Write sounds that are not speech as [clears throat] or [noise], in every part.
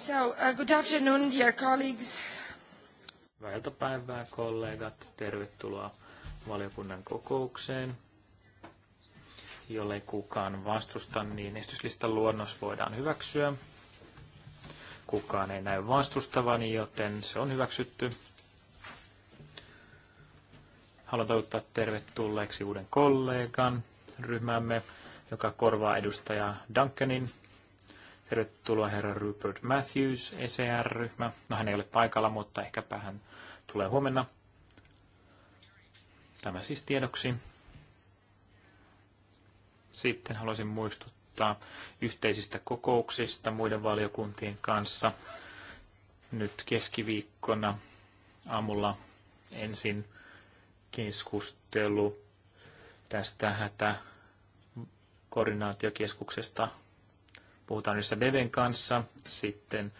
Uh, good afternoon, dear colleagues. Hyvää iltapäivää, kollegat. Tervetuloa valiokunnan kokoukseen. Jollei kukaan vastusta, niin esityslistan luonnos voidaan hyväksyä. Kukaan ei näy vastustavan, joten se on hyväksytty. Haluan toivottaa tervetulleeksi uuden kollegan ryhmämme, joka korvaa edustaja Duncanin Tervetuloa herra Rupert Matthews, ECR-ryhmä. No hän ei ole paikalla, mutta ehkäpä hän tulee huomenna. Tämä siis tiedoksi. Sitten haluaisin muistuttaa yhteisistä kokouksista muiden valiokuntien kanssa. Nyt keskiviikkona aamulla ensin keskustelu tästä hätä koordinaatiokeskuksesta Puhutaan yhdessä Deven kanssa, sitten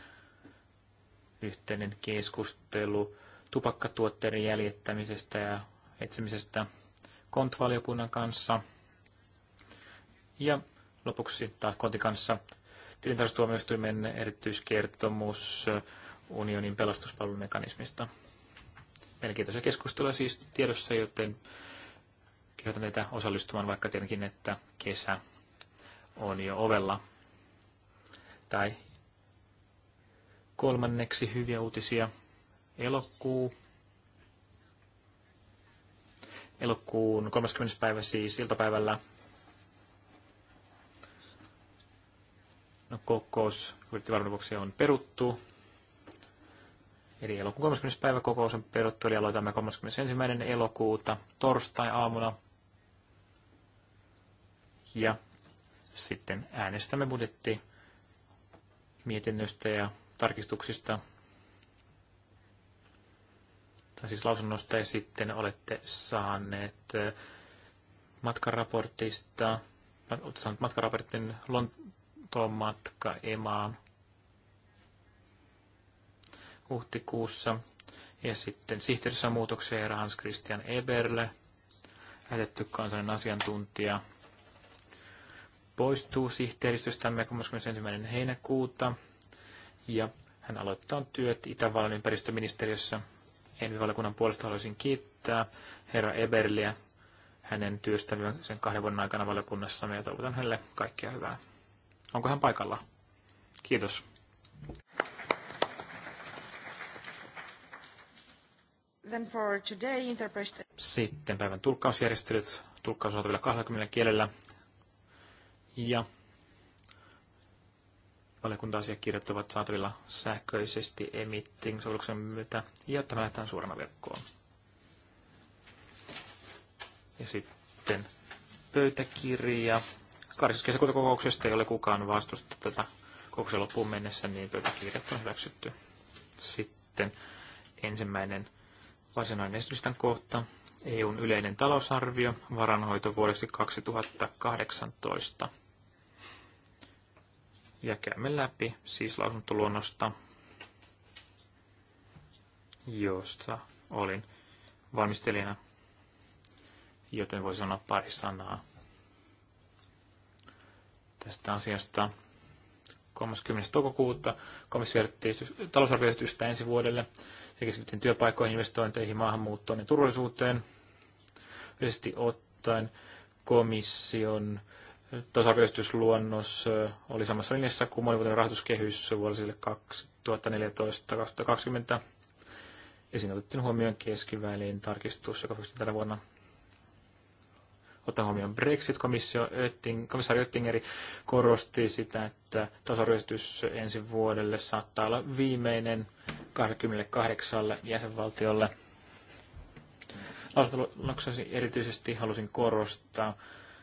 yhteinen keskustelu tupakkatuotteiden jäljittämisestä ja etsimisestä kontvaliokunnan kanssa. Ja lopuksi taas kotikanssa tilintarkastustuomioistuimen erityiskertomus unionin pelastuspalvelumekanismista. Mielenkiintoisia keskustelua siis tiedossa, joten kehotan teitä osallistumaan, vaikka tietenkin, että kesä on jo ovella tai kolmanneksi hyviä uutisia elokuu. Elokuun 30. päivä siis iltapäivällä no, kokous budjettivarmuudeksi on peruttu. Eli elokuun 30. päivä kokous on peruttu, eli aloitamme 31. elokuuta torstai-aamuna. Ja sitten äänestämme budjetti mietinnöstä ja tarkistuksista, tai siis lausunnosta, ja sitten olette saaneet matkaraportista, olette saaneet matkaraportin Lontoon matka Emaan huhtikuussa, ja sitten sihteerissä muutoksia Hans Christian Eberle, lähetetty kansallinen asiantuntija poistuu sihteeristöstämme 31. heinäkuuta ja hän aloittaa työt Itävallan ympäristöministeriössä. Envivaliokunnan puolesta haluaisin kiittää herra Eberliä hänen työstään sen kahden vuoden aikana valiokunnassamme ja toivotan hänelle kaikkea hyvää. Onko hän paikalla? Kiitos. Then for today, Sitten päivän tulkkausjärjestelyt. Tulkkaus on vielä 20 kielellä. Ja valiokunta-asiakirjat ovat saatavilla sähköisesti emitting-sovelluksen myötä ja tämä lähdetään suorana verkkoon. Ja sitten pöytäkirja. 8. kesäkuuta kokouksesta ei ole kukaan vastusta tätä kokouksen loppuun mennessä, niin pöytäkirjat on hyväksytty. Sitten ensimmäinen varsinainen esitysten kohta. EUn yleinen talousarvio, varanhoito vuodeksi 2018 ja käymme läpi siis lausuntoluonnosta, josta olin valmistelijana, joten voi sanoa pari sanaa tästä asiasta. 30. toukokuuta komissio talousarvioesitystä ensi vuodelle ja keskityttiin työpaikkoihin, investointeihin, maahanmuuttoon ja turvallisuuteen. Yleisesti ottaen komission tasapäistysluonnos oli samassa linjassa kuin monivuotinen rahoituskehys vuosille 2014-2020. Ja siinä otettiin huomioon keskiväliin tarkistus, joka tänä vuonna. Ottaen huomioon Brexit, komissio Oetting, komissaari Oettingeri korosti sitä, että tasa ensi vuodelle saattaa olla viimeinen 28 jäsenvaltiolle. Lausuntoluoksesi erityisesti halusin korostaa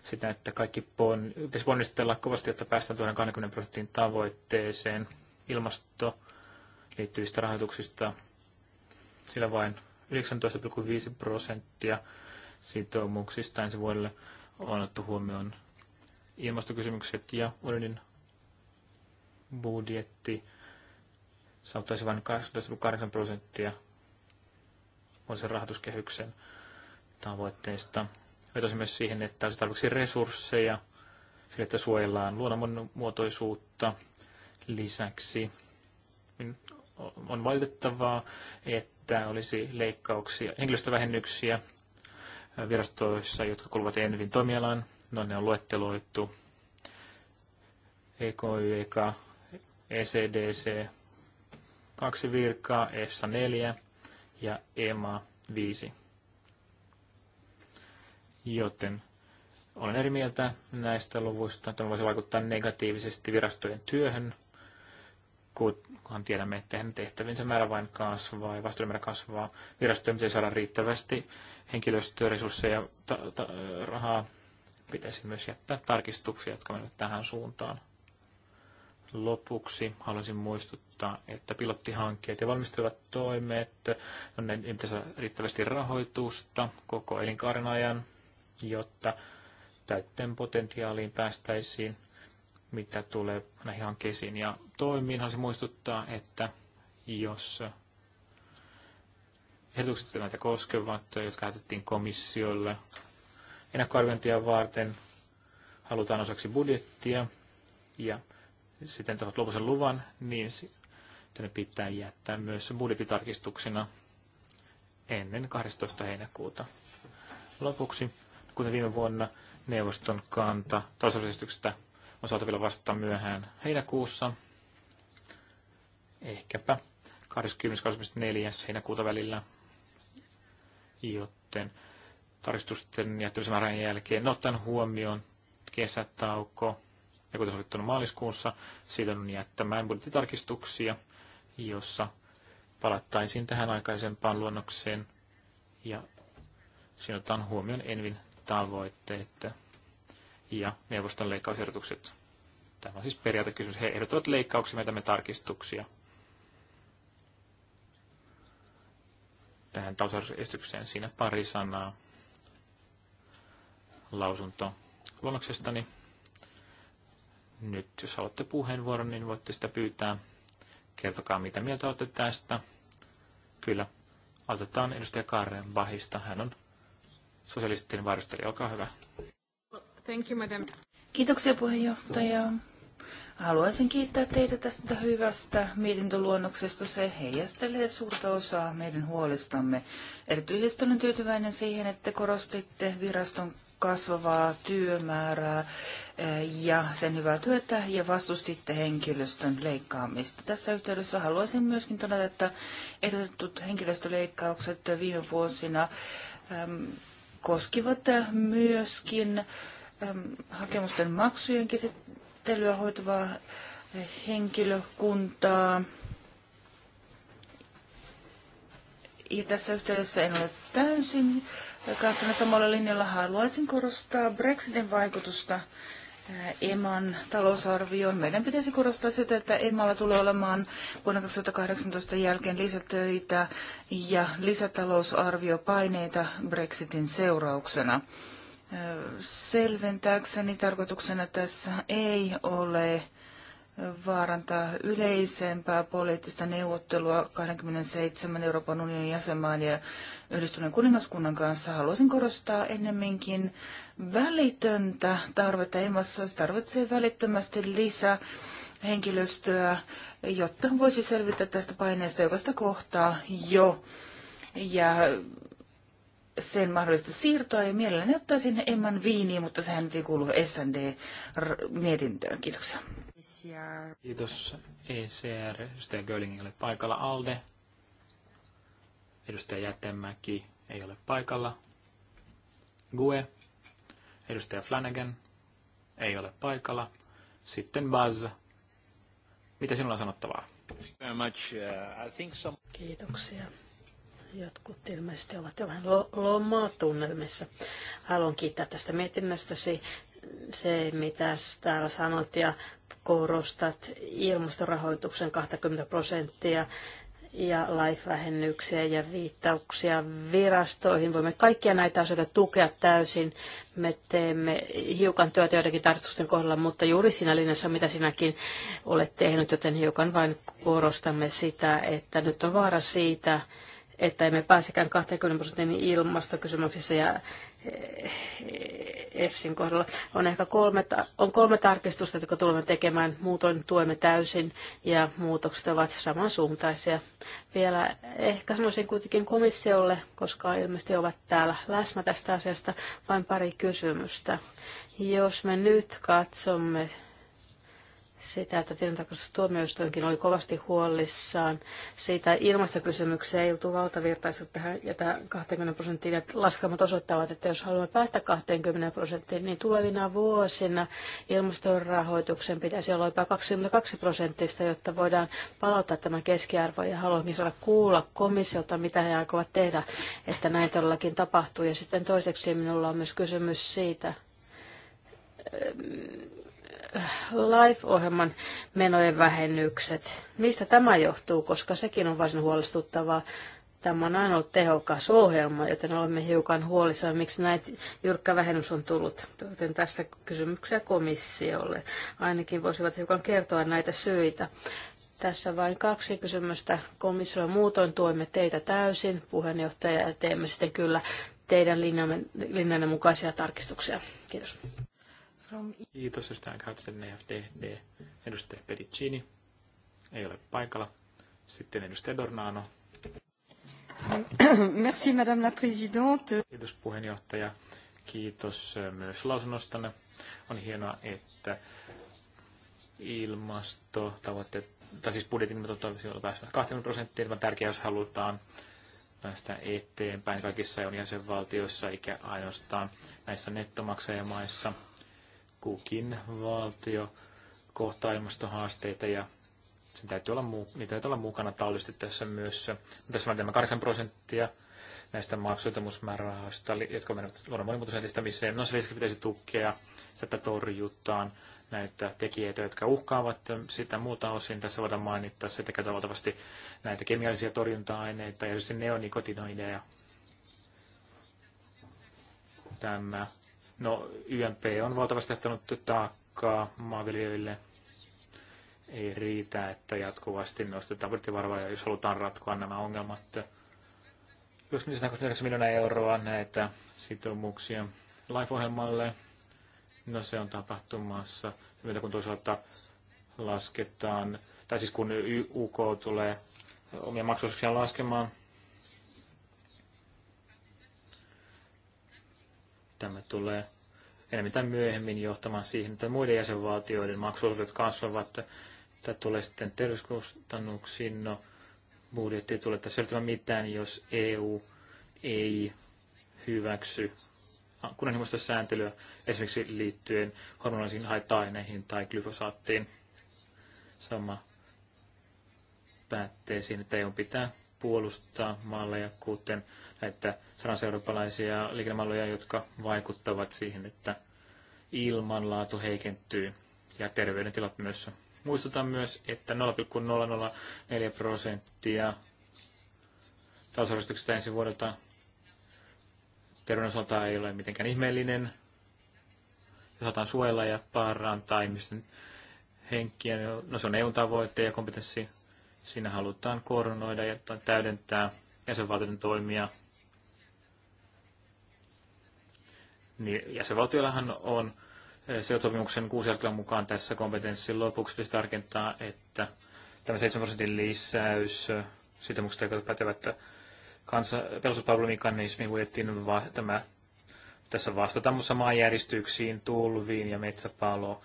sitä, että kaikki pon, pitäisi ponnistella kovasti, jotta päästään tuohon 20 prosentin tavoitteeseen ilmasto liittyvistä rahoituksista, sillä vain 19,5 prosenttia sitoumuksista ensi vuodelle on otettu huomioon ilmastokysymykset ja unionin budjetti saattaisi vain 8,8 prosenttia on sen rahoituskehyksen tavoitteista. Vetosi myös siihen, että olisi tarpeeksi resursseja sille, että suojellaan luonnon muotoisuutta Lisäksi on valitettavaa, että olisi leikkauksia, henkilöstövähennyksiä virastoissa, jotka kuuluvat Envin toimialaan. No ne on luetteloitu. EKYK, ECDC, kaksi virkaa, EFSA 4 ja EMA 5. Joten olen eri mieltä näistä luvuista. Tämä voisi vaikuttaa negatiivisesti virastojen työhön, kunhan tiedämme, että hän tehtävinsä määrä vain kasvaa ja määrä kasvaa. Virastojen pitäisi saada riittävästi henkilöstöresursseja ta- ta- rahaa. Pitäisi myös jättää tarkistuksia, jotka menevät tähän suuntaan. Lopuksi haluaisin muistuttaa, että pilottihankkeet ja valmistelevat toimet, no, ne pitäisi saada riittävästi rahoitusta koko elinkaaren ajan – jotta täytteen potentiaaliin päästäisiin, mitä tulee näihin hankkeisiin ja toimiinhan se muistuttaa, että jos ehdotukset näitä koskevat, jotka lähetettiin komissiolle ennakkoarviointia varten, halutaan osaksi budjettia ja sitten tuohon lopuisen luvan, niin tänne pitää jättää myös budjettitarkistuksena ennen 12. heinäkuuta. Lopuksi kuten viime vuonna neuvoston kanta tasoristyksestä on saatavilla vasta myöhään heinäkuussa. Ehkäpä 20.24. heinäkuuta välillä, joten tarkistusten jättämisen määrän jälkeen ottaen huomioon kesätauko, ja kuten sovittu maaliskuussa, on jättämään budjettitarkistuksia, jossa palattaisiin tähän aikaisempaan luonnokseen ja siinä otetaan huomioon Envin tavoitteet ja neuvoston leikkausehdotukset. Tämä on siis periaatekysymys. He ehdottavat leikkauksia, me tarkistuksia. Tähän talousarvoesitykseen siinä pari sanaa lausunto luonnoksestani. Nyt jos haluatte puheenvuoron, niin voitte sitä pyytää. Kertokaa, mitä mieltä olette tästä. Kyllä, otetaan edustaja Kaaren Bahista. Hän on Sosialistinen varustelija. Olkaa hyvä. Thank you, madam. Kiitoksia puheenjohtaja. Haluaisin kiittää teitä tästä hyvästä mietintöluonnoksesta. Se heijastelee suurta osaa meidän huolestamme. Erityisesti olen tyytyväinen siihen, että korostitte viraston kasvavaa työmäärää eh, ja sen hyvää työtä ja vastustitte henkilöstön leikkaamista. Tässä yhteydessä haluaisin myöskin todeta, että ehdotetut henkilöstöleikkaukset viime vuosina ehm, koskivat myöskin hakemusten maksujen käsittelyä hoitavaa henkilökuntaa. Ja tässä yhteydessä en ole täysin kanssanne samalla linjalla. Haluaisin korostaa Brexitin vaikutusta EMAn talousarvioon. Meidän pitäisi korostaa sitä, että EMAlla tulee olemaan vuonna 2018 jälkeen lisätöitä ja lisätalousarviopaineita Brexitin seurauksena. Selventääkseni tarkoituksena tässä ei ole vaarantaa yleisempää poliittista neuvottelua 27 Euroopan unionin jäsenmaan ja yhdistyneen kuningaskunnan kanssa. Haluaisin korostaa ennemminkin välitöntä tarvetta emassa. Se tarvitsee välittömästi lisää henkilöstöä, jotta voisi selvitä tästä paineesta, jokaista kohtaa jo. Ja sen mahdollista siirtoa ja mielelläni ottaisin Emman viiniin, mutta sehän nyt ei kuulu SND-mietintöön. Kiitoksia. Kiitos ECR, edustaja Göllingille paikalla. Alde, edustaja Jätemäki ei ole paikalla. Gue, Edustaja Flanagan ei ole paikalla. Sitten Buzz. Mitä sinulla on sanottavaa? Kiitoksia. Jotkut ilmeisesti ovat jo vähän lomatunnelmissa. Haluan kiittää tästä mietinnöstäsi. Se, mitä täällä sanot ja korostat ilmastorahoituksen 20 prosenttia ja life-vähennyksiä ja viittauksia virastoihin. Voimme kaikkia näitä asioita tukea täysin. Me teemme hiukan työtä joidenkin tarkastusten kohdalla, mutta juuri siinä linjassa, mitä sinäkin olet tehnyt, joten hiukan vain korostamme sitä, että nyt on vaara siitä, että emme pääsekään 20 prosentin ilmastokysymyksissä ja EFSin kohdalla. On ehkä kolme, on kolme tarkistusta, jotka tulemme tekemään. Muutoin tuemme täysin ja muutokset ovat samansuuntaisia. Vielä ehkä sanoisin kuitenkin komissiolle, koska ilmeisesti ovat täällä läsnä tästä asiasta, vain pari kysymystä. Jos me nyt katsomme sitä, että tilintarkastustuomioistuinkin oli kovasti huolissaan siitä ilmastokysymykseen ei oltu valtavirtaisuutta tähän ja tähän 20 prosenttiin. Ja laskelmat osoittavat, että jos haluamme päästä 20 prosenttiin, niin tulevina vuosina ilmastorahoituksen pitäisi olla jopa 22 prosenttista, jotta voidaan palauttaa tämä keskiarvo. Ja haluamme saada kuulla komissiolta, mitä he aikovat tehdä, että näin todellakin tapahtuu. Ja sitten toiseksi minulla on myös kysymys siitä, Life-ohjelman menojen vähennykset. Mistä tämä johtuu, koska sekin on varsin huolestuttavaa. Tämä on aina ollut tehokas ohjelma, joten olemme hiukan huolissaan, miksi näin jyrkkä vähennys on tullut. Joten tässä kysymyksiä komissiolle. Ainakin voisivat hiukan kertoa näitä syitä. Tässä vain kaksi kysymystä komissiolle. Muutoin tuemme teitä täysin, puheenjohtaja, ja teemme sitten kyllä teidän linjanne mukaisia tarkistuksia. Kiitos from... E. Kiitos, edustaja Kautsen EFDD. Edustaja Pedicini ei ole paikalla. Sitten edustaja Dornano. [coughs] Merci, madame la présidente. Kiitos puheenjohtaja. Kiitos myös lausunnostanne. On hienoa, että ilmastotavoitteet, tai siis budjetin olla päässyt 20 prosenttia. Tämä on tärkeää, jos halutaan päästä eteenpäin kaikissa eu jäsenvaltioissa, eikä ainoastaan näissä nettomaksajamaissa kukin valtio kohtaa ilmastohaasteita ja sen täytyy olla, niitä täytyy olla mukana taloudellisesti tässä myös. Tässä on tämä 8 prosenttia näistä maksutemusmäärärahoista, jotka menevät luonnon monimuotoisen edistämiseen. No se pitäisi tukea, sitä torjutaan näitä tekijöitä, jotka uhkaavat sitä muuta osin. Tässä voidaan mainita se, että näitä kemiallisia torjunta-aineita ja tietysti neonikotinoideja. Tämä No, YMP on valtavasti jättänyt taakkaa maanviljelijöille. Ei riitä, että jatkuvasti nostetaan budjettivarvoja, jos halutaan ratkoa nämä ongelmat. Jos niistä 9 miljoonaa euroa näitä sitoumuksia live-ohjelmalle, no se on tapahtumassa. Mitä kun toisaalta lasketaan, tai siis kun UK tulee omia maksuosuuksia laskemaan, Tämä tulee enemmän tai myöhemmin johtamaan siihen, että muiden jäsenvaltioiden maksuosuudet kasvavat. Tämä tulee sitten terveyskustannuksiin. No, budjetti ei tule tässä mitään, jos EU ei hyväksy kunnianhimoista sääntelyä esimerkiksi liittyen hormonallisiin haitta-aineihin tai glyfosaattiin. Sama pätee siihen, että EU pitää puolustaa malleja, kuten näitä transeurooppalaisia liikennemalleja, jotka vaikuttavat siihen, että ilmanlaatu heikentyy ja terveydentilat myös. Muistutan myös, että 0,004 prosenttia tasoristuksesta ensi vuodelta terveyden osalta ei ole mitenkään ihmeellinen. Jos suojella ja parantaa ihmisten henkiä. Niin no se on eu tavoite ja kompetenssi Siinä halutaan koordinoida ja täydentää jäsenvaltioiden toimia. Niin jäsenvaltioillahan on eh, seutsopimuksen kuusi artiklan mukaan tässä kompetenssin lopuksi pitäisi tarkentaa, että tämä 7 prosentin lisäys eh, sitoumuksesta, joka pätevä, että pelastuspalvelumekanismi huidettiin va, tämä, tässä vastataan muun maanjäristyksiin, tulviin ja metsäpalo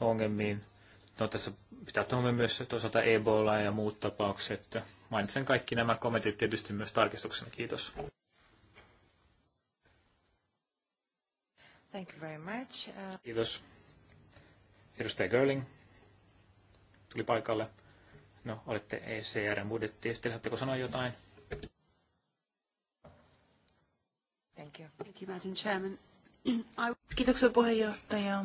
ongelmiin. No, tässä pitää ottaa myös toisaalta Ebola ja muut tapaukset. Mainitsen kaikki nämä kommentit tietysti myös tarkistuksena. Kiitos. Thank you very much. Uh... Kiitos. Edustaja Görling tuli paikalle. No, olette ECRn budjettiesti. Haluatteko sanoa jotain? Thank you. Thank you, Madam Chairman. [clears throat] I... Kiitoksia puheenjohtaja.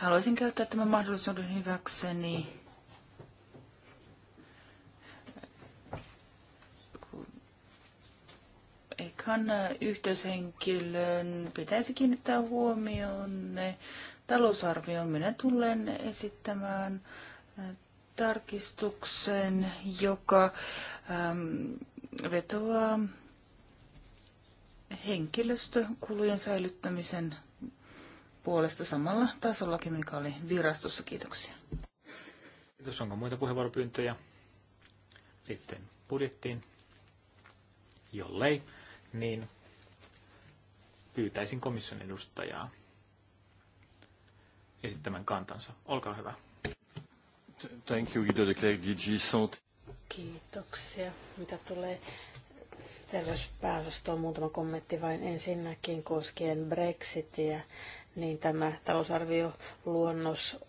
Haluaisin käyttää tämän mahdollisuuden hyväkseni. Ekan yhteyshenkilön pitäisi kiinnittää huomioon talousarvioon. Minä tulen esittämään äh, tarkistuksen, joka ähm, vetoaa henkilöstökulujen säilyttämisen puolesta samalla tasolla mikä oli virastossa. Kiitoksia. Kiitos. Onko muita puheenvuoropyyntöjä? Sitten budjettiin. Jollei, niin pyytäisin komission edustajaa esittämään kantansa. Olkaa hyvä. Thank you, Guido de Kiitoksia. Mitä tulee terveyspääosastoon, muutama kommentti vain ensinnäkin koskien Brexitiä niin tämä talousarvioluonnos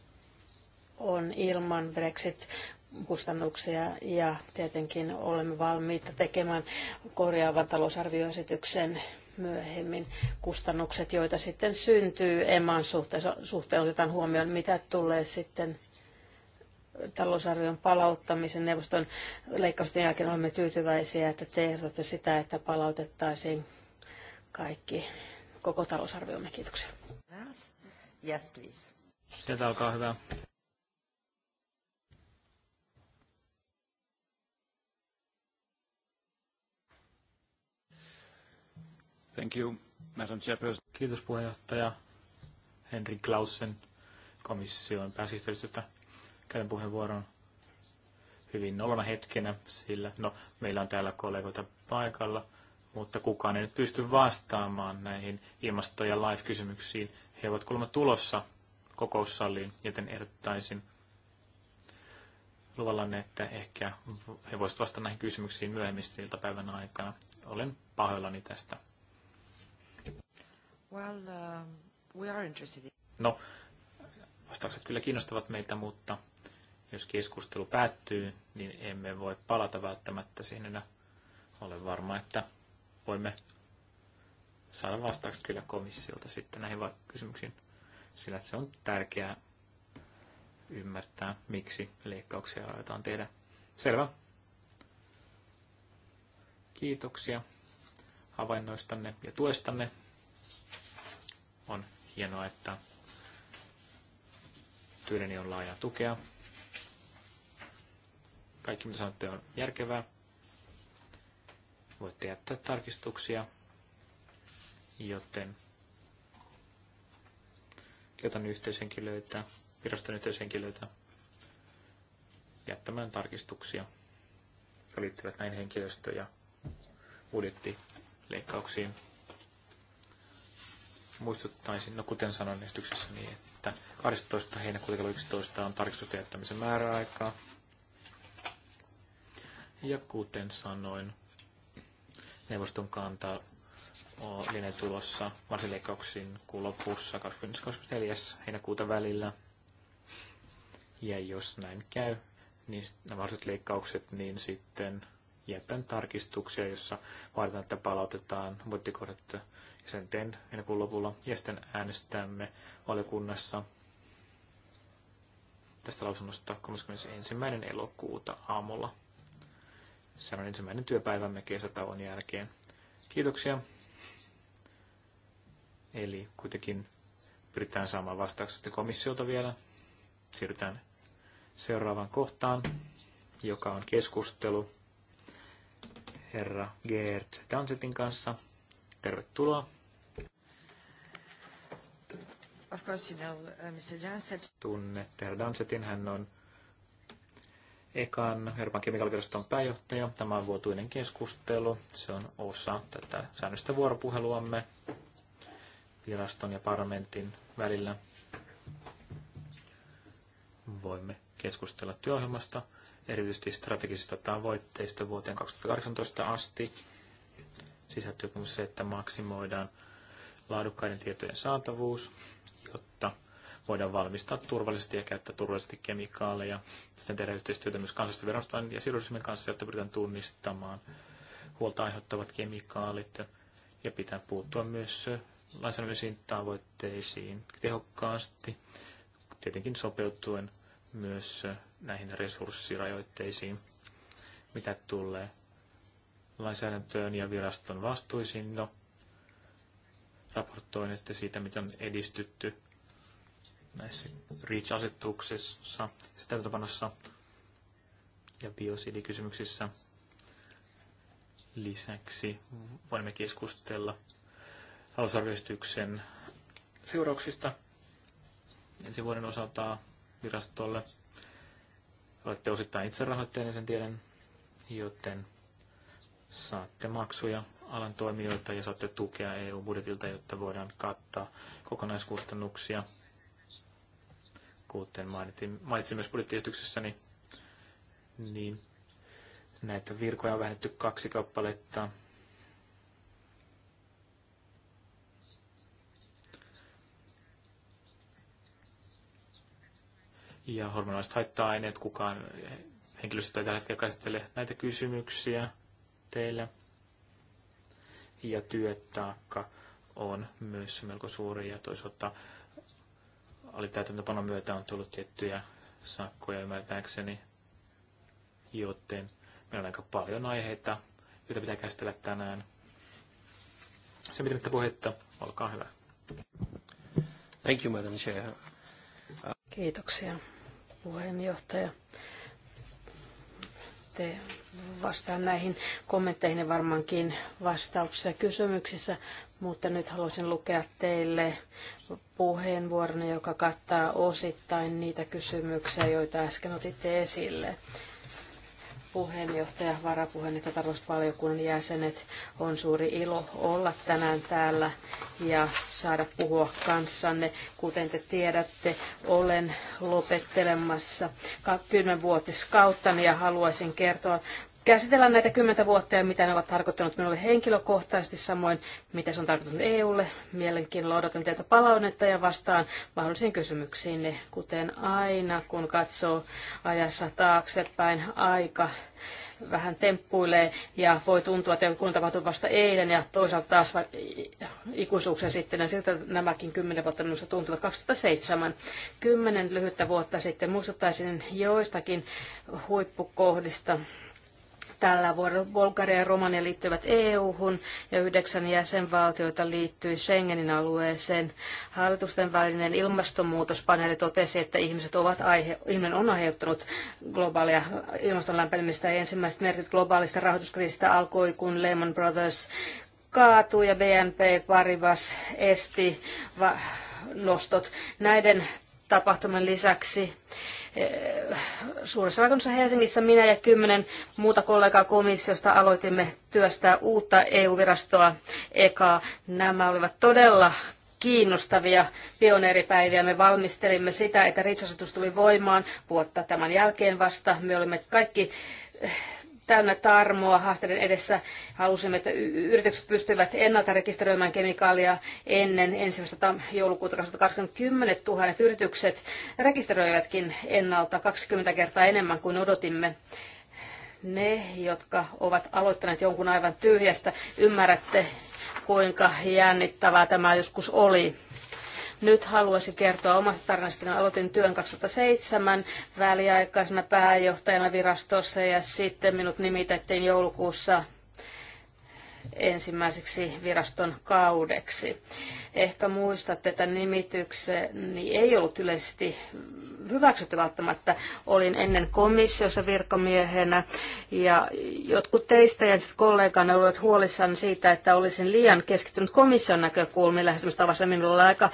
on ilman Brexit-kustannuksia ja tietenkin olemme valmiita tekemään korjaavan talousarvioesityksen myöhemmin. Kustannukset, joita sitten syntyy EMAn suhteen, suhteen otetaan huomioon, mitä tulee sitten talousarvion palauttamisen neuvoston leikkausten jälkeen olemme tyytyväisiä, että te ehdotatte sitä, että palautettaisiin kaikki koko talousarviomme. Kiitoksia. Yes, please. Sieltä alkaa hyvä. Thank you, Madam Chairperson. Kiitos puheenjohtaja Henry Clausen komission pääsihteeristöltä käden puheenvuoron hyvin nolona hetkenä, sillä no, meillä on täällä kollegoita paikalla – mutta kukaan ei nyt pysty vastaamaan näihin ilmasto- ja live-kysymyksiin. He ovat kuulemma tulossa kokoussaliin, joten ehdottaisin luvallanne, että ehkä he voisivat vastata näihin kysymyksiin myöhemmin päivän aikana. Olen pahoillani tästä. Well, uh, we are interested. No, vastaukset kyllä kiinnostavat meitä, mutta jos keskustelu päättyy, niin emme voi palata välttämättä siihen enää. Olen varma, että voimme saada vastaukset kyllä komissiolta sitten näihin kysymyksiin, sillä se on tärkeää ymmärtää, miksi leikkauksia aletaan tehdä. Selvä. Kiitoksia havainnoistanne ja tuestanne. On hienoa, että työni on laaja tukea. Kaikki mitä sanotte on järkevää. Voitte jättää tarkistuksia, joten jotain yhteishenkilöitä, viraston yhteishenkilöitä jättämään tarkistuksia, jotka liittyvät näin henkilöstö- ja budjettileikkauksiin. Muistuttaisin, no kuten sanoin esityksessäni, niin että 12. heinäkuuta kello 11 on tarkistusten jättämisen määräaikaa. Ja kuten sanoin, Neuvoston kanta oli tulossa marsileikkauksiin kuun lopussa 24. heinäkuuta välillä. Ja jos näin käy, niin nämä mahdolliset leikkaukset, niin sitten jätän tarkistuksia, jossa vaaditaan, että palautetaan budjettikohdat ja sen teen ennen lopulla. Ja sitten äänestämme valiokunnassa tästä lausunnosta 31. elokuuta aamulla. Se on ensimmäinen työpäivämme kesätauon jälkeen. Kiitoksia. Eli kuitenkin pyritään saamaan vastaukset komissiolta vielä. Siirrytään seuraavaan kohtaan, joka on keskustelu herra Geert Dansetin kanssa. Tervetuloa. Of course you know, uh, Mr. Tunnette herra Dansetin, hän on Ekan Euroopan kemikaaliviraston pääjohtaja. Tämä on vuotuinen keskustelu. Se on osa tätä säännöstä vuoropuheluamme viraston ja parlamentin välillä. Voimme keskustella työohjelmasta, erityisesti strategisista tavoitteista vuoteen 2018 asti. Sisältyy myös se, että maksimoidaan laadukkaiden tietojen saatavuus, jotta – voidaan valmistaa turvallisesti ja käyttää turvallisesti kemikaaleja. Sitten tehdään yhteistyötä myös kansallisten ja sidosryhmien kanssa, jotta pyritään tunnistamaan huolta aiheuttavat kemikaalit ja pitää puuttua myös lainsäädännöllisiin tavoitteisiin tehokkaasti, tietenkin sopeutuen myös näihin resurssirajoitteisiin, mitä tulee lainsäädäntöön ja viraston vastuisiin. No, raportoin, että siitä, miten on edistytty näissä reach asetuksissa sitä ja biosidikysymyksissä. Lisäksi voimme keskustella talousarvioistyksen seurauksista ensi vuoden osalta virastolle. Olette osittain itserahoitteinen, sen tiedän, joten saatte maksuja alan toimijoilta ja saatte tukea EU-budjetilta, jotta voidaan kattaa kokonaiskustannuksia kuten mainitsin, mainitsin myös budjettiesityksessäni, niin näitä virkoja on vähennetty kaksi kappaletta. Ja hormonaaliset haitta-aineet, kukaan henkilöstö ei tällä hetkellä käsittele näitä kysymyksiä teille. Ja työtaakka on myös melko suuri ja toisaalta alitäytäntöpanon myötä on tullut tiettyjä sakkoja ymmärtääkseni, joten meillä on aika paljon aiheita, joita pitää käsitellä tänään. Se mitä puhetta, olkaa hyvä. Thank you, Madam Chair. Kiitoksia, puheenjohtaja. Te vastaan näihin kommentteihin varmaankin vastauksissa ja kysymyksissä, mutta nyt haluaisin lukea teille puheenvuoron, joka kattaa osittain niitä kysymyksiä, joita äsken otitte esille. Puheenjohtaja, varapuheenjohtaja, tarvoiset jäsenet, on suuri ilo olla tänään täällä ja saada puhua kanssanne. Kuten te tiedätte, olen lopettelemassa 10-vuotiskauttani ja haluaisin kertoa käsitellä näitä kymmentä vuotta ja mitä ne ovat tarkoittaneet minulle henkilökohtaisesti, samoin mitä se on tarkoittanut EUlle. Mielenkiinnolla odotan teiltä palautetta ja vastaan mahdollisiin kysymyksiin, kuten aina, kun katsoo ajassa taaksepäin aika vähän temppuilee ja voi tuntua, että kun tapahtui vasta eilen ja toisaalta taas ikuisuuksia sitten ja siltä nämäkin kymmenen vuotta minusta tuntuvat 2007. Kymmenen lyhyttä vuotta sitten muistuttaisin joistakin huippukohdista tällä vuodella Bulgaria ja Romania liittyivät EU-hun ja yhdeksän jäsenvaltioita liittyi Schengenin alueeseen. Hallitusten välinen ilmastonmuutospaneeli totesi, että ihmiset ovat aihe, ihminen on aiheuttanut globaalia ilmaston lämpenemistä ja ensimmäiset merkit globaalista rahoituskriisistä alkoi, kun Lehman Brothers kaatui ja BNP Paribas esti nostot. Näiden tapahtuman lisäksi Eh, suuressa rakennuksessa Helsingissä minä ja kymmenen muuta kollegaa komissiosta aloitimme työstää uutta EU-virastoa EKA. Nämä olivat todella kiinnostavia pioneeripäiviä. Me valmistelimme sitä, että Ritsasetus tuli voimaan vuotta tämän jälkeen vasta. Me olimme kaikki eh, täynnä tarmoa haasteiden edessä. Halusimme, että yritykset pystyvät ennalta rekisteröimään kemikaalia ennen ensimmäistä joulukuuta 2020. 10 000 yritykset rekisteröivätkin ennalta 20 kertaa enemmän kuin odotimme ne, jotka ovat aloittaneet jonkun aivan tyhjästä, ymmärrätte, kuinka jännittävää tämä joskus oli. Nyt haluaisin kertoa omasta tarinastani. Aloitin työn 2007 väliaikaisena pääjohtajana virastossa ja sitten minut nimitettiin joulukuussa ensimmäiseksi viraston kaudeksi. Ehkä muistatte, että nimitykseni ei ollut yleisesti hyväksytty välttämättä. Olin ennen komissiossa virkamiehenä ja jotkut teistä ja kollegaani olivat huolissaan siitä, että olisin liian keskittynyt komission näkökulmiin tavassa Minulla oli aika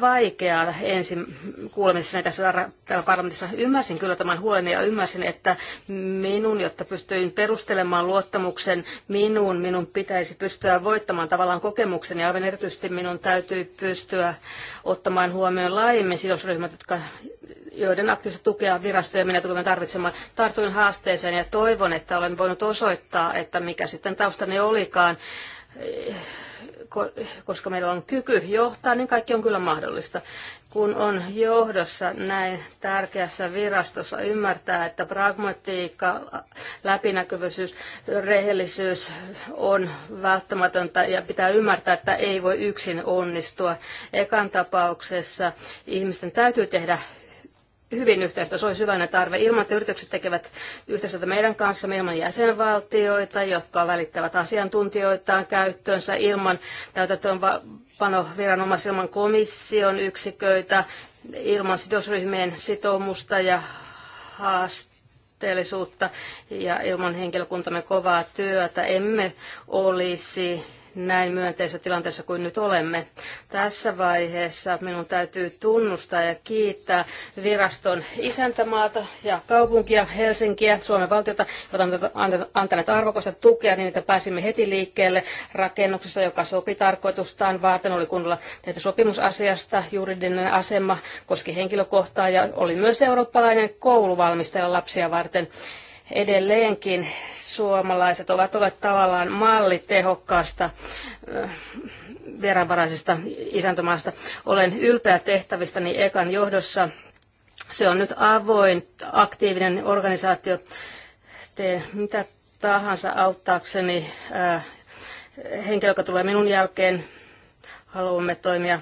vaikeaa ensin kuulemisessa tässä täällä parlamentissa. Ymmärsin kyllä tämän huolen ja ymmärsin, että minun, jotta pystyin perustelemaan luottamuksen minuun, minun pitäisi pystyä voittamaan tavallaan kokemuksen ja aivan erityisesti minun täytyy pystyä ottamaan huomioon laajemmin sidosryhmät, jotka joiden aktiivista tukea virastoja minä tulemme tarvitsemaan. Tartuin haasteeseen ja toivon, että olen voinut osoittaa, että mikä sitten taustani olikaan, koska meillä on kyky johtaa, niin kaikki on kyllä mahdollista. Kun on johdossa näin tärkeässä virastossa, ymmärtää, että pragmatiikka, läpinäkyvyys, rehellisyys on välttämätöntä ja pitää ymmärtää, että ei voi yksin onnistua. Ekan tapauksessa ihmisten täytyy tehdä hyvin yhteistyössä. Se olisi hyvänä tarve ilman, että yritykset tekevät yhteistyötä meidän kanssa ilman jäsenvaltioita, jotka välittävät asiantuntijoitaan käyttöönsä ilman täytäntöönpanoviranomais ilman komission yksiköitä, ilman sidosryhmien sitoumusta ja haasteellisuutta ja ilman henkilökuntamme kovaa työtä emme olisi näin myönteisessä tilanteessa kuin nyt olemme. Tässä vaiheessa minun täytyy tunnustaa ja kiittää viraston isäntämaata ja kaupunkia Helsinkiä, Suomen valtiota, jotka ovat antaneet arvokasta tukea niin, että pääsimme heti liikkeelle rakennuksessa, joka sopi tarkoitustaan varten. Oli kunnolla tehty sopimusasiasta, juridinen asema koski henkilökohtaa ja oli myös eurooppalainen valmistella lapsia varten. Edelleenkin suomalaiset ovat olleet tavallaan malli tehokkaasta äh, veranvaraisesta isäntomaasta. Olen ylpeä tehtävistäni Ekan johdossa. Se on nyt avoin, aktiivinen organisaatio. Teen mitä tahansa auttaakseni äh, henkilö, joka tulee minun jälkeen. Haluamme toimia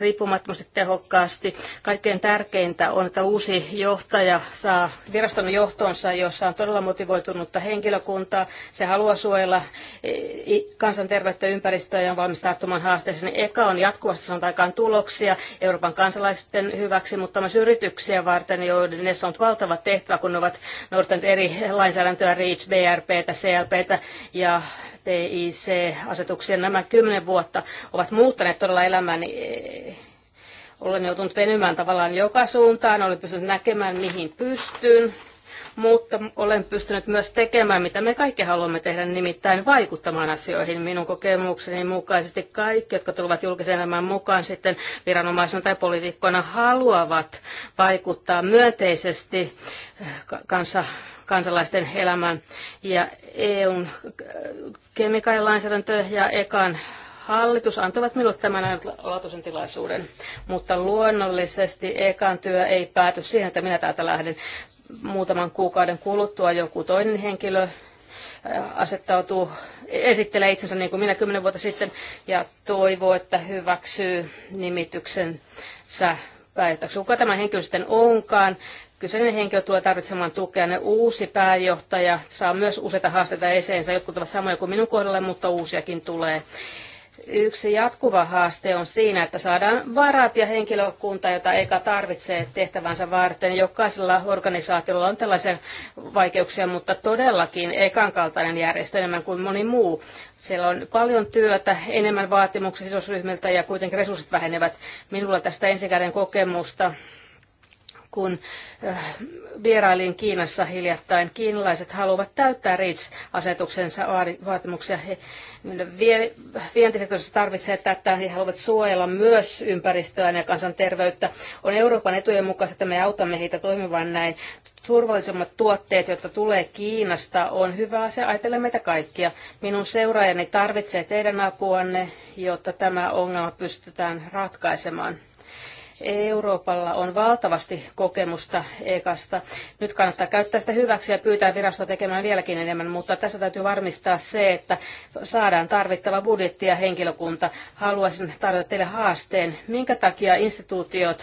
riippumattomasti tehokkaasti. Kaikkein tärkeintä on, että uusi johtaja saa viraston johtonsa, jossa on todella motivoitunutta henkilökuntaa. Se haluaa suojella e, kansanterveyttä ympäristöä ja on valmis tarttumaan haasteeseen. Eka on jatkuvasti saanut aikaan tuloksia Euroopan kansalaisten hyväksi, mutta myös yrityksiä varten, joiden ne on valtava tehtävä, kun ne ovat noudattaneet eri lainsäädäntöä, REACH, BRPtä, CLPtä ja PIC-asetuksia nämä kymmenen vuotta ovat muuttaneet todella elämäni e, olen joutunut venymään tavallaan joka suuntaan, olen pystynyt näkemään mihin pystyn, mutta olen pystynyt myös tekemään, mitä me kaikki haluamme tehdä, nimittäin vaikuttamaan asioihin. Minun kokemukseni mukaisesti kaikki, jotka tulevat julkisen elämään mukaan sitten viranomaisena tai poliitikkoina, haluavat vaikuttaa myönteisesti eh, kanssa kansalaisten elämään. Ja EUn eh, kemikaalilainsäädäntö ja EKAN hallitus antavat minulle tämän ainutlaatuisen tilaisuuden. Mutta luonnollisesti ekan työ ei pääty siihen, että minä täältä lähden muutaman kuukauden kuluttua joku toinen henkilö äh, asettautuu, esittelee itsensä niin kuin minä kymmenen vuotta sitten ja toivoo, että hyväksyy nimityksensä pääjohtajaksi. Kuka tämä henkilö sitten onkaan, Kyseinen henkilö tulee tarvitsemaan tukea. Ne uusi pääjohtaja saa myös useita haasteita eseensä. Jotkut ovat samoja kuin minun kohdalla, mutta uusiakin tulee. Yksi jatkuva haaste on siinä, että saadaan varat ja henkilökunta, jota eikä tarvitse tehtävänsä varten. Jokaisella organisaatiolla on tällaisia vaikeuksia, mutta todellakin ekan kaltainen järjestö enemmän kuin moni muu. Siellä on paljon työtä, enemmän vaatimuksia sidosryhmiltä ja kuitenkin resurssit vähenevät. Minulla tästä ensikäden kokemusta kun äh, vierailin Kiinassa hiljattain. Kiinalaiset haluavat täyttää REACH-asetuksensa vaatimuksia. vientisektorissa tarvitsee tätä. He haluavat suojella myös ympäristöä ja kansanterveyttä. On Euroopan etujen mukaista, että me autamme heitä toimimaan näin. Turvallisemmat tuotteet, jotka tulee Kiinasta, on hyvä asia. Ajatellen meitä kaikkia. Minun seuraajani tarvitsee teidän apuanne, jotta tämä ongelma pystytään ratkaisemaan. Euroopalla on valtavasti kokemusta ekasta. Nyt kannattaa käyttää sitä hyväksi ja pyytää virastoa tekemään vieläkin enemmän, mutta tässä täytyy varmistaa se, että saadaan tarvittava budjetti ja henkilökunta. Haluaisin tarjota teille haasteen, minkä takia instituutiot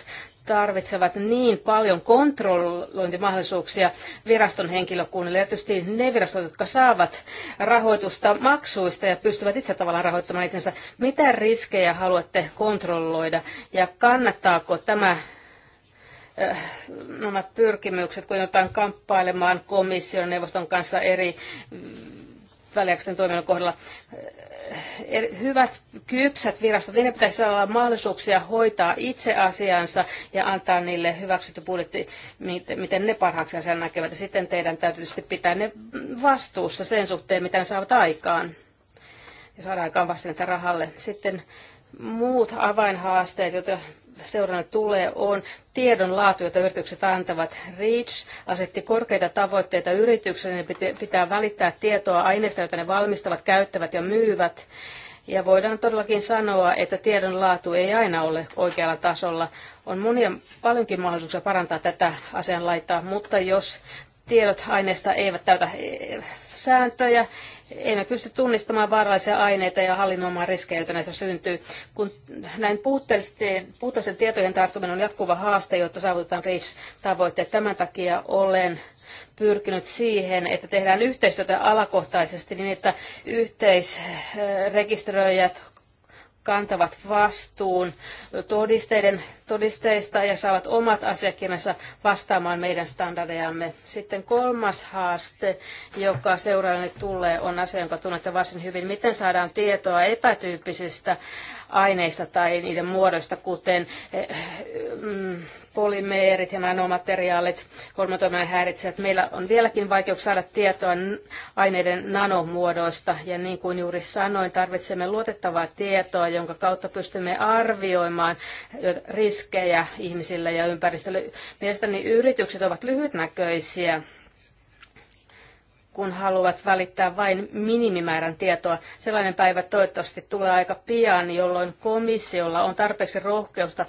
tarvitsevat niin paljon kontrollointimahdollisuuksia viraston henkilökunnille, ja tietysti ne virastot, jotka saavat rahoitusta maksuista ja pystyvät itse tavallaan rahoittamaan itsensä. Mitä riskejä haluatte kontrolloida ja kannattaako tämä äh, nämä pyrkimykset, kun jotain kamppailemaan komission ja neuvoston kanssa eri väliaikaisen toiminnan kohdalla. Eh, er, hyvät kypsät virastot, niiden pitäisi olla mahdollisuuksia hoitaa itse asiansa ja antaa niille hyväksytty budjetti, miten ne parhaaksi asian näkevät. Ja sitten teidän täytyy pitää ne vastuussa sen suhteen, mitä ne saavat aikaan ja saada aikaan vastinetta rahalle. Sitten muut avainhaasteet, joita seurana tulee, on tiedon laatu, jota yritykset antavat. REACH asetti korkeita tavoitteita yrityksille, ne pitää välittää tietoa aineista, joita ne valmistavat, käyttävät ja myyvät. Ja voidaan todellakin sanoa, että tiedon laatu ei aina ole oikealla tasolla. On monia paljonkin mahdollisuuksia parantaa tätä asian laittaa, mutta jos tiedot aineista eivät täytä e, e, sääntöjä, emme pysty tunnistamaan vaarallisia aineita ja hallinnoimaan riskejä, joita näistä syntyy. Kun näin puutteellisten tietojen tarttuminen on jatkuva haaste, jotta saavutetaan RIS-tavoitteet. Tämän takia olen pyrkinyt siihen, että tehdään yhteistyötä alakohtaisesti niin, että yhteisrekisteröijät, kantavat vastuun todisteiden, todisteista ja saavat omat asiakirjansa vastaamaan meidän standardejamme. Sitten kolmas haaste, joka seuraavalle tulee, on asia, jonka tunnette varsin hyvin. Miten saadaan tietoa epätyyppisistä aineista tai niiden muodoista, kuten eh, mm, polymeerit ja nanomateriaalit, hormonitoiminnan häiritsevät. Meillä on vieläkin vaikeuksia saada tietoa aineiden nanomuodoista ja niin kuin juuri sanoin, tarvitsemme luotettavaa tietoa, jonka kautta pystymme arvioimaan eh, riskejä ihmisille ja ympäristölle. Mielestäni yritykset ovat lyhytnäköisiä kun haluavat välittää vain minimimäärän tietoa. Sellainen päivä toivottavasti tulee aika pian, jolloin komissiolla on tarpeeksi rohkeusta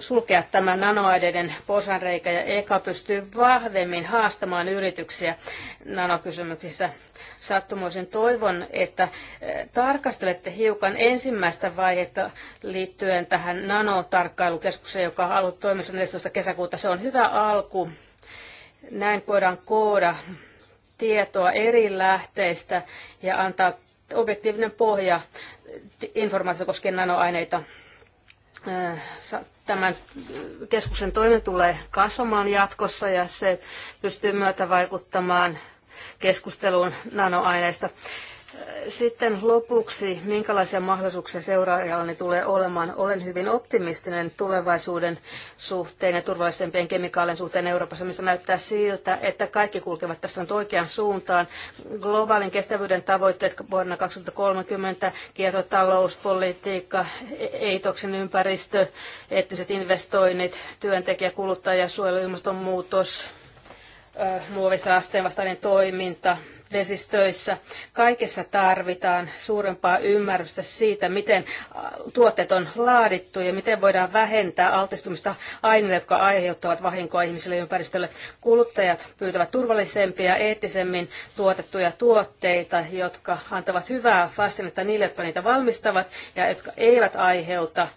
sulkea tämä nanoaideiden posanreikä ja EKA pystyy vahvemmin haastamaan yrityksiä nanokysymyksissä. Sattumoisin toivon, että eh, tarkastelette hiukan ensimmäistä vaihetta liittyen tähän nanotarkkailukeskukseen, joka aloitti toimissa 14. kesäkuuta. Se on hyvä alku. Näin voidaan kooda tietoa eri lähteistä ja antaa objektiivinen pohja informaatio koskien nanoaineita. Äh, tämän keskuksen toimen tulee kasvamaan jatkossa ja se pystyy myötä vaikuttamaan keskusteluun nanoaineista. Sitten lopuksi, minkälaisia mahdollisuuksia seuraajallani tulee olemaan? Olen hyvin optimistinen tulevaisuuden suhteen ja turvallisempien kemikaalien suhteen Euroopassa, missä näyttää siltä, että kaikki kulkevat tässä nyt oikeaan suuntaan. Globaalin kestävyyden tavoitteet vuonna 2030, politiikka, e-, eitoksen ympäristö, eettiset investoinnit, työntekijä, kuluttaja, suojelu, ilmastonmuutos, muovisaasteen vastainen toiminta, vesistöissä. Kaikessa tarvitaan suurempaa ymmärrystä siitä, miten tuotteet on laadittu ja miten voidaan vähentää altistumista aineille, jotka aiheuttavat vahinkoa ihmisille ja ympäristölle. Kuluttajat pyytävät turvallisempia ja eettisemmin tuotettuja tuotteita, jotka antavat hyvää vastinetta niille, jotka niitä valmistavat ja jotka eivät aiheuta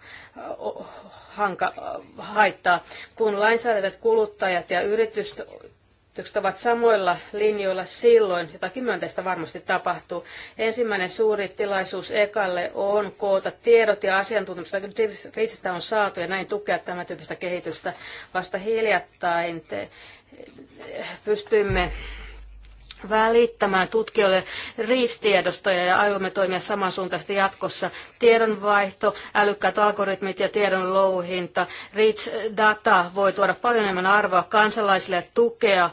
hanka, haittaa. Kun lainsäädännöt, kuluttajat ja yritykset, yritykset ovat samoilla linjoilla silloin, jotakin myönteistä varmasti tapahtuu. Ensimmäinen suuri tilaisuus ekalle on koota tiedot ja asiantuntemukset, joita kriisistä on saatu ja näin tukea tämän tyyppistä kehitystä. Vasta hiljattain te, pystymme välittämään tutkijoille riistiedostoja ja aiomme toimia samansuuntaisesti jatkossa. Tiedonvaihto, älykkäät algoritmit ja tiedon louhinta, rich data voi tuoda paljon enemmän arvoa kansalaisille tukea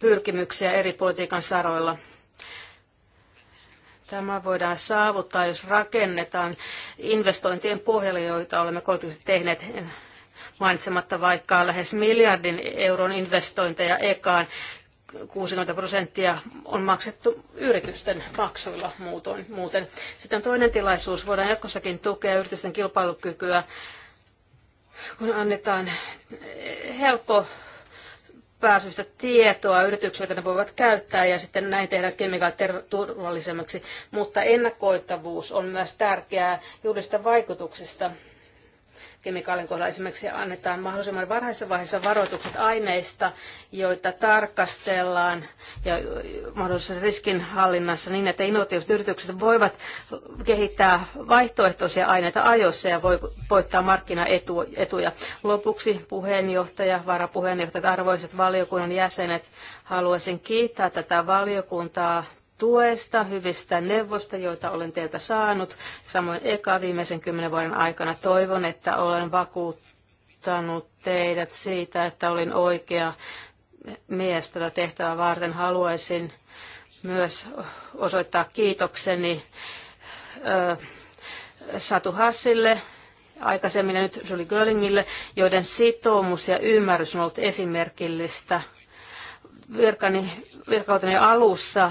pyrkimyksiä eri politiikan saroilla. Tämä voidaan saavuttaa, jos rakennetaan investointien pohjalle, joita olemme koulutuksessa tehneet mainitsematta vaikka lähes miljardin euron investointeja ekaan 60 prosenttia on maksettu yritysten maksuilla muutoin, muuten. Sitten toinen tilaisuus, voidaan jatkossakin tukea yritysten kilpailukykyä, kun annetaan helppo pääsystä tietoa yrityksille, joita ne voivat käyttää ja sitten näin tehdä kemikaalit turvallisemmaksi. Mutta ennakoitavuus on myös tärkeää juuri sitä vaikutuksista, kemikaalin kohdalla esimerkiksi annetaan mahdollisimman varhaisessa vaiheessa varoitukset aineista, joita tarkastellaan ja mahdollisessa riskinhallinnassa niin, että innovatiiviset yritykset voivat kehittää vaihtoehtoisia aineita ajoissa ja voi voittaa markkinaetuja. Lopuksi puheenjohtaja, varapuheenjohtajat, arvoisat valiokunnan jäsenet, haluaisin kiittää tätä valiokuntaa tuesta, hyvistä neuvosta, joita olen teiltä saanut. Samoin eka viimeisen kymmenen vuoden aikana toivon, että olen vakuuttanut teidät siitä, että olin oikea mies tätä tehtävää varten. Haluaisin myös osoittaa kiitokseni Satu Hassille, aikaisemmin ja nyt Julie Göllingille, joiden sitoumus ja ymmärrys on ollut esimerkillistä virkani, virkauteni alussa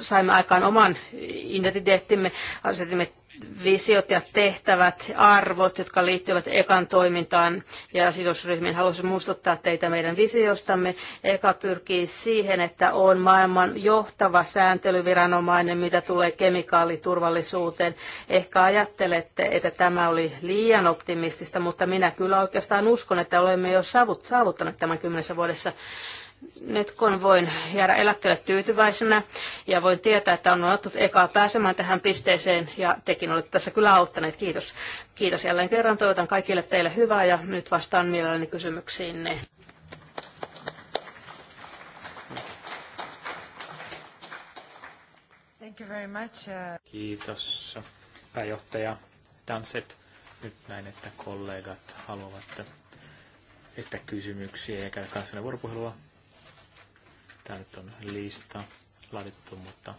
saimme aikaan oman identiteettimme, asetimme visiot ja tehtävät, arvot, jotka liittyvät ekan toimintaan ja sidosryhmiin. Haluaisin muistuttaa teitä meidän visiostamme. Eka pyrkii siihen, että on maailman johtava sääntelyviranomainen, mitä tulee kemikaaliturvallisuuteen. Ehkä ajattelette, että tämä oli liian optimistista, mutta minä kyllä oikeastaan uskon, että olemme jo saavuttaneet tämän kymmenessä vuodessa nyt kun voin jäädä eläkkeelle tyytyväisenä ja voin tietää, että on otettu ekaa pääsemään tähän pisteeseen ja tekin olette tässä kyllä auttaneet. Kiitos. Kiitos jälleen kerran. Toivotan kaikille teille hyvää ja nyt vastaan mielelläni kysymyksiinne. Thank you very much. Uh, Kiitos pääjohtaja Tanset. Nyt näin, että kollegat haluavat esittää kysymyksiä ja käydä kanssanne vuoropuhelua. Tämä nyt on lista laadittu, mutta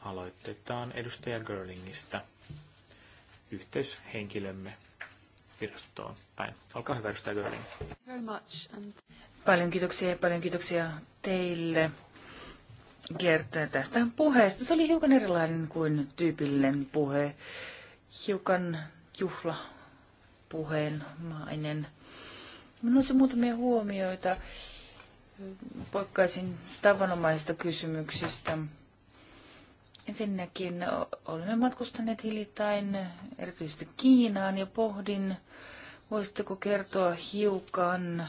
aloitetaan edustaja Görlingistä yhteyshenkilömme virastoon päin. Olkaa hyvä, edustaja Görling. Very much and... Paljon kiitoksia ja paljon kiitoksia teille. Gert tästä puheesta. Se oli hiukan erilainen kuin tyypillinen puhe. Hiukan juhla puheenmainen. Minulla olisi muutamia huomioita poikkaisin tavanomaisista kysymyksistä. Ensinnäkin olemme matkustaneet hiljattain erityisesti Kiinaan ja pohdin, voisitteko kertoa hiukan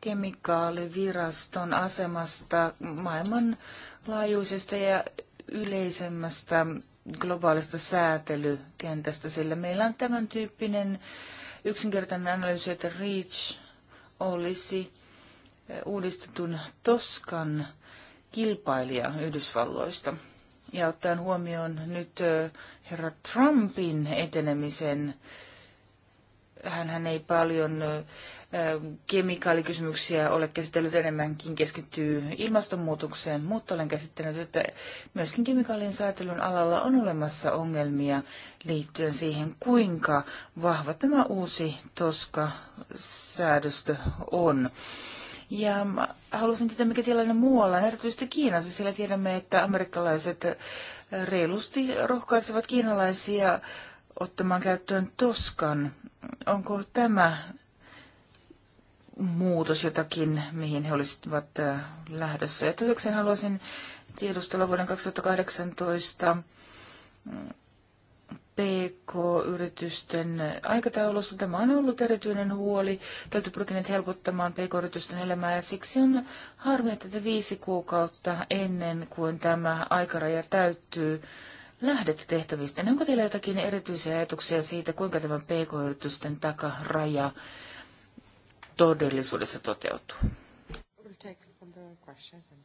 kemikaaliviraston asemasta maailmanlaajuisesta ja yleisemmästä globaalista säätelykentästä, sillä meillä on tämän tyyppinen yksinkertainen analyysi, että REACH olisi uudistetun Toskan kilpailija Yhdysvalloista. Ja ottaen huomioon nyt herra Trumpin etenemisen, hän ei paljon kemikaalikysymyksiä ole käsitellyt enemmänkin, keskittyy ilmastonmuutokseen, mutta olen käsittänyt, että myöskin kemikaalien säätelyn alalla on olemassa ongelmia liittyen siihen, kuinka vahva tämä uusi TOSKA-säädöstö on. Ja halusin tietää, mikä tilanne muualla erityisesti Kiinassa, sillä tiedämme, että amerikkalaiset reilusti rohkaisevat kiinalaisia ottamaan käyttöön toskan. Onko tämä muutos jotakin, mihin he olisivat äh, lähdössä? Ja toiseksi haluaisin tiedustella vuoden 2018 PK-yritysten aikataulussa. Tämä on ollut erityinen huoli. Täytyy pyrkineet helpottamaan PK-yritysten elämää ja siksi on harmi, että te viisi kuukautta ennen kuin tämä aikaraja täyttyy, lähdette tehtävistä. Onko teillä jotakin erityisiä ajatuksia siitä, kuinka tämä PK-yritysten takaraja todellisuudessa toteutuu?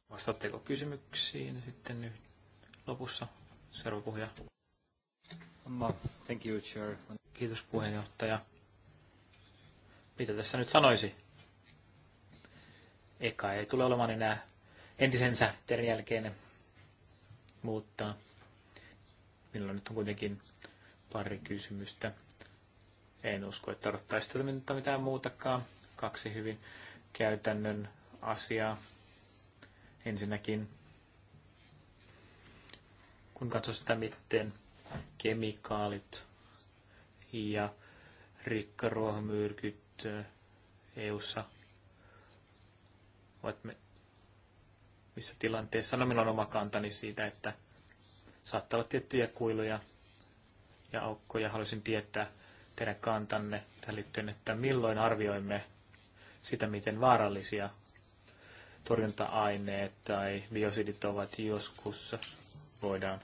Vastaatteko kysymyksiin sitten lopussa? Seuraava puhuja. Thank you, Chair. Kiitos puheenjohtaja. Mitä tässä nyt sanoisi? Eka ei tule olemaan enää entisensä teidän jälkeen, mutta minulla nyt on kuitenkin pari kysymystä. En usko, että odottaisi mitään muutakaan. Kaksi hyvin käytännön asiaa. Ensinnäkin, kun katsoo sitä, miten kemikaalit ja rikkaruohomyrkyt EU-ssa ovat me, missä tilanteessa. No minulla on oma kantani siitä, että saattaa olla tiettyjä kuiluja ja aukkoja. Haluaisin tietää teidän kantanne tähän liittyen, että milloin arvioimme sitä, miten vaarallisia torjunta-aineet tai biosidit ovat joskus. Voidaan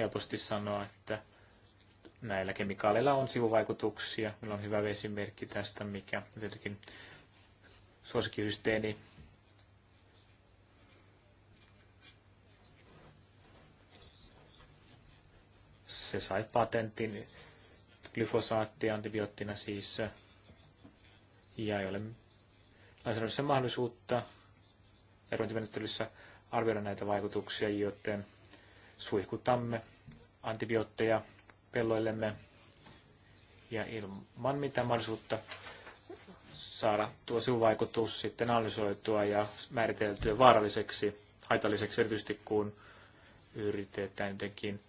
helposti sanoa, että näillä kemikaaleilla on sivuvaikutuksia. Meillä on hyvä esimerkki tästä, mikä tietenkin suosikkihysteeni se sai patentin glyfosaatti antibioottina siis ja ei ole lainsäädännössä mahdollisuutta erointimenettelyssä arvioida näitä vaikutuksia, joten suihkutamme antibiootteja pelloillemme ja ilman mitään mahdollisuutta saada tuo sivuvaikutus sitten analysoitua ja määriteltyä vaaralliseksi, haitalliseksi, erityisesti kun yritetään jotenkin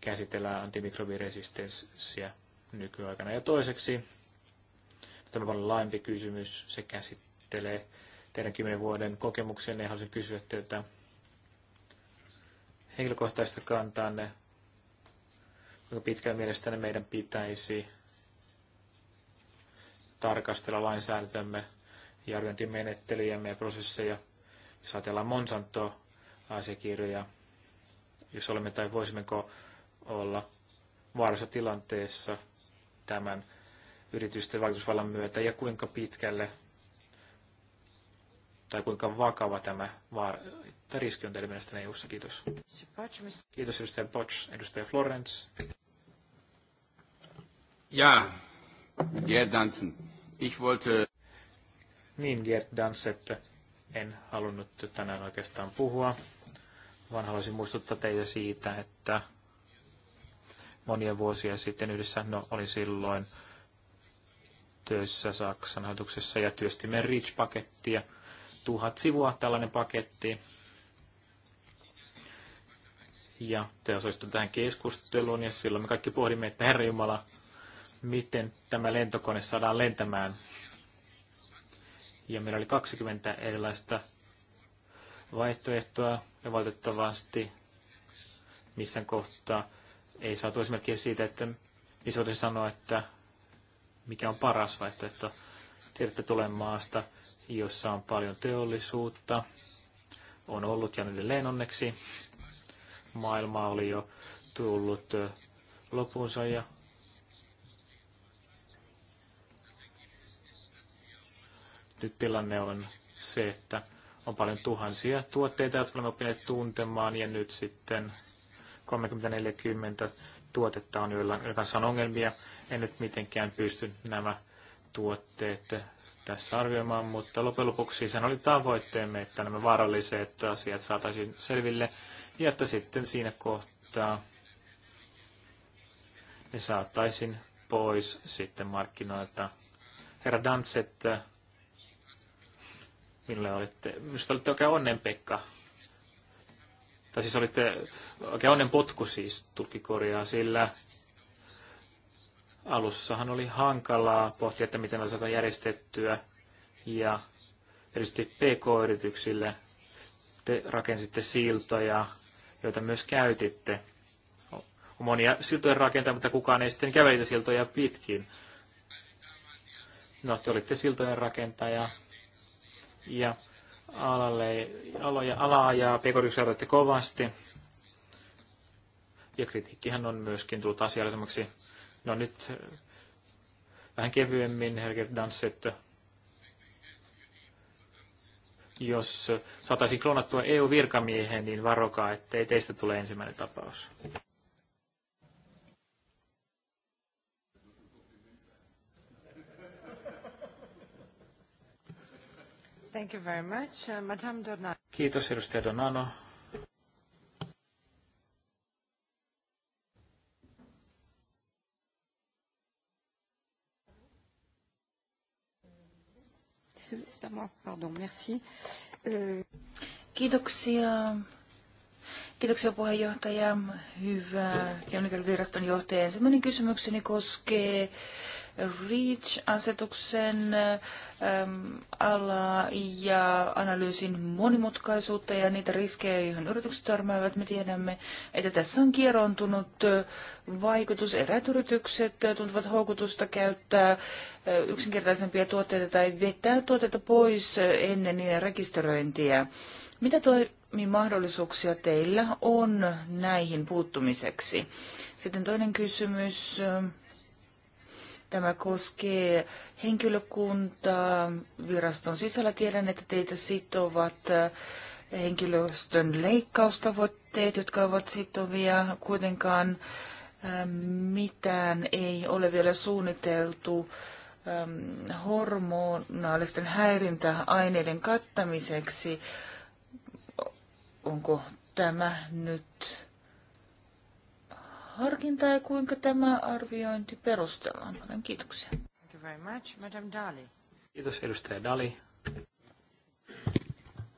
käsitellä antimikrobiresistenssiä nykyaikana. Ja toiseksi, tämä on paljon laajempi kysymys, se käsittelee teidän kymmenen vuoden kokemuksen niin haluaisin kysyä teiltä, henkilökohtaista kantaanne, kuinka pitkään mielestäni meidän pitäisi tarkastella lainsäädäntömme ja arviointimenettelyjämme ja prosesseja, jos ajatellaan Monsanto-asiakirjoja, jos olemme tai voisimmeko olla vaarassa tilanteessa tämän yritysten vaikutusvallan myötä ja kuinka pitkälle tai kuinka vakava tämä vaara, tai riski on teidän mielestäni EU-ssa. Kiitos. Kiitos edustaja Potts, edustaja Florence. Ja, Gerd Dansen. Ich wollte... Niin, Gerd Danset, en halunnut tänään oikeastaan puhua, vaan haluaisin muistuttaa teitä siitä, että monia vuosia sitten yhdessä, no oli silloin töissä Saksan hallituksessa ja työstimme REACH-pakettia, tuhat sivua tällainen paketti. Ja te osallistutte tähän keskusteluun ja silloin me kaikki pohdimme, että Herra Jumala, miten tämä lentokone saadaan lentämään. Ja meillä oli 20 erilaista vaihtoehtoa ja valitettavasti missään kohtaa ei saatu esimerkiksi siitä, että missä voitaisiin sanoa, että mikä on paras vaihtoehto. Tiedätte tulen maasta, jossa on paljon teollisuutta. On ollut ja edelleen onneksi. Maailma oli jo tullut lopunsa ja nyt tilanne on se, että on paljon tuhansia tuotteita, jotka olemme oppineet tuntemaan, ja nyt sitten 30-40 tuotetta on, joilla, kanssa on ongelmia. En nyt mitenkään pysty nämä tuotteet tässä arvioimaan, mutta loppujen lopuksi sen oli tavoitteemme, että nämä vaaralliset asiat saataisiin selville ja että sitten siinä kohtaa ne saataisiin pois sitten markkinoilta. Herra Danset, minulle olette? minusta olette oikein Pekka. Tai siis olitte oikein onnen potku siis, tulkikorjaa, sillä Alussahan oli hankalaa pohtia, että miten saada järjestettyä ja erityisesti PK-yrityksille te rakensitte siltoja, joita myös käytitte. On monia siltojen rakentajia, mutta kukaan ei sitten käveli siltoja pitkin. No, te olitte siltojen rakentaja ja alalle, aloja, alaa ja pk kovasti. Ja kritiikkihän on myöskin tullut asiallisemmaksi. No nyt eh, vähän kevyemmin Helger Danset. Jos saataisiin klonattua EU-virkamiehen, niin varokaa, ettei teistä tule ensimmäinen tapaus. Thank you very much. Uh, Madame Kiitos edustaja Donano. c'est à moi, pardon, merci. Euh, Kiitoksia. Kiitoksia puheenjohtaja. Hyvä. Keunikirjaviraston johtaja. Ensimmäinen kysymykseni koskee REACH-asetuksen ähm, ala ja analyysin monimutkaisuutta ja niitä riskejä, joihin yritykset törmäävät. Me tiedämme, että tässä on kierontunut äh, vaikutus. Eräät yritykset äh, tuntuvat houkutusta käyttää äh, yksinkertaisempia tuotteita tai vetää tuotteita pois ennen niiden rekisteröintiä. Mitä toimimahdollisuuksia teillä on näihin puuttumiseksi? Sitten toinen kysymys. Tämä koskee henkilökuntaa viraston sisällä. Tiedän, että teitä sitovat äh, henkilöstön leikkaustavoitteet, jotka ovat sitovia. Kuitenkaan ähm, mitään ei ole vielä suunniteltu ähm, hormonaalisten häirintäaineiden kattamiseksi. Onko tämä nyt Harkinta ja kuinka tämä arviointi perustellaan. Olen kiitoksia. Thank you very much. Madame Dali. Kiitos edustaja Dali.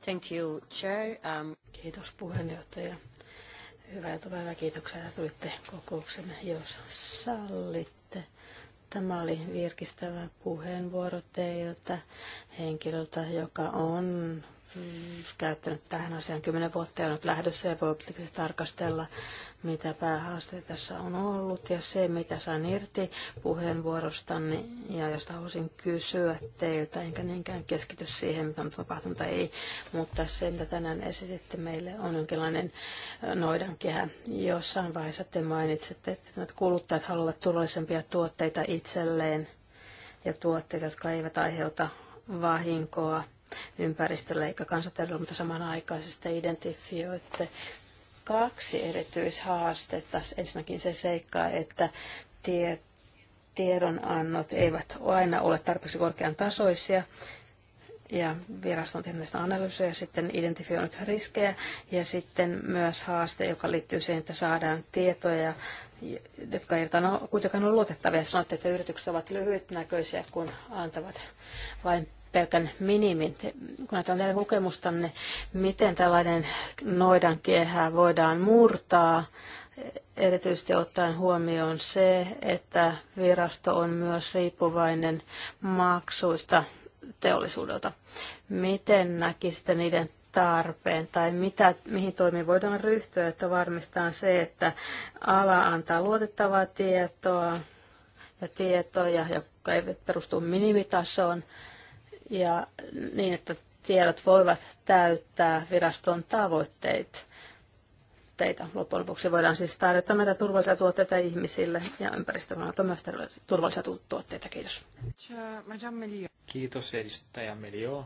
Thank you, Chair. Um... Kiitos puheenjohtaja. Hyvää iltapäivää. Kiitoksia, että tulitte kokouksen, jos sallitte. Tämä oli virkistävä puheenvuoro teiltä henkilöltä, joka on Mm, käyttänyt tähän asiaan kymmenen vuotta ja nyt lähdössä ja voi tarkastella, mitä päähaaste tässä on ollut ja se, mitä sain irti puheenvuorostani ja josta halusin kysyä teiltä, enkä niinkään keskity siihen, mitä on tapahtunut tai ei, mutta se, mitä tänään esititte meille, on jonkinlainen noidankehä. Jossain vaiheessa te mainitsette, että kuluttajat haluavat turvallisempia tuotteita itselleen ja tuotteita, jotka eivät aiheuta vahinkoa ympäristölle eikä kansanterveydelle, mutta samanaikaisesti identifioitte kaksi erityishaastetta. Ensinnäkin se seikka, että tie, tiedonannot eivät aina ole tarpeeksi korkean tasoisia, ja viraston tehneistä analyysejä, sitten identifioinut riskejä ja sitten myös haaste, joka liittyy siihen, että saadaan tietoja, jotka eivät ole kuitenkaan ole luotettavia. Sanoitte, että yritykset ovat lyhytnäköisiä, kun antavat vain pelkän minimin. Kun ajatellaan teidän kokemustanne, miten tällainen noidan kehää voidaan murtaa, erityisesti ottaen huomioon se, että virasto on myös riippuvainen maksuista teollisuudelta. Miten näkisitte niiden tarpeen tai mitä, mihin toimiin voidaan ryhtyä, että varmistetaan se, että ala antaa luotettavaa tietoa ja tietoja, jotka eivät perustu minimitasoon ja niin, että tiedot voivat täyttää viraston tavoitteet. Teitä loppujen lopuksi voidaan siis tarjota näitä turvallisia tuotteita ihmisille ja ympäristöön, kannalta myös turvallisia tuotteita. Kiitos. Kiitos edistäjä Melio.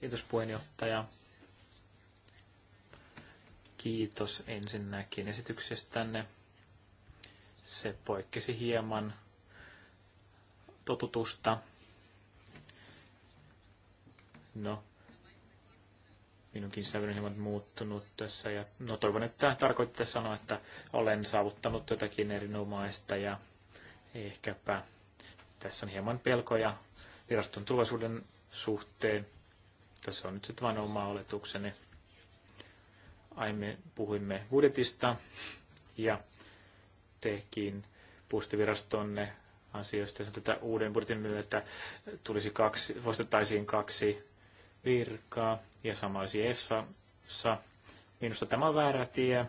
Kiitos puheenjohtaja. Kiitos ensinnäkin esityksestänne se poikkesi hieman totutusta. No, minunkin sävelyni on muuttunut tässä. Ja, no toivon, että tarkoittaa sanoa, että olen saavuttanut jotakin erinomaista ja ehkäpä tässä on hieman pelkoja viraston tulevaisuuden suhteen. Tässä on nyt sitten vain oma oletukseni. Aiemmin puhuimme budjetista ja tekin puustivirastonne ansiosta, että tätä uuden budjetin myötä tulisi kaksi, poistettaisiin kaksi virkaa ja sama olisi EFSA. Minusta tämä on väärä tie.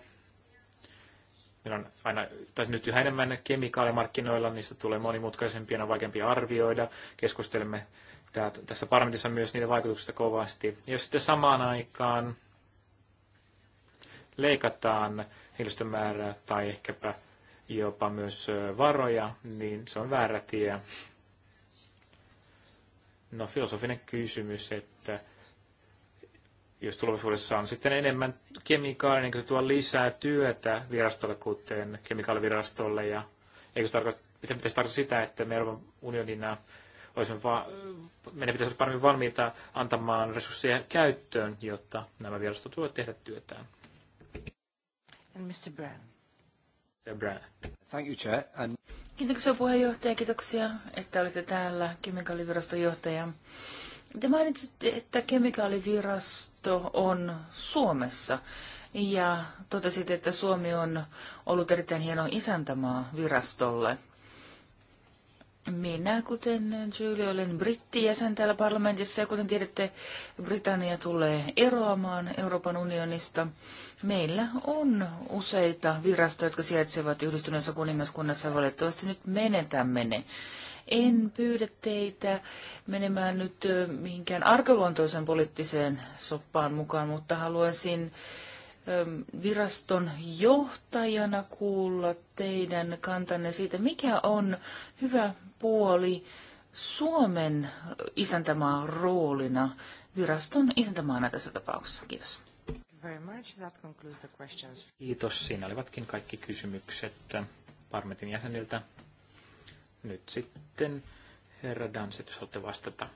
Meillä on aina, tai nyt yhä enemmän kemikaalimarkkinoilla, niistä tulee monimutkaisempia ja vaikeampi arvioida. Keskustelemme tässä parlamentissa myös niiden vaikutuksista kovasti. Ja jos sitten samaan aikaan leikataan henkilöstömäärää tai ehkäpä jopa myös varoja, niin se on väärä tie. No filosofinen kysymys, että jos tulevaisuudessa on sitten enemmän kemikaalia, niin se tuo lisää työtä virastolle, kuten kemikaalivirastolle. Ja eikö se tarkoita, miten pitäisi tarkoittaa sitä, että me Euroopan unionina olisimme va- meidän pitäisi olla paremmin valmiita antamaan resursseja käyttöön, jotta nämä virastot voivat tehdä työtään. And Mr. Brown. Thank you, Chair. And... Kiitoksia puheenjohtaja, kiitoksia, että olette täällä, kemikaaliviraston johtaja. Te mainitsitte, että kemikaalivirasto on Suomessa ja totesitte, että Suomi on ollut erittäin hieno isäntämaa virastolle. Minä, kuten Julie, olen brittijäsen täällä parlamentissa ja kuten tiedätte, Britannia tulee eroamaan Euroopan unionista. Meillä on useita virastoja, jotka sijaitsevat yhdistyneessä kuningaskunnassa. Valitettavasti nyt menetämme ne. En pyydä teitä menemään nyt mihinkään arkeluontoisen poliittiseen soppaan mukaan, mutta haluaisin viraston johtajana kuulla teidän kantanne siitä, mikä on hyvä puoli Suomen isäntämaan roolina viraston isäntämaana tässä tapauksessa. Kiitos. Kiitos. Siinä olivatkin kaikki kysymykset Parmetin jäseniltä. Nyt sitten herra Dansit, jos haluatte vastata.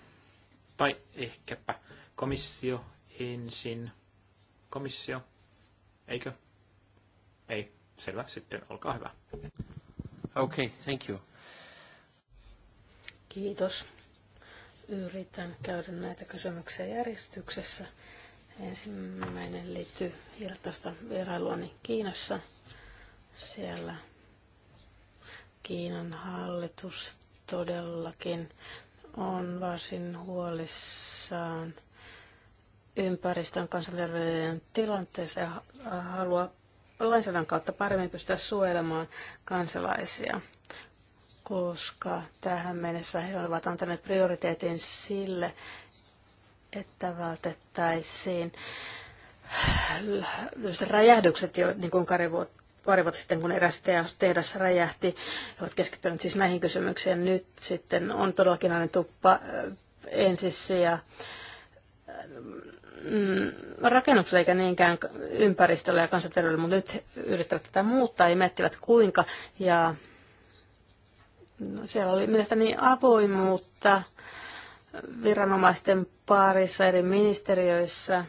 Tai ehkäpä komissio ensin. Komissio. Eikö? Ei. Selvä. Sitten olkaa hyvä. Okay, thank you. Kiitos. Yritän käydä näitä kysymyksiä järjestyksessä. Ensimmäinen liittyy hiljattaista vierailuani Kiinassa. Siellä Kiinan hallitus todellakin on varsin huolissaan – ympäristön kansanterveyden tilanteeseen ja haluaa lainsäädännön kautta paremmin pystyä suojelemaan kansalaisia, koska tähän mennessä he ovat antaneet prioriteetin sille, että vältettäisiin räjähdykset, jo, niin kuin Kari vuotta pari vuotta sitten, kun eräs tehdas räjähti, he ovat keskittyneet siis näihin kysymyksiin. Nyt sitten on todellakin annettu pa- ensisijaisia mm, eikä niinkään ympäristölle ja kansanterveydelle, mutta nyt yrittävät tätä muuttaa ja miettivät kuinka. Ja no, siellä oli mielestäni avoimuutta viranomaisten parissa eri ministeriöissä.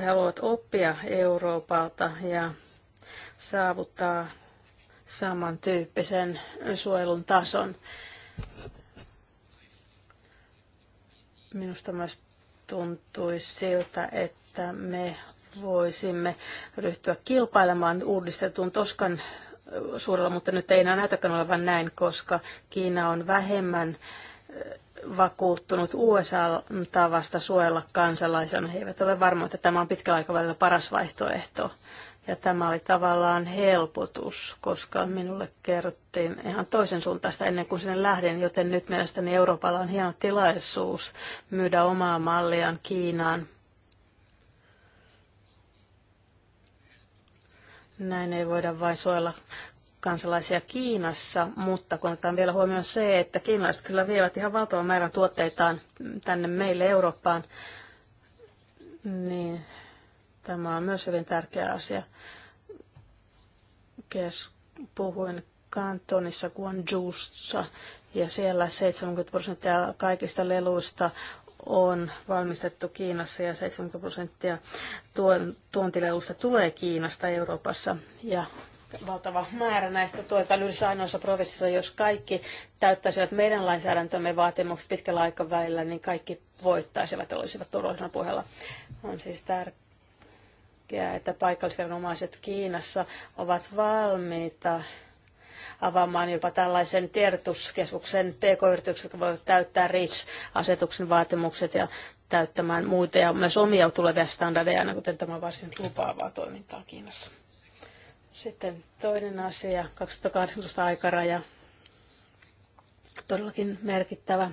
He haluavat oppia Euroopalta ja saavuttaa samantyyppisen suojelun tason. Minusta myös tuntui siltä, että me voisimme ryhtyä kilpailemaan uudistetun Toskan suurella, mutta nyt ei enää näytäkään olevan näin, koska Kiina on vähemmän vakuuttunut USA-tavasta suojella kansalaisen. No, he eivät ole varmoja, että tämä on pitkällä aikavälillä paras vaihtoehto. Ja tämä oli tavallaan helpotus, koska minulle kerrottiin ihan toisen suuntaista ennen kuin sinne lähdin, joten nyt mielestäni Euroopalla on hieno tilaisuus myydä omaa malliaan Kiinaan. Näin ei voida vain suojella kansalaisia Kiinassa, mutta kun otetaan vielä huomioon se, että kiinalaiset kyllä vievät ihan valtavan määrän tuotteitaan tänne meille Eurooppaan, niin Tämä on myös hyvin tärkeä asia. Kes, puhuin kantonissa Guangzhoussa ja siellä 70 prosenttia kaikista leluista on valmistettu Kiinassa ja 70 prosenttia tuontileluista tulee Kiinasta Euroopassa. Ja valtava määrä näistä tuetaan yhdessä ainoassa provinssissa. Jos kaikki täyttäisivät meidän lainsäädäntömme vaatimukset pitkällä aikavälillä, niin kaikki voittaisivat ja olisivat turvallisena puheella. On siis tärkeää tärkeää, että paikallisviranomaiset Kiinassa ovat valmiita avaamaan jopa tällaisen tiedotuskeskuksen pk-yritykset, jotka voivat täyttää REACH-asetuksen vaatimukset ja täyttämään muita ja myös omia tulevia standardeja, aina kuten tämä varsin lupaavaa toimintaa Kiinassa. Sitten toinen asia, 2018 aikaraja. Todellakin merkittävä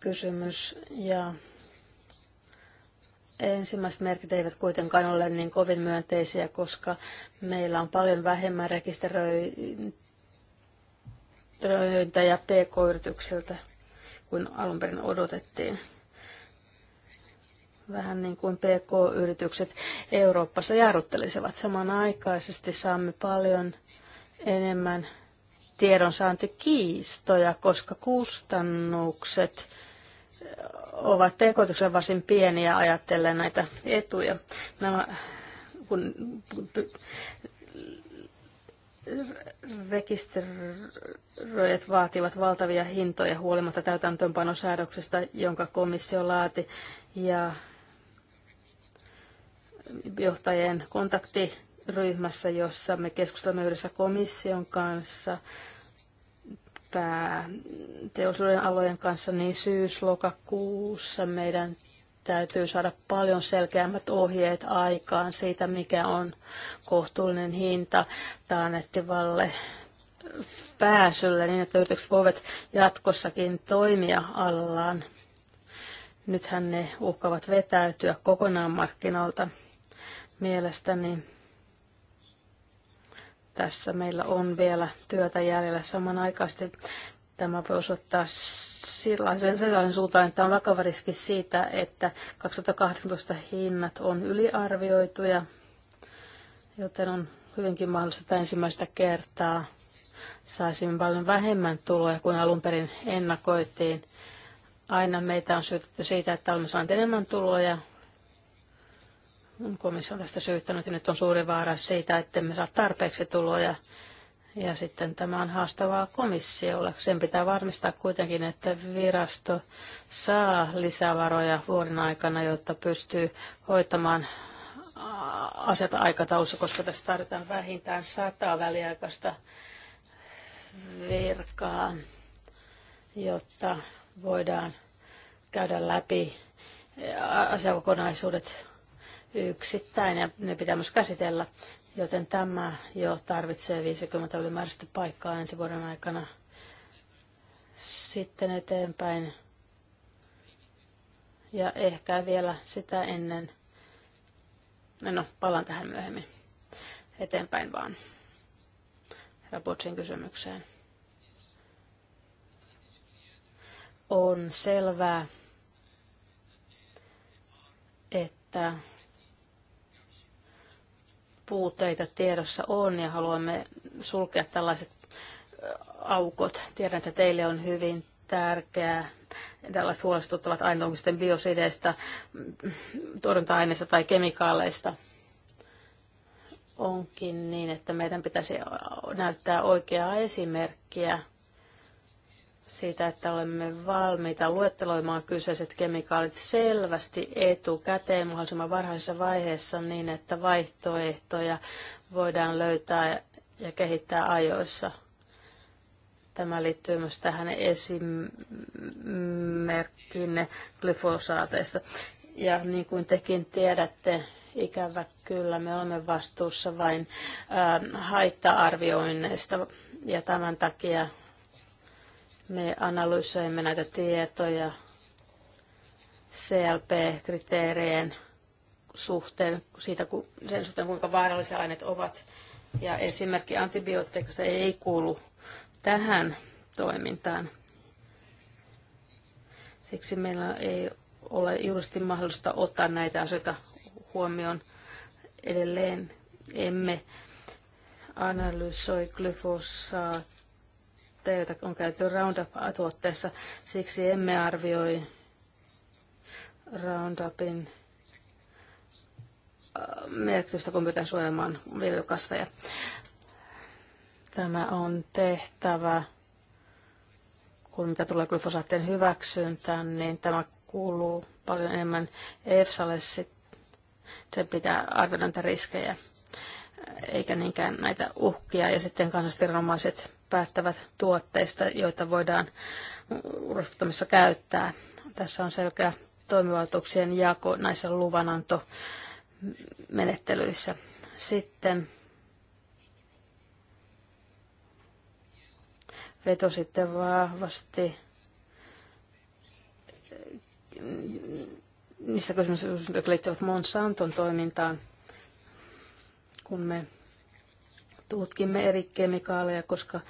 kysymys ja Ensimmäiset merkit eivät kuitenkaan ole niin kovin myönteisiä, koska meillä on paljon vähemmän ja pk-yrityksiltä kuin alun perin odotettiin. Vähän niin kuin pk-yritykset Euroopassa jarruttelisivat. Samanaikaisesti saamme paljon enemmän tiedonsaantikiistoja, koska kustannukset ovat pk varsin pieniä ajattelen näitä etuja. Nämä, kun rekisteröijät vaativat valtavia hintoja huolimatta täytäntöönpanosäädöksestä, jonka komissio laati, ja johtajien kontaktiryhmässä, jossa me keskustelemme yhdessä komission kanssa pääteollisuuden alojen kanssa, niin syys-lokakuussa meidän täytyy saada paljon selkeämmät ohjeet aikaan siitä, mikä on kohtuullinen hinta taannettivalle pääsylle, niin että yritykset voivat jatkossakin toimia allaan Nythän ne uhkavat vetäytyä kokonaan markkinoilta mielestäni tässä meillä on vielä työtä jäljellä samanaikaisesti. Tämä voi osoittaa sellaisen, sellaisen suuntaan, että on vakava riski siitä, että 2018 hinnat on yliarvioituja, joten on hyvinkin mahdollista, että ensimmäistä kertaa saisimme paljon vähemmän tuloja kuin alun perin ennakoitiin. Aina meitä on syytetty siitä, että olemme saaneet enemmän tuloja, komissio on tästä syyttänyt ja nyt on suuri vaara siitä, että me saa tarpeeksi tuloja. Ja sitten tämä on haastavaa komissiolle. Sen pitää varmistaa kuitenkin, että virasto saa lisävaroja vuoden aikana, jotta pystyy hoitamaan asiat aikataulussa, koska tässä tarvitaan vähintään sata väliaikaista virkaa, jotta voidaan käydä läpi asiakokonaisuudet yksittäin ja ne pitää myös käsitellä, joten tämä jo tarvitsee 50 ylimääräistä paikkaa ensi vuoden aikana. Sitten eteenpäin ja ehkä vielä sitä ennen, no palaan tähän myöhemmin eteenpäin vaan Rapotsin kysymykseen. On selvää, että puutteita tiedossa on ja haluamme sulkea tällaiset aukot. Tiedän, että teille on hyvin tärkeää tällaiset huolestuttavat aineet, biosideista, torjunta-aineista tai kemikaaleista. Onkin niin, että meidän pitäisi näyttää oikeaa esimerkkiä siitä, että olemme valmiita luetteloimaan kyseiset kemikaalit selvästi etukäteen mahdollisimman varhaisessa vaiheessa niin, että vaihtoehtoja voidaan löytää ja kehittää ajoissa. Tämä liittyy myös tähän esimerkkinne glyfosaateista. Ja niin kuin tekin tiedätte, ikävä kyllä, me olemme vastuussa vain äh, haitta-arvioinneista ja tämän takia me analysoimme näitä tietoja CLP-kriteerien suhteen, siitä, sen suhteen kuinka vaarallisia aineet ovat. Ja esimerkki antibiootteista ei kuulu tähän toimintaan. Siksi meillä ei ole juuri mahdollista ottaa näitä asioita huomioon edelleen. Emme analysoi glyfosaat kommentteja, joita on käyty Roundup-tuotteessa. Siksi emme arvioi Roundupin äh, merkitystä, kun pitää suojelemaan viljelykasveja. Tämä on tehtävä, kun mitä tulee glyfosaattien hyväksyntään, niin tämä kuuluu paljon enemmän EFSAlle. Se pitää arvioida näitä riskejä, eikä niinkään näitä uhkia. Ja sitten kansallisviranomaiset päättävät tuotteista, joita voidaan ulostuttamisessa käyttää. Tässä on selkeä toimivaltuuksien jako näissä luvanantomenettelyissä. Sitten vetositte vahvasti niistä kysymyksistä, jotka liittyvät Monsanton toimintaan, kun me tutkimme eri kemikaaleja, koska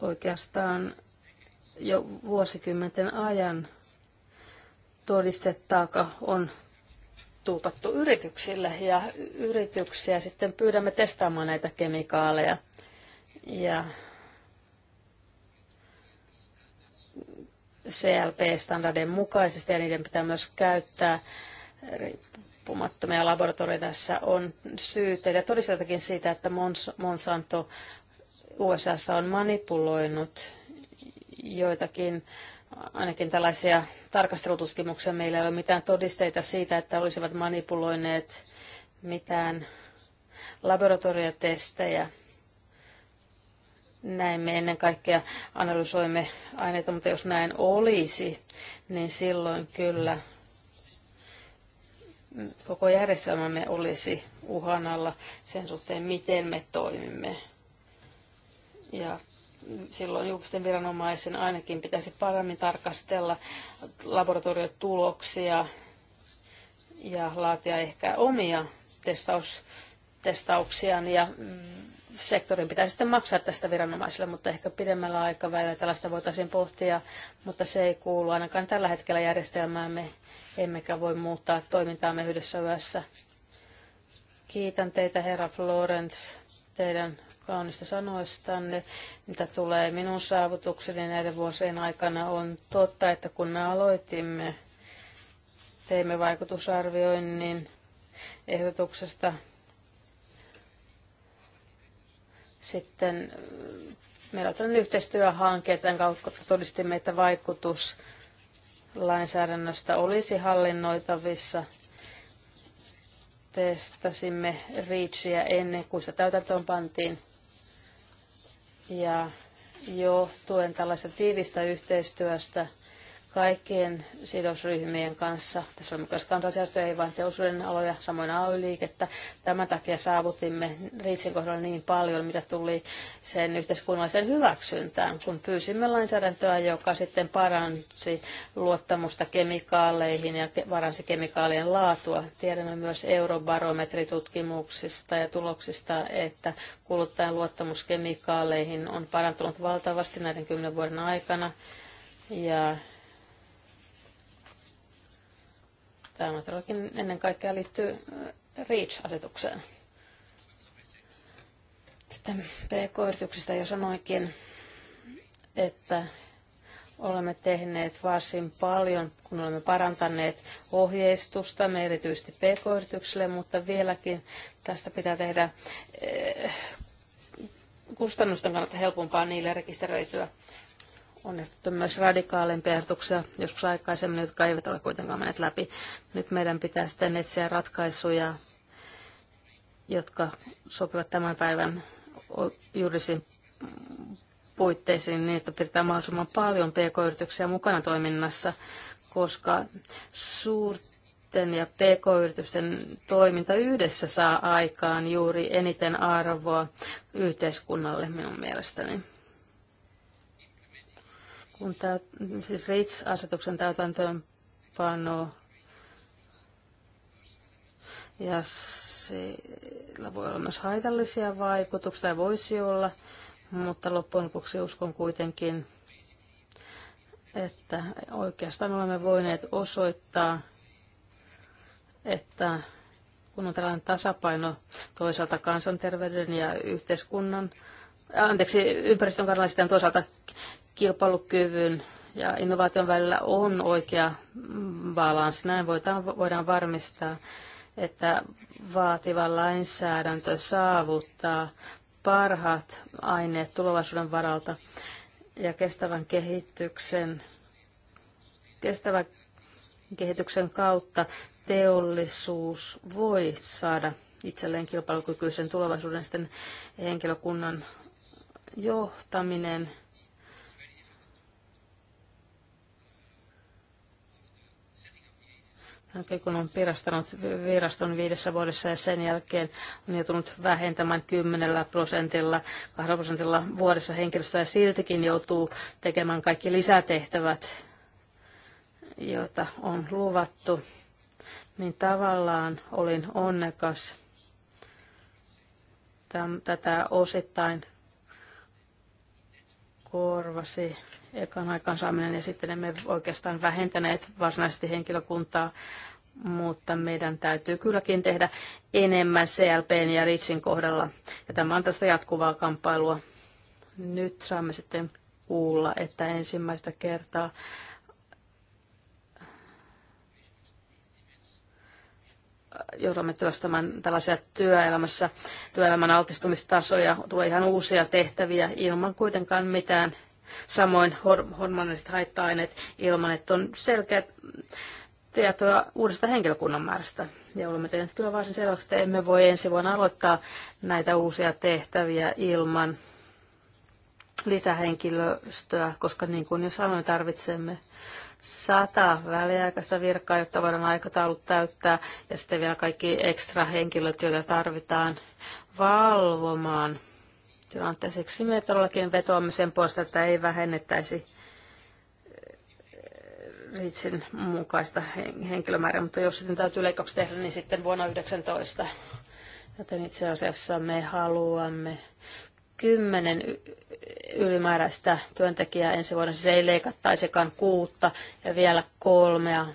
oikeastaan jo vuosikymmenten ajan todistettaaka on tuupattu yrityksille ja yrityksiä sitten pyydämme testaamaan näitä kemikaaleja. Ja CLP-standardien mukaisesti ja niiden pitää myös käyttää riippumattomia laboratorioita. Tässä on syytteitä ja todistetakin siitä, että Monsanto USA on manipuloinut joitakin ainakin tällaisia tarkastelututkimuksia. Meillä ei ole mitään todisteita siitä, että olisivat manipuloineet mitään laboratoriotestejä. Näin me ennen kaikkea analysoimme aineita, mutta jos näin olisi, niin silloin kyllä koko järjestelmämme olisi uhan alla sen suhteen, miten me toimimme. Ja silloin julkisten viranomaisen ainakin pitäisi paremmin tarkastella laboratoriotuloksia ja laatia ehkä omia testaus, testauksiaan ja sektorin pitäisi sitten maksaa tästä viranomaisille, mutta ehkä pidemmällä aikavälillä tällaista voitaisiin pohtia, mutta se ei kuulu ainakaan tällä hetkellä järjestelmäämme emmekä voi muuttaa toimintaamme yhdessä yössä. Kiitän teitä, herra Florence, teidän kaunista sanoistanne, mitä tulee minun saavutukseni näiden vuosien aikana. On totta, että kun me aloitimme, teimme vaikutusarvioinnin ehdotuksesta sitten meillä on yhteistyöhanke, tämän kautta todistimme, että vaikutus lainsäädännöstä olisi hallinnoitavissa. Testasimme REACHia ennen kuin se täytäntöön pantiin. Ja johtuen tällaista tiivistä yhteistyöstä – kaikkien sidosryhmien kanssa. Tässä on myös kansalaisjärjestöjä, ei vain teollisuuden aloja, samoin AY-liikettä. Tämän takia saavutimme Riitsin kohdalla niin paljon, mitä tuli sen yhteiskunnallisen hyväksyntään, kun pyysimme lainsäädäntöä, joka sitten paransi luottamusta kemikaaleihin ja paransi kemikaalien laatua. Tiedämme myös eurobarometritutkimuksista ja tuloksista, että kuluttajan luottamus kemikaaleihin on parantunut valtavasti näiden kymmenen vuoden aikana. Ja Tämä todellakin ennen kaikkea liittyy REACH-asetukseen. Sitten PK-yrityksistä jo sanoikin, että olemme tehneet varsin paljon, kun olemme parantaneet ohjeistusta, me erityisesti pk-yrityksille, mutta vieläkin tästä pitää tehdä eh, kustannusten kannalta helpompaa niille rekisteröityä on esitetty myös radikaalimpia ehdotuksia joskus aikaisemmin, jotka eivät ole kuitenkaan menneet läpi. Nyt meidän pitää sitten etsiä ratkaisuja, jotka sopivat tämän päivän juridisiin puitteisiin niin, että pidetään mahdollisimman paljon pk-yrityksiä mukana toiminnassa, koska suurten ja pk-yritysten toiminta yhdessä saa aikaan juuri eniten arvoa yhteiskunnalle minun mielestäni kun tämä, siis REACH-asetuksen täytäntöönpano ja sillä voi olla myös haitallisia vaikutuksia, tai voisi olla, mutta loppujen lopuksi uskon kuitenkin, että oikeastaan olemme voineet osoittaa, että kun on tällainen tasapaino toisaalta kansanterveyden ja yhteiskunnan, anteeksi, ympäristön kannalta sitten toisaalta kilpailukyvyn ja innovaation välillä on oikea balanssi. Näin voidaan, voidaan varmistaa, että vaativa lainsäädäntö saavuttaa parhaat aineet tulevaisuuden varalta ja kestävän kehityksen, kestävän kehityksen kautta teollisuus voi saada itselleen kilpailukykyisen tulevaisuuden henkilökunnan johtaminen – kun on virastanut viraston viidessä vuodessa ja sen jälkeen on joutunut vähentämään 10 prosentilla, 2 prosentilla vuodessa henkilöstöä ja siltikin joutuu tekemään kaikki lisätehtävät, joita on luvattu, niin tavallaan olin onnekas tätä osittain korvasi ekan saaminen ja sitten emme oikeastaan vähentäneet varsinaisesti henkilökuntaa, mutta meidän täytyy kylläkin tehdä enemmän CLPn ja RITSin kohdalla. Ja tämä on tästä jatkuvaa kamppailua. Nyt saamme sitten kuulla, että ensimmäistä kertaa joudumme työstämään tällaisia työelämässä, työelämän altistumistasoja, tulee ihan uusia tehtäviä ilman kuitenkaan mitään samoin hormoniset haitta-aineet ilman, että on selkeät tietoa uudesta henkilökunnan määrästä. Ja olemme tehneet kyllä varsin selväksi, että emme voi ensi vuonna aloittaa näitä uusia tehtäviä ilman lisähenkilöstöä, koska niin kuin jo sanoin, tarvitsemme sata väliaikaista virkaa, jotta voidaan aikataulut täyttää, ja sitten vielä kaikki ekstra henkilöt, joita tarvitaan valvomaan tilanteeseksi me todellakin vetoamme sen puolesta, että ei vähennettäisi eh, Ritsin mukaista henkilömäärää, mutta jos sitten täytyy leikkaukset tehdä, niin sitten vuonna 19. Joten itse asiassa me haluamme kymmenen ylimääräistä työntekijää ensi vuonna, siis ei leikattaisikaan kuutta ja vielä kolmea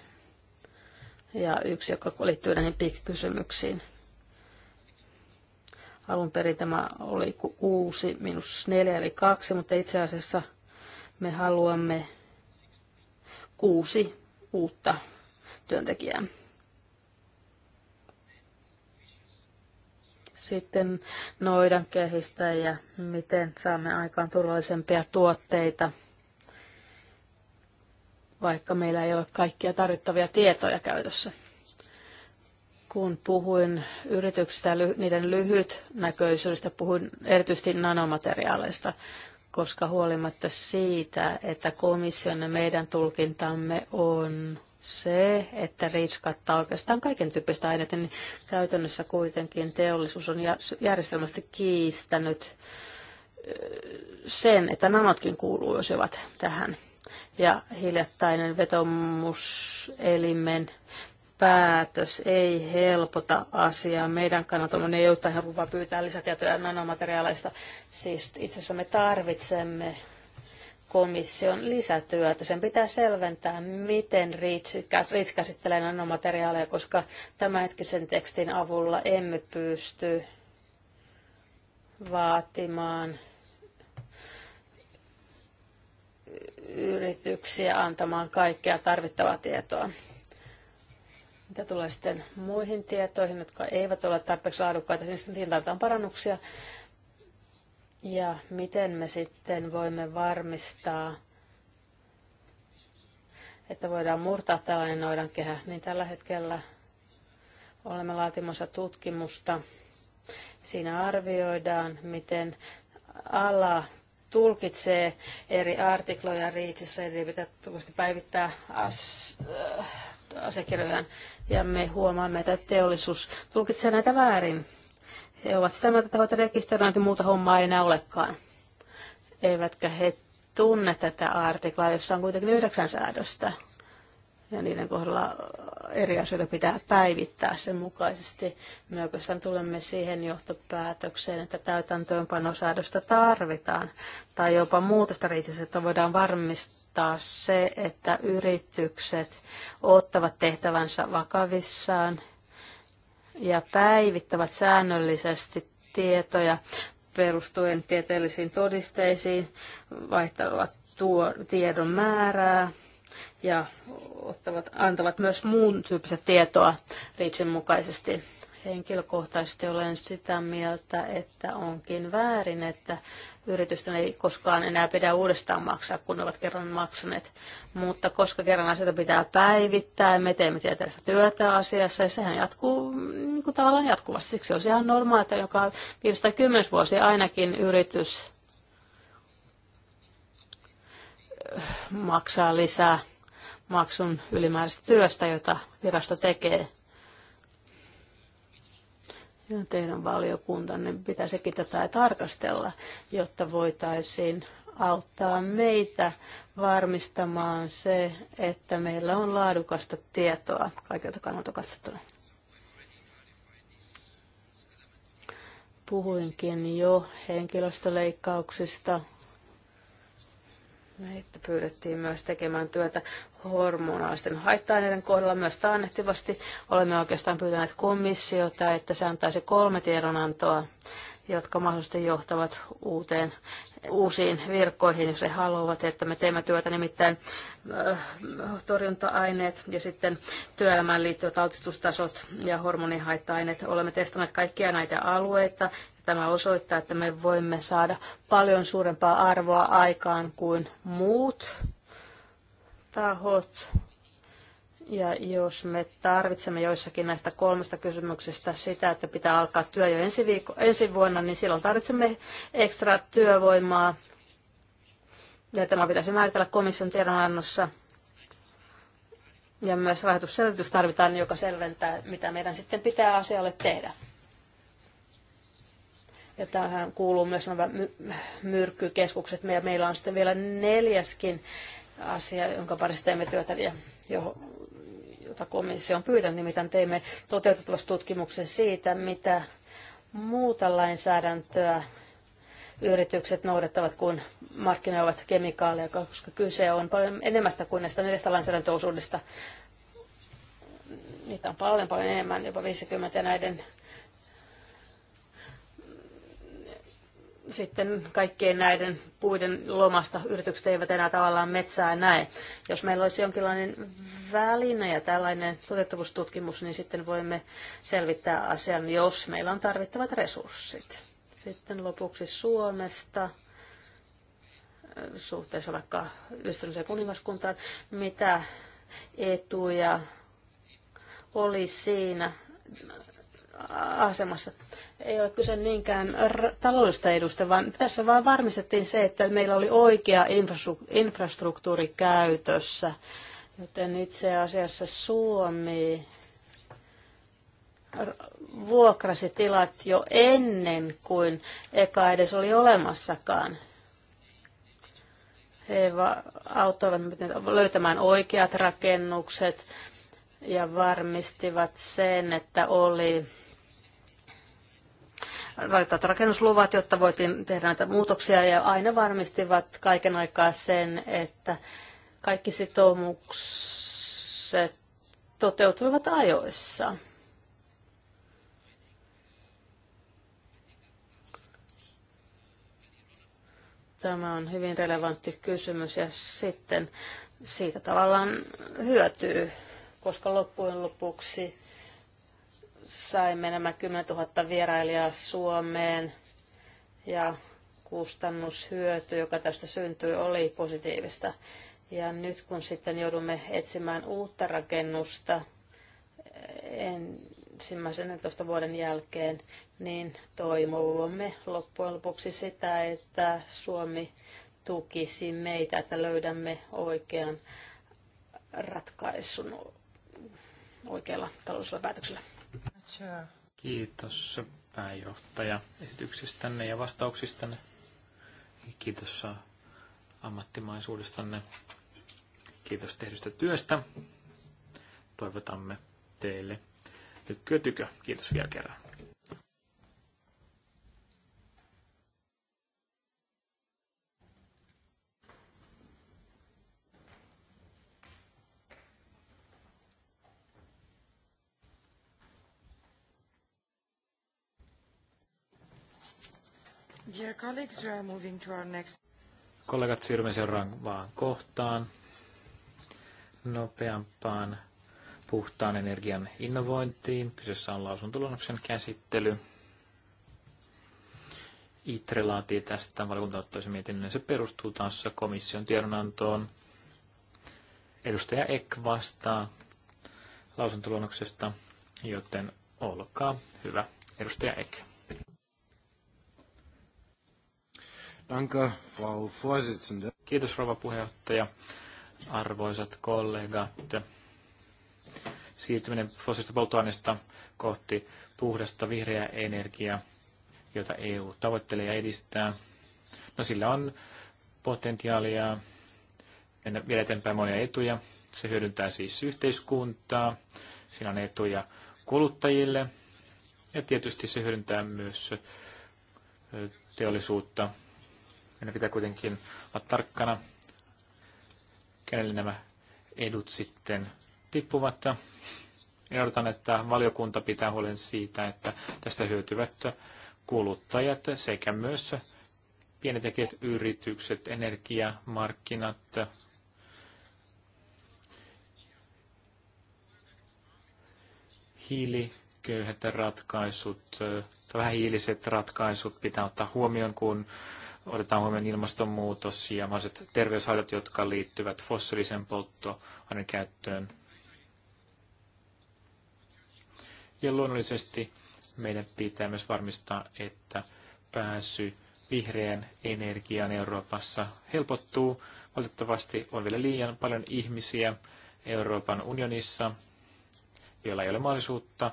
ja yksi, joka liittyy näihin pikkikysymyksiin. kysymyksiin Alun perin tämä oli uusi minus 4 eli 2, mutta itse asiassa me haluamme kuusi uutta työntekijää. Sitten noidan kehistä ja miten saamme aikaan turvallisempia tuotteita, vaikka meillä ei ole kaikkia tarvittavia tietoja käytössä. Kun puhuin yrityksistä niiden lyhytnäköisyydestä, puhuin erityisesti nanomateriaaleista, koska huolimatta siitä, että komission ja meidän tulkintamme on se, että REACH kattaa oikeastaan kaiken tyyppistä aineita, niin käytännössä kuitenkin teollisuus on järjestelmästi kiistänyt sen, että nanotkin kuuluisivat tähän. Ja hiljattainen vetomuselimen päätös ei helpota asiaa. Meidän kannalta ne ei ole ihan pyytää lisätietoja nanomateriaaleista. Siis itse asiassa me tarvitsemme komission lisätyötä. Sen pitää selventää, miten REACH käsittelee nanomateriaaleja, koska tämänhetkisen tekstin avulla emme pysty vaatimaan yrityksiä antamaan kaikkea tarvittavaa tietoa. Mitä tulee sitten muihin tietoihin, jotka eivät ole tarpeeksi laadukkaita, niin niihin tarvitaan parannuksia. Ja miten me sitten voimme varmistaa, että voidaan murtaa tällainen noidankehä, niin tällä hetkellä olemme laatimassa tutkimusta. Siinä arvioidaan, miten ala tulkitsee eri artikloja Riitsissä, eli pitää päivittää asiakirjojaan ja me huomaamme, että teollisuus tulkitsee näitä väärin. He ovat sitä mieltä, että rekisteröinti muuta hommaa ei enää olekaan. Eivätkä he tunne tätä artiklaa, jossa on kuitenkin yhdeksän säädöstä. Ja niiden kohdalla eri asioita pitää päivittää sen mukaisesti. Me oikeastaan tulemme siihen johtopäätökseen, että täytäntöönpanosäädöstä tarvitaan tai jopa muutosta riitsissä, että voidaan varmistaa varmistaa se, että yritykset ottavat tehtävänsä vakavissaan ja päivittävät säännöllisesti tietoja perustuen tieteellisiin todisteisiin, vaihtavat tuo tiedon määrää ja ottavat, antavat myös muun tyyppistä tietoa Reachin mukaisesti. Henkilökohtaisesti olen sitä mieltä, että onkin väärin, että yritysten ei koskaan enää pidä uudestaan maksaa, kun ne ovat kerran maksaneet. Mutta koska kerran asioita pitää päivittää, me teemme tieteellistä työtä asiassa ja sehän jatkuu niin kuin tavallaan jatkuvasti. Siksi on ihan normaalia, että joka 510 vuosi ainakin yritys maksaa lisää maksun ylimääräistä työstä, jota virasto tekee ja teidän valiokuntanne pitäisikin tätä tarkastella, jotta voitaisiin auttaa meitä varmistamaan se, että meillä on laadukasta tietoa kaikilta kannalta katsottuna. Puhuinkin jo henkilöstöleikkauksista. Meitä pyydettiin myös tekemään työtä hormonaalisten haitta-aineiden kohdalla myös taannehtivasti. Olemme oikeastaan pyytäneet komissiota, että se antaisi kolme tiedonantoa, jotka mahdollisesti johtavat uuteen, uusiin virkkoihin, jos he haluavat, että me teemme työtä nimittäin äh, torjunta-aineet ja sitten työelämään liittyvät altistustasot ja hormonihaitta-aineet. Olemme testanneet kaikkia näitä alueita tämä osoittaa, että me voimme saada paljon suurempaa arvoa aikaan kuin muut tahot. Ja jos me tarvitsemme joissakin näistä kolmesta kysymyksestä sitä, että pitää alkaa työ jo ensi, viikko, ensi vuonna, niin silloin tarvitsemme ekstra työvoimaa. Ja tämä pitäisi määritellä komission tiedonannossa. Ja myös rahoitusselvitys tarvitaan, joka selventää, mitä meidän sitten pitää asialle tehdä. Ja tähän kuuluu myös nämä myrkkykeskukset. Meillä on sitten vielä neljäskin asia, jonka parissa teemme työtä ja jo, jota komissio on pyytänyt, nimittäin teemme toteutettavassa tutkimuksen siitä, mitä muuta lainsäädäntöä yritykset noudattavat, kun markkinoivat kemikaaleja, koska kyse on paljon enemmästä kuin näistä neljästä lainsäädäntöosuudesta. Niitä on paljon, paljon enemmän, jopa 50 näiden sitten kaikkien näiden puiden lomasta yritykset eivät enää tavallaan metsää näe. Jos meillä olisi jonkinlainen väline ja tällainen toteuttavuustutkimus, niin sitten voimme selvittää asian, jos meillä on tarvittavat resurssit. Sitten lopuksi Suomesta suhteessa vaikka ystävällisen kuningaskuntaan, mitä etuja oli siinä, asemassa. Ei ole kyse niinkään taloudellista edusta, vaan tässä vain varmistettiin se, että meillä oli oikea infrastruktuuri käytössä. Joten itse asiassa Suomi vuokrasi tilat jo ennen kuin eka edes oli olemassakaan. He auttoivat löytämään oikeat rakennukset ja varmistivat sen, että oli valittavat rakennusluvat, jotta voitiin tehdä näitä muutoksia ja aina varmistivat kaiken aikaa sen, että kaikki sitoumukset toteutuivat ajoissa. Tämä on hyvin relevantti kysymys ja sitten siitä tavallaan hyötyy, koska loppujen lopuksi saimme nämä 10 000 vierailijaa Suomeen ja kustannushyöty, joka tästä syntyi, oli positiivista. Ja nyt kun sitten joudumme etsimään uutta rakennusta ensimmäisen 14 vuoden jälkeen, niin toivomme loppujen lopuksi sitä, että Suomi tukisi meitä, että löydämme oikean ratkaisun oikealla taloudellisella päätöksellä. Chair. Kiitos pääjohtaja esityksistänne ja vastauksistanne. Kiitos äh, ammattimaisuudestanne. Kiitos tehdystä työstä. Toivotamme teille tykkyä tykö. Kiitos vielä kerran. Dear colleagues, we are moving to our next... Kollegat, siirrymme seuraavaan kohtaan, nopeampaan puhtaan energian innovointiin. Kyseessä on lausuntoluonnoksen käsittely. ITRE laatii tästä ottaisi mietinnön. Se perustuu taas komission tiedonantoon. Edustaja Ek vastaa lausuntoluonnoksesta, joten olkaa hyvä. Edustaja Ek. Danke, Frau Vorsitzende. Kiitos, rouva puheenjohtaja. Arvoisat kollegat, siirtyminen fossiilista polttoaineista kohti puhdasta vihreää energiaa, jota EU tavoittelee ja edistää. No sillä on potentiaalia mennä vielä eteenpäin monia etuja. Se hyödyntää siis yhteiskuntaa, siinä on etuja kuluttajille ja tietysti se hyödyntää myös teollisuutta meidän pitää kuitenkin olla tarkkana, kenelle nämä edut sitten tippuvat. Ehdotan, että valiokunta pitää huolen siitä, että tästä hyötyvät kuluttajat sekä myös pienetekijät yritykset, energiamarkkinat, hiiliköyhät ratkaisut, vähähiiliset ratkaisut pitää ottaa huomioon, kun otetaan huomioon ilmastonmuutos ja mahdolliset terveyshaitat, jotka liittyvät fossiilisen polttoaineen käyttöön. Ja luonnollisesti meidän pitää myös varmistaa, että pääsy vihreän energiaan Euroopassa helpottuu. Valitettavasti on vielä liian paljon ihmisiä Euroopan unionissa, joilla ei ole mahdollisuutta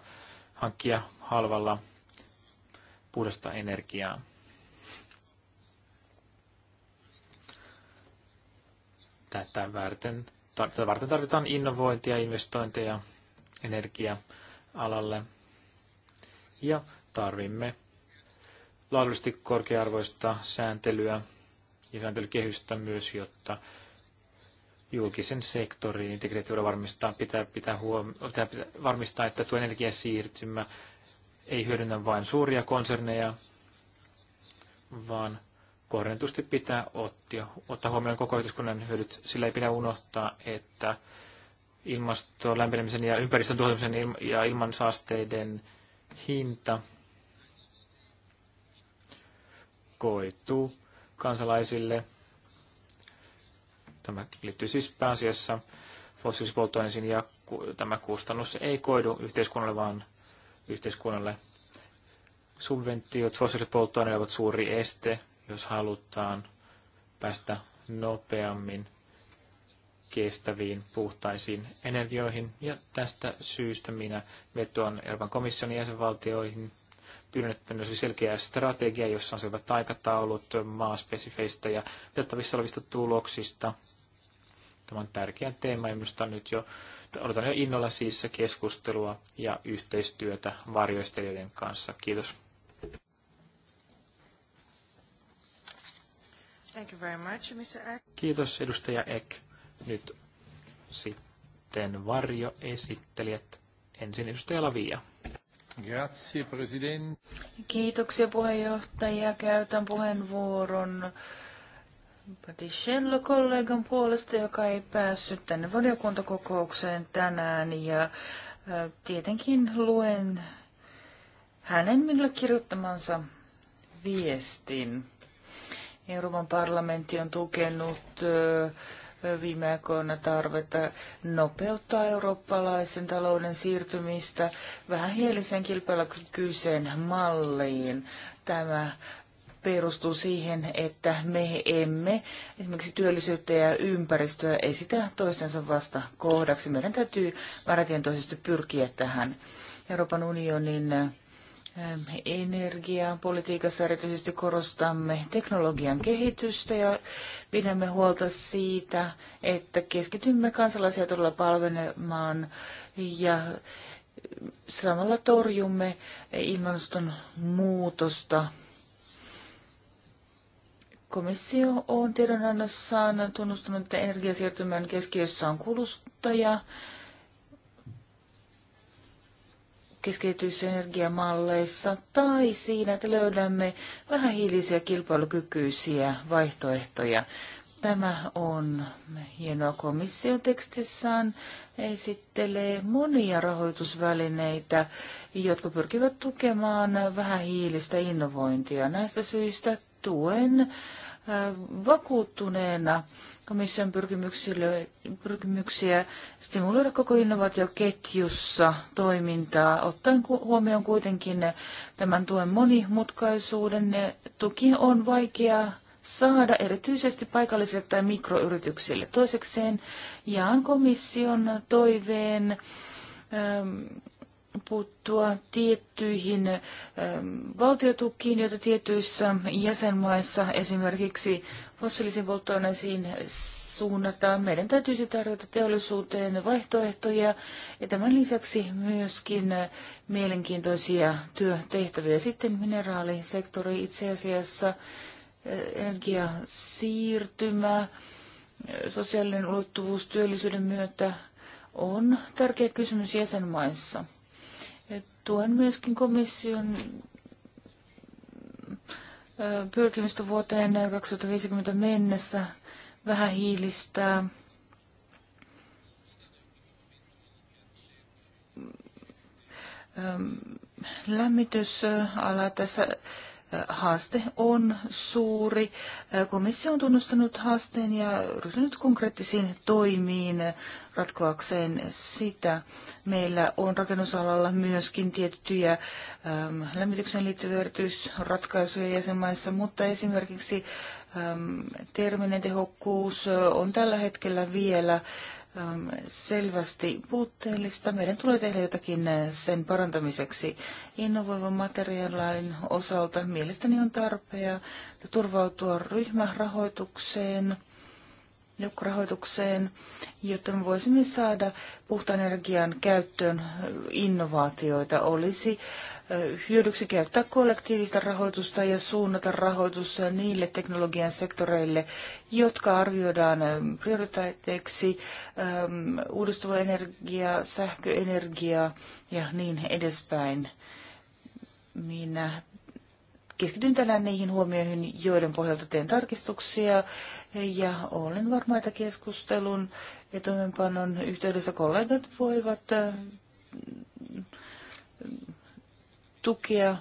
hankkia halvalla puhdasta energiaa. Tätä varten, tätä varten tarvitaan innovointia, investointeja energia-alalle ja tarvimme laadullisesti korkearvoista sääntelyä ja sääntelykehystä myös, jotta julkisen sektorin integraatiota varmistaa, pitää, pitää, huom- pitää, pitää varmistaa, että tuo energiasiirtymä ei hyödynnä vain suuria konserneja, vaan kohdentusti pitää ottia, ottaa huomioon koko yhteiskunnan hyödyt. Sillä ei pidä unohtaa, että ilmaston lämpenemisen ja ympäristön tuhoutumisen ja ilman saasteiden hinta koituu kansalaisille. Tämä liittyy siis pääasiassa fossiilisiin ja tämä kustannus ei koidu yhteiskunnalle, vaan yhteiskunnalle subventiot fossiilipolttoaineille ovat suuri este jos halutaan päästä nopeammin kestäviin puhtaisiin energioihin. Ja tästä syystä minä vetoan Euroopan komission jäsenvaltioihin pyydän, että olisi selkeä strategia, jossa on selvät aikataulut maaspesifeistä ja otettavissa olevista tuloksista. Tämä on tärkeä teema ja minusta nyt jo odotan jo innolla siis keskustelua ja yhteistyötä varjoistelijoiden kanssa. Kiitos. Thank you very much, Mr. Ek. Kiitos, edustaja Ek. Nyt sitten esittelijät. Ensin edustaja Lavia. Grazie, president. Kiitoksia puheenjohtaja. Käytän puheenvuoron Paticello kollegan puolesta, joka ei päässyt tänne valiokuntakokoukseen tänään. Ja tietenkin luen hänen minulle kirjoittamansa viestin. Euroopan parlamentti on tukenut viime aikoina tarvetta nopeuttaa eurooppalaisen talouden siirtymistä vähän hielisen kilpailukykyiseen malliin. Tämä perustuu siihen, että me emme esimerkiksi työllisyyttä ja ympäristöä esitä toistensa vasta kohdaksi. Meidän täytyy määrätietoisesti pyrkiä tähän Euroopan unionin energiapolitiikassa erityisesti korostamme teknologian kehitystä ja pidämme huolta siitä, että keskitymme kansalaisia todella palvelemaan ja samalla torjumme ilmastonmuutosta. Komissio on tiedonannossaan tunnustanut, että energiasiirtymän keskiössä on kuluttaja keskityissä energiamalleissa tai siinä, että löydämme vähän hiilisiä kilpailukykyisiä vaihtoehtoja. Tämä on hienoa komission tekstissään esittelee monia rahoitusvälineitä, jotka pyrkivät tukemaan vähän hiilistä innovointia. Näistä syistä tuen vakuuttuneena komission pyrkimyksiä stimuloida koko innovaatioketjussa toimintaa, ottaen huomioon kuitenkin tämän tuen monimutkaisuuden. Tuki on vaikea saada erityisesti paikallisille tai mikroyrityksille. Toisekseen jaan komission toiveen ähm, puuttua tiettyihin ähm, valtiotukiin, joita tietyissä jäsenmaissa esimerkiksi fossiilisiin polttoaineisiin suunnataan. Meidän täytyisi tarjota teollisuuteen vaihtoehtoja ja tämän lisäksi myöskin mielenkiintoisia työtehtäviä. Sitten mineraalisektori itse asiassa, äh, energiasiirtymä, äh, sosiaalinen ulottuvuus työllisyyden myötä on tärkeä kysymys jäsenmaissa. Tuen myöskin komission pyrkimystä vuoteen 2050 mennessä vähähiilistää lämmitysala tässä haaste on suuri. Komissio on tunnustanut haasteen ja ryhtynyt konkreettisiin toimiin ratkoakseen sitä. Meillä on rakennusalalla myöskin tiettyjä ähm, lämmitykseen liittyviä erityisratkaisuja jäsenmaissa, mutta esimerkiksi terminen tehokkuus on tällä hetkellä vielä äh, Ähm, selvästi puutteellista. Meidän tulee tehdä jotakin äh, sen parantamiseksi innovoivan materiaalin osalta. Mielestäni on tarpea turvautua ryhmärahoitukseen joukkorahoitukseen, jotta me voisimme saada puhtaan energian käyttöön innovaatioita. Olisi hyödyksi käyttää kollektiivista rahoitusta ja suunnata rahoitus niille teknologian sektoreille, jotka arvioidaan prioriteeteiksi uudistuva energia, sähköenergia ja niin edespäin. Minä keskityn tänään niihin huomioihin, joiden pohjalta teen tarkistuksia, ja olen varma, että keskustelun ja toimenpanon yhteydessä kollegat voivat äh, tukea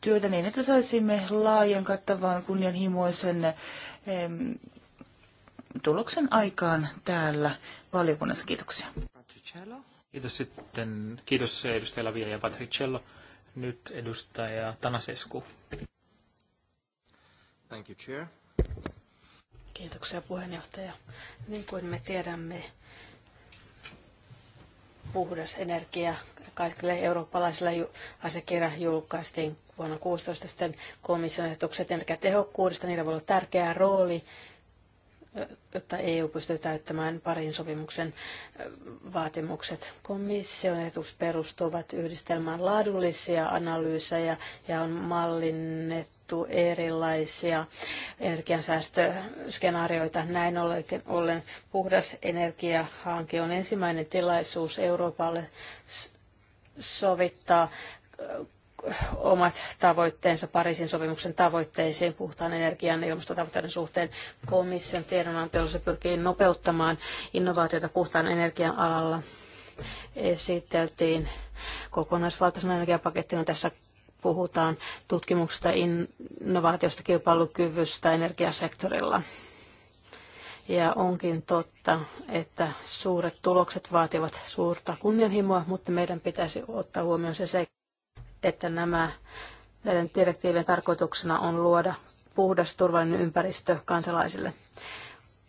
työtä niin, että saisimme laajan kattavan kunnianhimoisen tuloksen aikaan täällä valiokunnassa. Kiitoksia. Kiitos sitten. Kiitos edustaja Lavia ja Patricello. Nyt edustaja Tanasesku. Thank you, Chair. Kiitoksia puheenjohtaja. Niin kuin me tiedämme, puhdas energia kaikille eurooppalaisille asiakirja julkaistiin vuonna 2016 sitten komission ehdotukset energiatehokkuudesta. Niillä voi olla tärkeä rooli jotta EU pystyy täyttämään parin sopimuksen vaatimukset. Komission etus perustuvat yhdistelmään laadullisia analyysejä ja on mallinnettu erilaisia energiansäästöskenaarioita. Näin ollen puhdas energiahanke on ensimmäinen tilaisuus Euroopalle sovittaa omat tavoitteensa Pariisin sopimuksen tavoitteisiin puhtaan energian ja ilmastotavoitteiden suhteen. Komission tiedonanto, se pyrkii nopeuttamaan innovaatioita puhtaan energian alalla, esiteltiin kokonaisvaltaisena energiapakettina. Tässä puhutaan tutkimuksesta, innovaatiosta, kilpailukyvystä energiasektorilla. Ja onkin totta, että suuret tulokset vaativat suurta kunnianhimoa, mutta meidän pitäisi ottaa huomioon se seikka, että nämä näiden direktiivien tarkoituksena on luoda puhdas turvallinen ympäristö kansalaisille.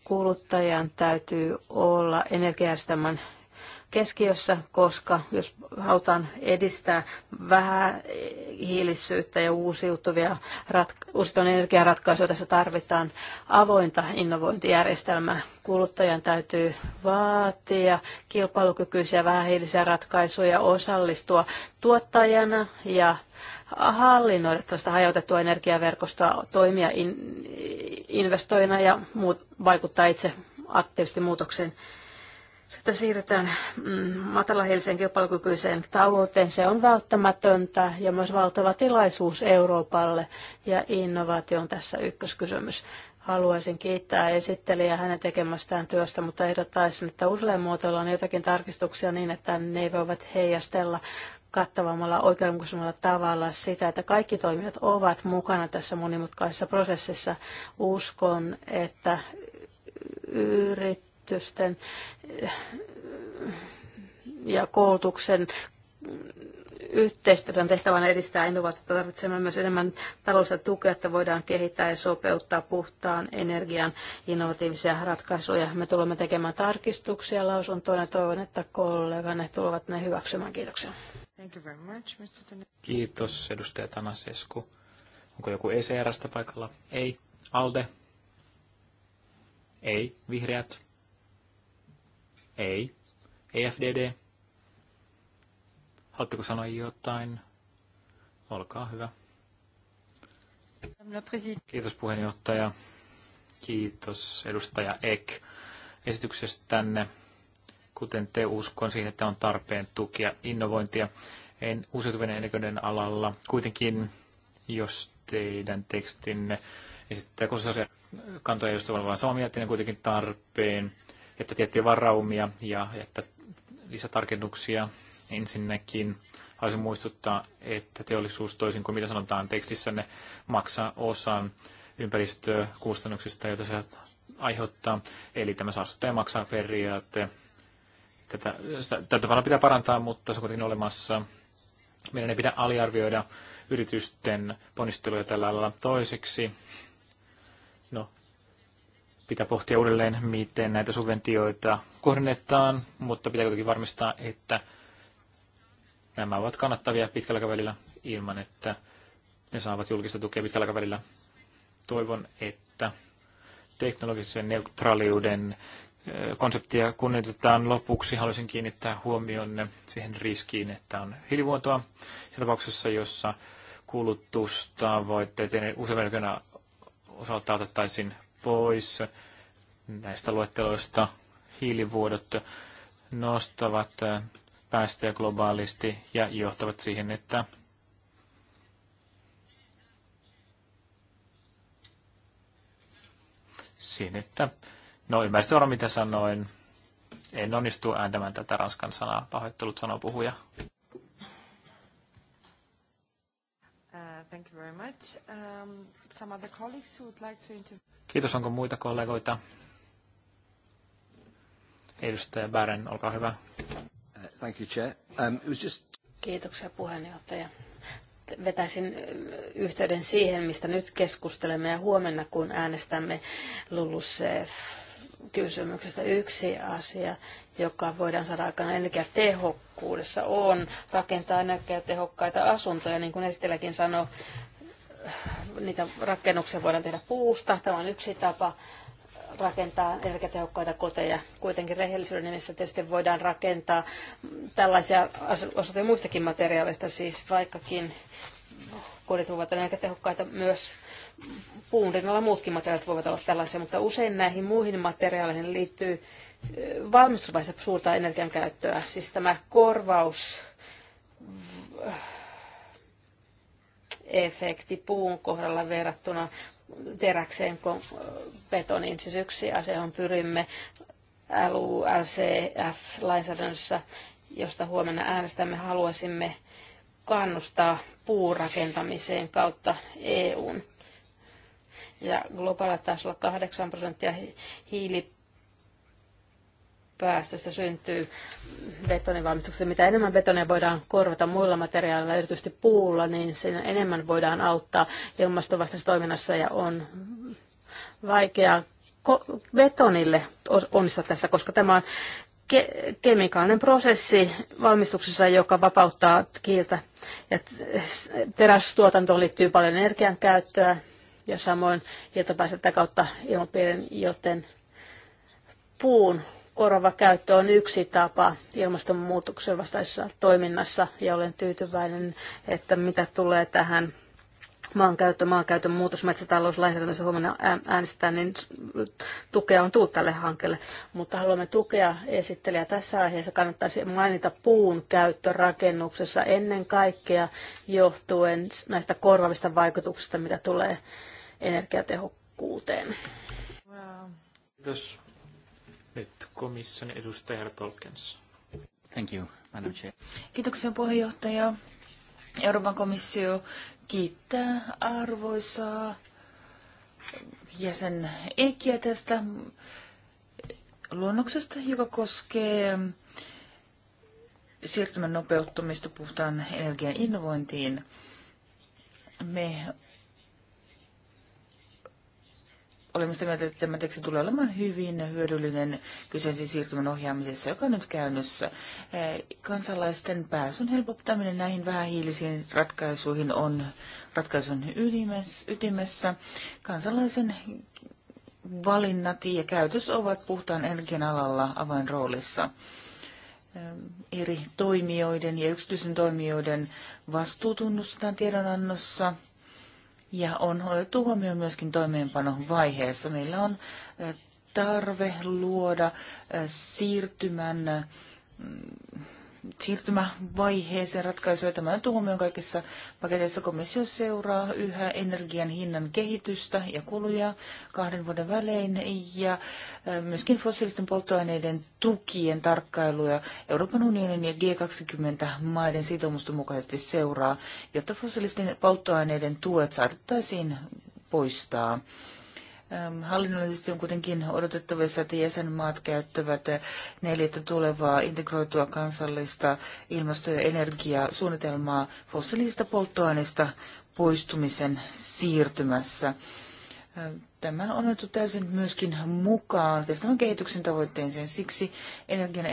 Kuluttajan täytyy olla energiajärjestelmän keskiössä, koska jos halutaan edistää vähän hiilisyyttä ja uusiutuvia ratka- uusiutuvia energiaratkaisuja, tässä tarvitaan avointa innovointijärjestelmää. Kuluttajan täytyy vaatia kilpailukykyisiä vähähiilisiä ratkaisuja, osallistua tuottajana ja hallinnoida tällaista hajautettua energiaverkostoa, toimia in, investoina ja muut, vaikuttaa itse aktiivisesti muutokseen. Sitten siirrytään mm, matalahiiliseen kilpailukykyiseen talouteen. Se on välttämätöntä ja myös valtava tilaisuus Euroopalle ja innovaatio on tässä ykköskysymys. Haluaisin kiittää esittelijää hänen tekemästään työstä, mutta ehdottaisin, että uudelleen on jotakin tarkistuksia niin, että ne voivat heijastella kattavammalla oikeudenmukaisemmalla tavalla sitä, että kaikki toimijat ovat mukana tässä monimutkaisessa prosessissa. Uskon, että yrittäjät yritysten eh, ja koulutuksen on tehtävän edistää innovaatiota tarvitsemme myös enemmän taloudellista tukea, että voidaan kehittää ja sopeuttaa puhtaan energian innovatiivisia ratkaisuja. Me tulemme tekemään tarkistuksia lausuntoon ja toivon, että kolleganne tulevat ne hyväksymään. Kiitoksia. Thank you very much, Mr. Kiitos, edustaja Tanasesku. Onko joku ECRstä paikalla? Ei. ALDE? Ei. Vihreät? Ei. EFDD. Haluatteko sanoa jotain? Olkaa hyvä. Kiitos puheenjohtaja. Kiitos edustaja Ek tänne, Kuten te uskon siihen, että on tarpeen tukea innovointia en uusiutuvien energioiden alalla. Kuitenkin, jos teidän tekstinne esittää kantoja, josta ollaan samaa mieltä, niin kuitenkin tarpeen että tiettyjä varaumia ja että lisätarkennuksia ensinnäkin. Haluaisin muistuttaa, että teollisuus toisin kuin mitä sanotaan tekstissänne maksaa osan ympäristökustannuksista, joita se aiheuttaa. Eli tämä saastuttaja maksaa periaate. Tätä, tätä pitää parantaa, mutta se on kuitenkin olemassa. Meidän ei pidä aliarvioida yritysten ponnisteluja tällä alalla toiseksi. No, Pitää pohtia uudelleen, miten näitä subventioita kohdennetaan, mutta pitää kuitenkin varmistaa, että nämä ovat kannattavia pitkällä aikavälillä ilman, että ne saavat julkista tukea pitkällä aikavälillä. Toivon, että teknologisen neutraaliuden konseptia kunnioitetaan lopuksi, haluaisin kiinnittää huomioon siihen riskiin, että on hiilivuotoa. siinä tapauksessa, jossa tehdä useamman osalta otettaisiin pois näistä luetteloista. Hiilivuodot nostavat päästöjä globaalisti ja johtavat siihen, että siihen, että no ymmärsit varmaan mitä sanoin. En onnistu ääntämään tätä ranskan sanaa. Pahoittelut sanoo puhuja. Uh, thank you very much. Um, some other colleagues who would like to interview? Kiitos, onko muita kollegoita? Edustaja Bären, olkaa hyvä. Thank you, Chair. Um, it was just... Kiitoksia puheenjohtaja. Vetäisin yhteyden siihen, mistä nyt keskustelemme ja huomenna, kun äänestämme LULUSEF kysymyksestä yksi asia, joka voidaan saada aikana energiatehokkuudessa, on rakentaa energiatehokkaita asuntoja, niin kuin Estiläkin sanoi, niitä rakennuksia voidaan tehdä puusta. Tämä on yksi tapa rakentaa energiatehokkaita koteja. Kuitenkin rehellisyyden nimessä tietysti voidaan rakentaa tällaisia osoite muistakin materiaaleista, siis vaikkakin kodit voivat olla energiatehokkaita myös puun rinnalla muutkin materiaalit voivat olla tällaisia, mutta usein näihin muihin materiaaleihin liittyy valmistusvaiheessa suurta energiankäyttöä. Siis tämä korvaus efekti puun kohdalla verrattuna teräkseen äh, betonin. Siis yksi asia, on pyrimme LULCF-lainsäädännössä, josta huomenna äänestämme, haluaisimme kannustaa puurakentamiseen kautta EUn. Ja globaalilla tasolla 8 prosenttia hiili päästössä syntyy betonivalmistuksessa. Mitä enemmän betonia voidaan korvata muilla materiaaleilla, erityisesti puulla, niin sen enemmän voidaan auttaa ilmastovastaisessa toiminnassa ja on vaikea betonille onnistua tässä, koska tämä on ke- kemikaalinen prosessi valmistuksessa, joka vapauttaa kiiltä. Ja terästuotantoon liittyy paljon energian käyttöä ja samoin iltapäästä kautta ilmapiirin, joten puun Orava käyttö on yksi tapa ilmastonmuutoksen vastaisessa toiminnassa ja olen tyytyväinen, että mitä tulee tähän maankäyttö, maankäytön muutos, metsätalous, lainsäädännössä huomenna äänestetään, niin tukea on tullut tälle hankkeelle. Mutta haluamme tukea esittelijä tässä aiheessa. Kannattaisi mainita puun käyttö rakennuksessa ennen kaikkea johtuen näistä korvavista vaikutuksista, mitä tulee energiatehokkuuteen. Kiitos. Nyt komission edustaja Herra Tolkens. Thank you, Madam Chair. Kiitoksia puheenjohtaja. Euroopan komissio kiittää arvoisaa jäsen Ekiä tästä luonnoksesta, joka koskee siirtymän nopeuttamista puhtaan energian innovointiin. Me olemme sitä mieltä, että tämä teksti tulee olemaan hyvin hyödyllinen kyseisen siirtymän ohjaamisessa, joka on nyt käynnissä. Eh, kansalaisten pääsyn helpottaminen näihin vähähiilisiin ratkaisuihin on ratkaisun ytimessä. Kansalaisen valinnat ja käytös ovat puhtaan energian alalla avainroolissa eh, eri toimijoiden ja yksityisen toimijoiden vastuu tunnustetaan tiedonannossa ja on otettu huomioon myöskin vaiheessa, Meillä on tarve luoda siirtymän mm, siirtymävaiheeseen ratkaisuja. Tämä on tuomio kaikissa paketeissa. Komissio seuraa yhä energian hinnan kehitystä ja kuluja kahden vuoden välein ja äh, myöskin fossiilisten polttoaineiden tukien tarkkailuja Euroopan unionin ja G20-maiden sitoumusten mukaisesti seuraa, jotta fossiilisten polttoaineiden tuet saatettaisiin poistaa Hallinnollisesti on kuitenkin odotettavissa, että jäsenmaat käyttävät neljättä tulevaa integroitua kansallista ilmasto- ja energiasuunnitelmaa fossiilisista polttoaineista poistumisen siirtymässä. Tämä on otettu täysin myöskin mukaan kestävän kehityksen tavoitteeseen. Siksi energian,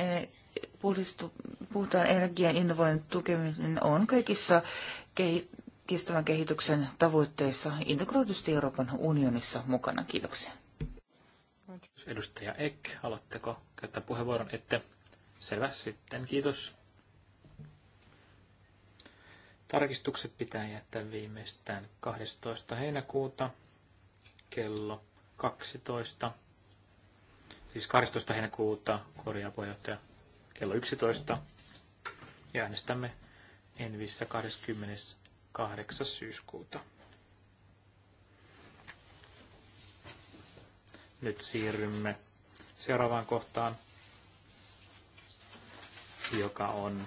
puhtaan energian innovoinnin tukeminen on kaikissa kestävän kehityksen tavoitteissa integroidusti Euroopan unionissa mukana. Kiitoksia. Edustaja Ek, haluatteko käyttää puheenvuoron? Ette. Selvä sitten, kiitos. Tarkistukset pitää jättää viimeistään 12. heinäkuuta kello 12. Siis 12. heinäkuuta korjaa puheenjohtaja kello 11. Ja äänestämme Envissä 20. 8. syyskuuta. Nyt siirrymme seuraavaan kohtaan, joka on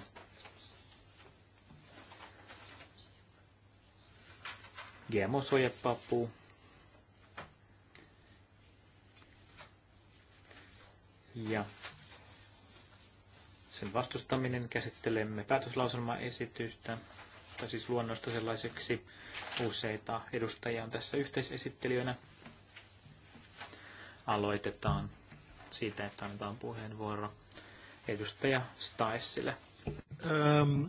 gemosojepapu. Ja sen vastustaminen käsittelemme päätöslauselmaesitystä. esitystä muuttaa siis luonnosta sellaiseksi. Useita edustajia on tässä yhteisesittelijöinä. Aloitetaan siitä, että annetaan puheenvuoro edustaja Staessille. Ähm,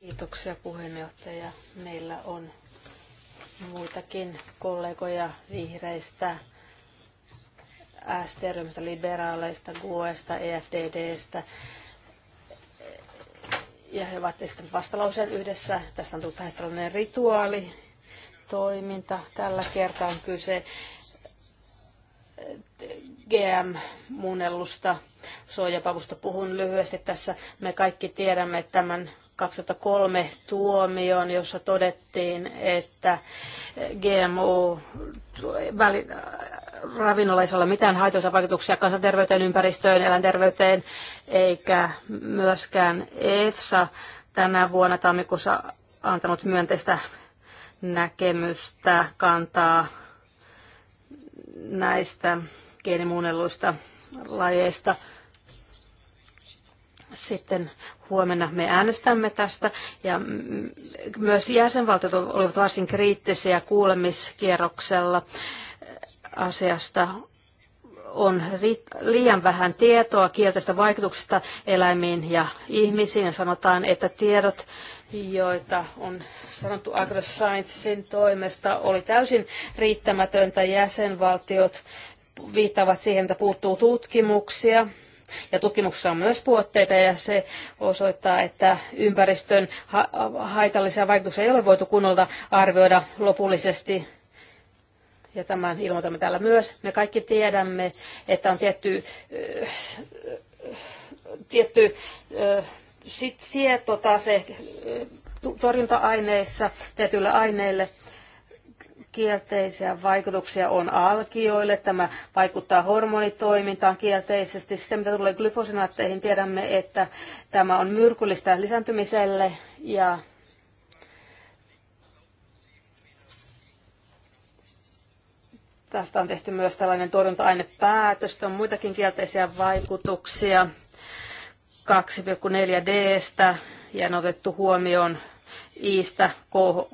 Kiitoksia puheenjohtaja. Meillä on muitakin kollegoja vihreistä, ST-ryhmästä, liberaaleista, GUEsta, EFDDstä ja he ovat esittäneet vastalauseen yhdessä. Tästä on tullut vähän tällainen rituaali, toiminta. Tällä kertaa on kyse eh, GM-muunnellusta soijapavusta. Puhun lyhyesti tässä. Me kaikki tiedämme että tämän 2003 tuomion, jossa todettiin, että GMO ravinnolla ei olla mitään haitoisia vaikutuksia kansanterveyteen, ympäristöön, eläinterveyteen, eikä myöskään EFSA tänä vuonna tammikuussa antanut myönteistä näkemystä kantaa näistä geenimuunnelluista lajeista. Sitten huomenna me äänestämme tästä ja mm, myös jäsenvaltiot olivat varsin kriittisiä kuulemiskierroksella asiasta on liian vähän tietoa kielteistä vaikutuksista eläimiin ja ihmisiin. Ja sanotaan, että tiedot, joita on sanottu AgroSciencein toimesta, oli täysin riittämätöntä. Jäsenvaltiot viittaavat siihen, että puuttuu tutkimuksia ja tutkimuksessa on myös puotteita ja se osoittaa, että ympäristön ha- haitallisia vaikutuksia ei ole voitu kunnolla arvioida lopullisesti ja tämän ilmoitamme täällä myös. Me kaikki tiedämme, että on tietty, äh, tietty sieto äh, sit, sietotase äh, torjunta-aineissa tietyille aineille kielteisiä vaikutuksia on alkioille. Tämä vaikuttaa hormonitoimintaan kielteisesti. Sitten mitä tulee glyfosinaatteihin, tiedämme, että tämä on myrkyllistä lisääntymiselle ja Tästä on tehty myös tällainen torjunta-ainepäätös. On muitakin kielteisiä vaikutuksia 2,4Dstä ja on otettu huomioon Iistä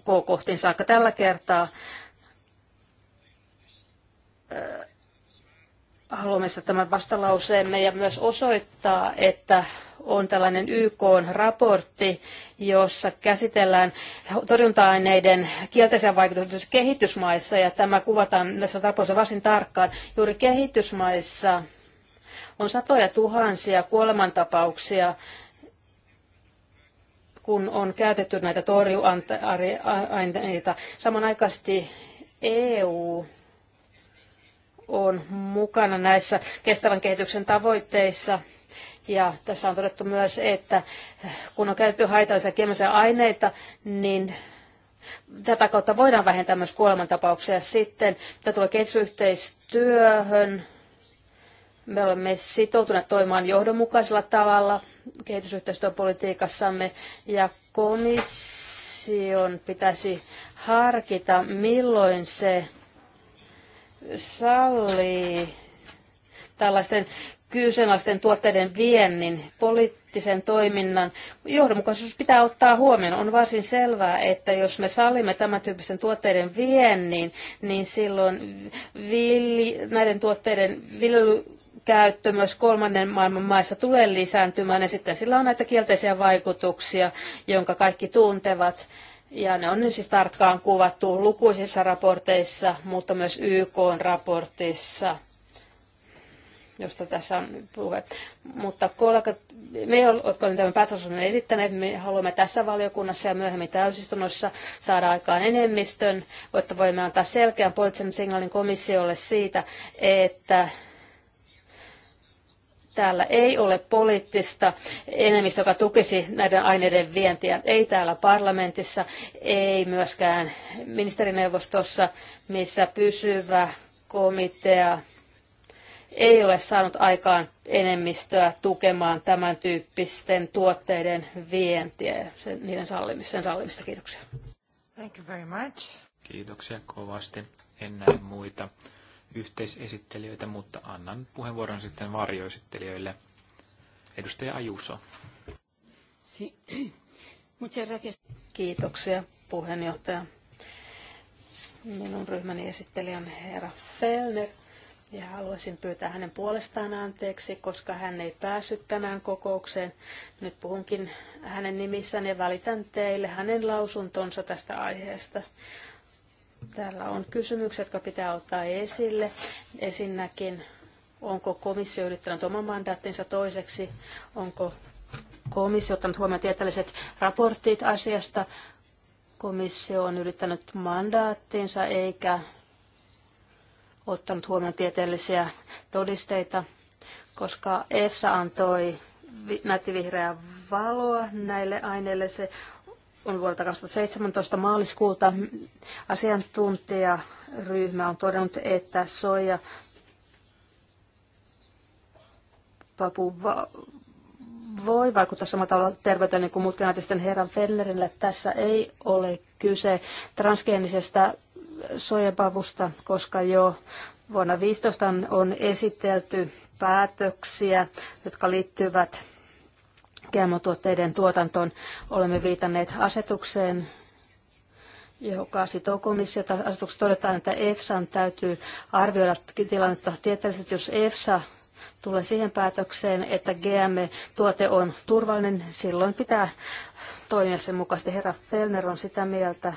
K-kohtiin saakka tällä kertaa. Äh, haluamme tämän vastalauseemme ja myös osoittaa, että on tällainen YK-raportti, jossa käsitellään torjunta-aineiden kielteisiä vaikutuksia kehitysmaissa, ja tämä kuvataan tässä tapauksessa varsin tarkkaan. Juuri kehitysmaissa on satoja tuhansia kuolemantapauksia, kun on käytetty näitä torjuaineita. Samanaikaisesti EU on mukana näissä kestävän kehityksen tavoitteissa. Ja tässä on todettu myös, että kun on käytetty haitallisia kemisiä aineita, niin tätä kautta voidaan vähentää myös kuolemantapauksia. Sitten mitä tulee kehitysyhteistyöhön, me olemme sitoutuneet toimimaan johdonmukaisella tavalla kehitysyhteistyöpolitiikassamme ja komission pitäisi harkita, milloin se sallii tällaisten kyseenalaisten tuotteiden viennin poliittisen toiminnan johdonmukaisuus pitää ottaa huomioon. On varsin selvää, että jos me sallimme tämän tyyppisten tuotteiden viennin, niin silloin villi, näiden tuotteiden käyttö myös kolmannen maailman maissa tulee lisääntymään ja sitten sillä on näitä kielteisiä vaikutuksia, jonka kaikki tuntevat. Ja ne on siis tarkkaan kuvattu lukuisissa raporteissa, mutta myös YK-raportissa, josta tässä on puhe. Mutta kollegat, me, jotka olemme tämän päätöksen esittäneet, me haluamme tässä valiokunnassa ja myöhemmin täysistunnossa saada aikaan enemmistön, jotta voimme antaa selkeän poliittisen signaalin komissiolle siitä, että täällä ei ole poliittista enemmistö, joka tukisi näiden aineiden vientiä. Ei täällä parlamentissa, ei myöskään ministerineuvostossa, missä pysyvä komitea ei ole saanut aikaan enemmistöä tukemaan tämän tyyppisten tuotteiden vientiä ja sen, niiden sallimista, sen sallimista. Kiitoksia. Thank you very much. Kiitoksia kovasti. En näe muita yhteisesittelijöitä, mutta annan puheenvuoron sitten varjoesittelijöille. Edustaja Ajuso. [clears throat] Kiitoksia puheenjohtaja. Minun ryhmäni esittelijä on herra Fellner ja haluaisin pyytää hänen puolestaan anteeksi, koska hän ei päässyt tänään kokoukseen. Nyt puhunkin hänen nimissään ja välitän teille hänen lausuntonsa tästä aiheesta. Täällä on kysymyksiä, jotka pitää ottaa esille. Esinnäkin, onko komissio yrittänyt oman mandaattinsa toiseksi, onko komissio ottanut huomioon tieteelliset raportit asiasta, komissio on yrittänyt mandaattinsa eikä ottanut huomioon tieteellisiä todisteita, koska EFSA antoi näytti vihreää valoa näille aineille. Se on vuodelta 2017 maaliskuulta. Asiantuntijaryhmä on todennut, että soija papu va- voi vaikuttaa samalla tavalla terveyteen niin kuin muutkin artisten herran Fennerille. Tässä ei ole kyse transgeenisestä sojapavusta, koska jo vuonna 15 on esitelty päätöksiä, jotka liittyvät GMO-tuotteiden tuotantoon. Olemme viitanneet asetukseen, joka sitoo komissiota. Asetuksessa todetaan, että EFSAn täytyy arvioida tilannetta tieteellisesti, jos EFSA tulee siihen päätökseen, että GM-tuote on turvallinen, silloin pitää toimia sen mukaisesti. Herra Fellner on sitä mieltä,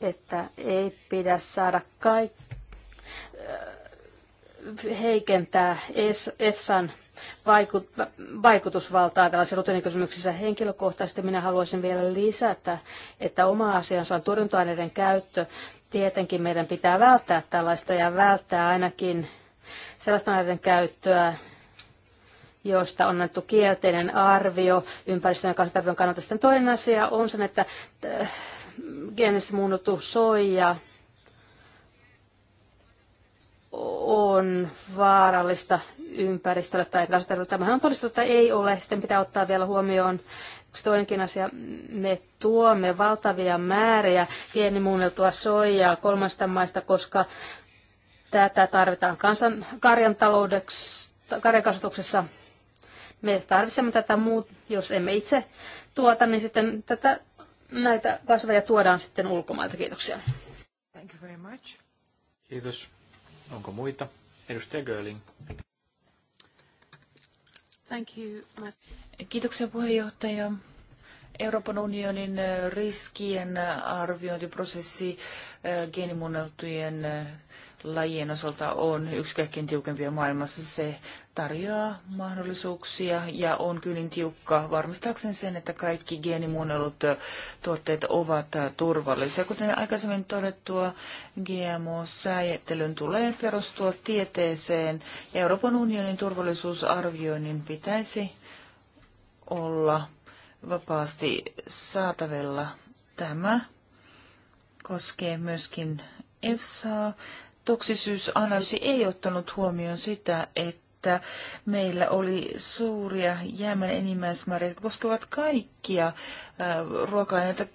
että ei pidä saada kaikki heikentää EFSAn vaikutusvaltaa tällaisissa rutiinikysymyksissä. Henkilökohtaisesti minä haluaisin vielä lisätä, että oma asiansa on torjunta-aineiden käyttö. Tietenkin meidän pitää välttää tällaista ja välttää ainakin sellaista aineiden käyttöä, josta on annettu kielteinen arvio ympäristön ja kansantarvion kannalta. Sitten toinen asia on sen, että äh, geenisesti soija – on vaarallista ympäristölle tai kansanterveydelle. Tämähän on todistettu, että ei ole. Sitten pitää ottaa vielä huomioon yksi toinenkin asia. Me tuomme valtavia määriä geenimuunneltua soijaa kolmasta maista, koska tätä tarvitaan kansan, karjan karjankasvatuksessa. Me tarvitsemme tätä muut, jos emme itse tuota, niin sitten tätä, näitä kasveja tuodaan sitten ulkomailta. Kiitoksia. Thank you very much. Kiitos. Onko muita? Edustaja Görling. Thank you, Matt. Kiitoksia puheenjohtaja. Euroopan unionin äh, riskien äh, arviointiprosessi äh, geenimuunneltujen lajien osalta on yksi kaikkein tiukempia maailmassa. Se tarjoaa mahdollisuuksia ja on kyllin tiukka varmistaakseen sen, että kaikki geenimuunnellut äh, tuotteet ovat äh, turvallisia. Kuten aikaisemmin todettua, GMO-säätelyn tulee perustua tieteeseen ja Euroopan unionin turvallisuusarvioinnin pitäisi olla vapaasti saatavilla. Tämä koskee myöskin EFSAa toksisyysanalyysi ei ottanut huomioon sitä, että meillä oli suuria jäämän enimmäismääriä, jotka koskevat kaikkia äh, ruoka-aineita,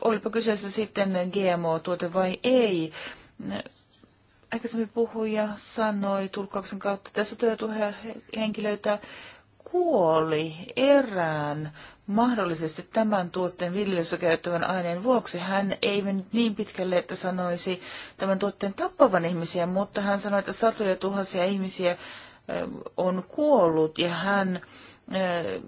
olipa kyseessä sitten GMO-tuote vai ei. Äh, aikaisemmin puhuja sanoi tulkauksen kautta, että tässä tulee henkilöitä kuoli erään mahdollisesti tämän tuotteen viljelyssä käyttävän aineen vuoksi. Hän ei mennyt niin pitkälle, että sanoisi tämän tuotteen tappavan ihmisiä, mutta hän sanoi, että satoja tuhansia ihmisiä eh, on kuollut ja hän eh,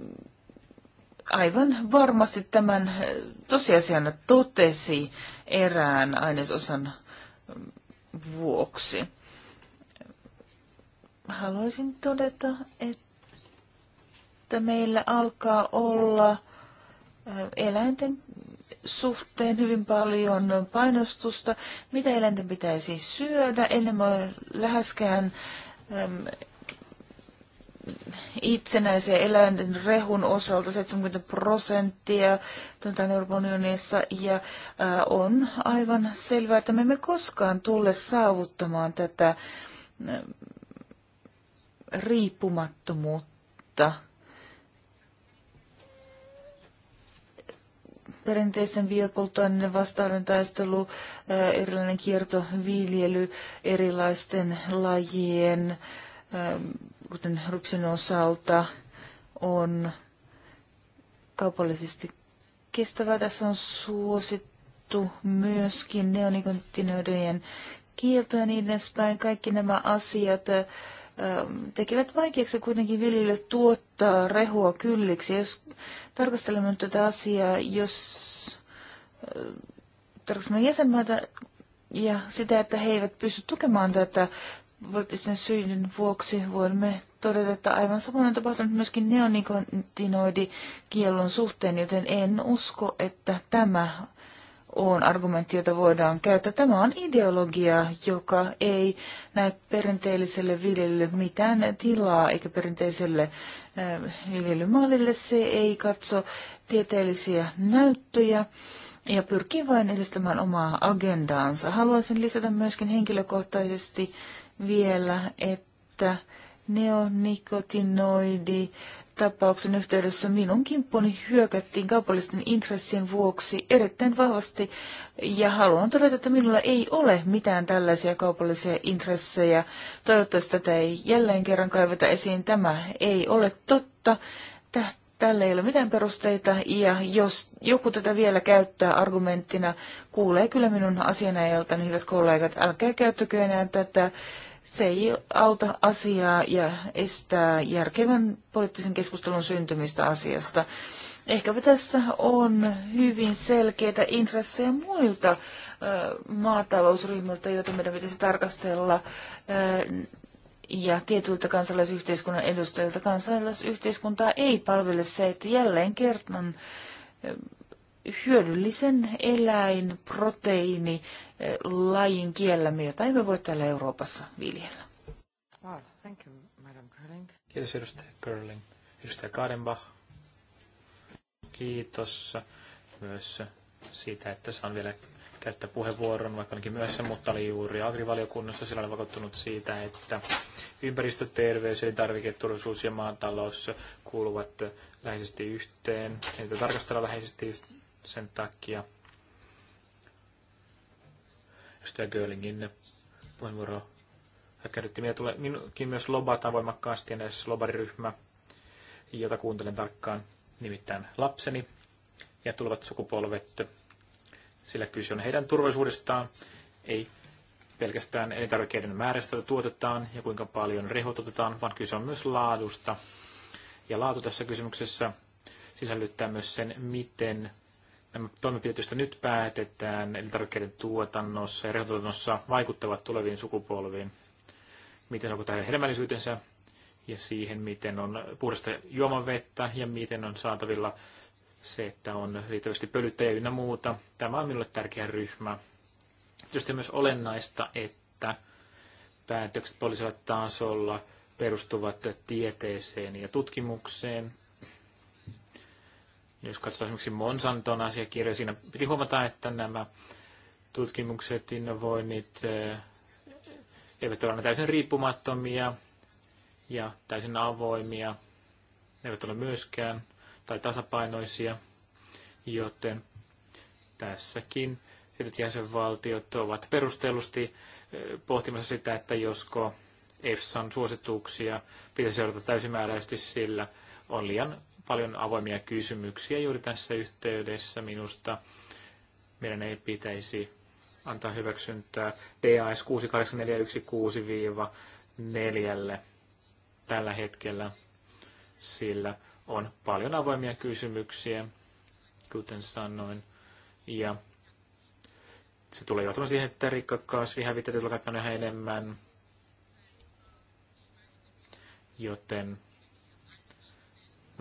aivan varmasti tämän eh, tosiasiana totesi erään ainesosan vuoksi. Haluaisin todeta, että että meillä alkaa olla eh, eläinten suhteen hyvin paljon painostusta, mitä eläinten pitäisi syödä, enemmän läheskään äm, itsenäisen eläinten rehun osalta 70 prosenttia tuntaan Euroopan unionissa ja ää, eh, on aivan selvää, että me emme koskaan tule saavuttamaan tätä ää, eh, riippumattomuutta. perinteisten biopolttoaineiden vastainen taistelu, äh, erilainen kiertoviljely, erilaisten lajien, ähm, kuten rupsin osalta, on kaupallisesti kestävää. Tässä on suosittu myöskin neonikotinoidien kielto ja niin edespäin. Kaikki nämä asiat äh, Ähm, tekevät vaikeaksi kuitenkin viljelijöille tuottaa rehua kylliksi. Jos tarkastelemme nyt tätä asiaa, jos äh, tarkastelemme jäsenmaita ja sitä, että he eivät pysty tukemaan tätä poliittisen syiden vuoksi, voimme todeta, että aivan samoin on tapahtunut myöskin neonikotinoidikiellon suhteen, joten en usko, että tämä on argumentti, jota voidaan käyttää. Tämä on ideologia, joka ei näe perinteiselle viljelylle mitään tilaa, eikä perinteiselle eh, viljelymallille. Se ei katso tieteellisiä näyttöjä ja pyrkii vain edistämään omaa agendaansa. Haluaisin lisätä myöskin henkilökohtaisesti vielä, että neonikotinoidi tapauksen yhteydessä minun kimpponi hyökättiin kaupallisten intressien vuoksi erittäin vahvasti ja haluan todeta, että minulla ei ole mitään tällaisia kaupallisia intressejä. Toivottavasti tätä ei jälleen kerran kaiveta esiin. Tämä ei ole totta. tälle ei ole mitään perusteita ja jos joku tätä vielä käyttää argumenttina, kuulee kyllä minun asianajaltani, hyvät kollegat, älkää käyttäkö enää tätä se ei auta asiaa ja estää järkevän poliittisen keskustelun syntymistä asiasta. Ehkäpä tässä on hyvin selkeitä intressejä muilta maatalousryhmiltä, joita meidän pitäisi tarkastella, ja tietyiltä kansalaisyhteiskunnan edustajilta. Kansalaisyhteiskuntaa ei palvele se, että jälleen kerran hyödyllisen proteiini, eh, lajin kiellämme, jota emme voi täällä Euroopassa viljellä. thank you, Madam Curling. Kiitos edustaja Curling. Edustaja Kaarenbach. Kiitos myös siitä, että saan vielä käyttää puheenvuoron, vaikka ainakin myöhässä, mutta oli juuri agrivaliokunnassa. Sillä olen vakuuttunut siitä, että ympäristöterveys, terveys, elintarviketurvallisuus ja maatalous kuuluvat läheisesti yhteen. Niitä tarkastellaan läheisesti yhteen sen takia edustaja Görlingin puheenvuoro käydytti minä tulee minunkin myös lobata voimakkaasti ja näissä lobariryhmä, jota kuuntelen tarkkaan, nimittäin lapseni ja tulevat sukupolvet, sillä kyse on heidän turvallisuudestaan, ei pelkästään elintarvikkeiden määrästä, jota tuotetaan ja kuinka paljon rehotutetaan, vaan kyse on myös laadusta. Ja laatu tässä kysymyksessä sisällyttää myös sen, miten nämä toimenpiteet, joista nyt päätetään elintarvikkeiden tuotannossa ja rehutuotannossa, vaikuttavat tuleviin sukupolviin. Miten onko tähän hedelmällisyytensä ja siihen, miten on puhdasta juomavettä ja miten on saatavilla se, että on riittävästi pölyttäjä ynnä muuta. Tämä on minulle tärkeä ryhmä. Tietysti myös olennaista, että päätökset poliisilla tasolla perustuvat tieteeseen ja tutkimukseen. Jos katsotaan esimerkiksi Monsanton asiakirja, siinä piti huomata, että nämä tutkimukset, innovoinnit eh, eivät ole aina täysin riippumattomia ja täysin avoimia. Ne eivät ole myöskään tai tasapainoisia, joten tässäkin tietyt jäsenvaltiot ovat perustellusti eh, pohtimassa sitä, että josko EFSAn suosituksia pitäisi seurata täysimääräisesti, sillä on liian paljon avoimia kysymyksiä juuri tässä yhteydessä minusta. Meidän ei pitäisi antaa hyväksyntää DAS 68416-4 tällä hetkellä, sillä on paljon avoimia kysymyksiä, kuten sanoin. Ja se tulee johtamaan siihen, että rikkakasvi hävittää tulee enemmän, joten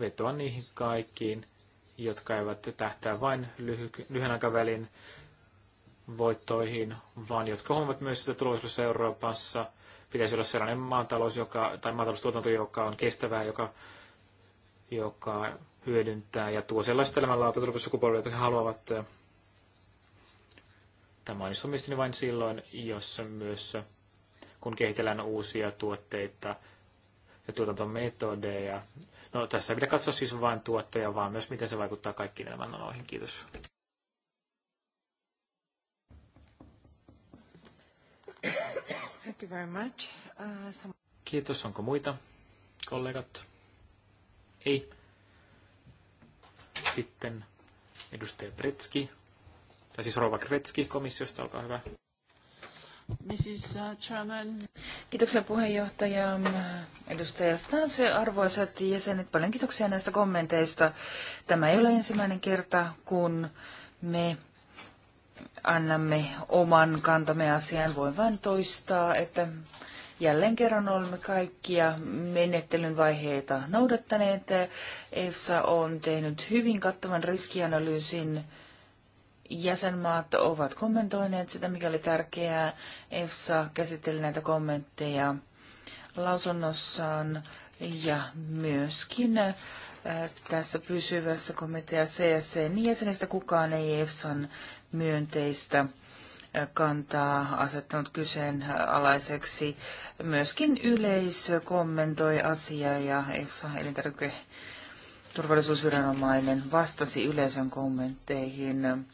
vetoan niihin kaikkiin, jotka eivät tähtää vain lyhy- lyhyen aikavälin voittoihin, vaan jotka huomavat myös, että tulevaisuudessa Euroopassa pitäisi olla sellainen maatalous, joka, tai maataloustuotanto, joka on kestävää, joka, joka hyödyntää ja tuo sellaista elämänlaatua tulevaisuudessa sukupolville, jotka haluavat. Tämä onnistuu vain silloin, jos myös kun kehitellään uusia tuotteita, ja tuotantometodeja. No tässä pidä katsoa siis vain tuottoja, vaan myös miten se vaikuttaa kaikkiin elämänaloihin. Kiitos. Thank you very much. Uh, some... Kiitos. Onko muita kollegat? Ei. Sitten edustaja Pretski, tai siis Rova Kretski komissiosta, olkaa hyvä. Mrs. Uh, Chairman. Kiitoksia puheenjohtaja edustaja Stans arvoisat jäsenet. Paljon kiitoksia näistä kommenteista. Tämä ei ole ensimmäinen kerta, kun me annamme oman kantamme asiaan. Voin vain toistaa, että jälleen kerran olemme kaikkia menettelyn vaiheita noudattaneet. EFSA on tehnyt hyvin kattavan riskianalyysin jäsenmaat ovat kommentoineet sitä, mikä oli tärkeää. EFSA käsitteli näitä kommentteja lausunnossaan ja myöskin äh, tässä pysyvässä komitea CSC, niin jäsenistä kukaan ei EFSAn myönteistä äh, kantaa asettanut kyseenalaiseksi. Äh, myöskin yleisö kommentoi asiaa ja EFSA elintarvike turvallisuusviranomainen vastasi yleisön kommentteihin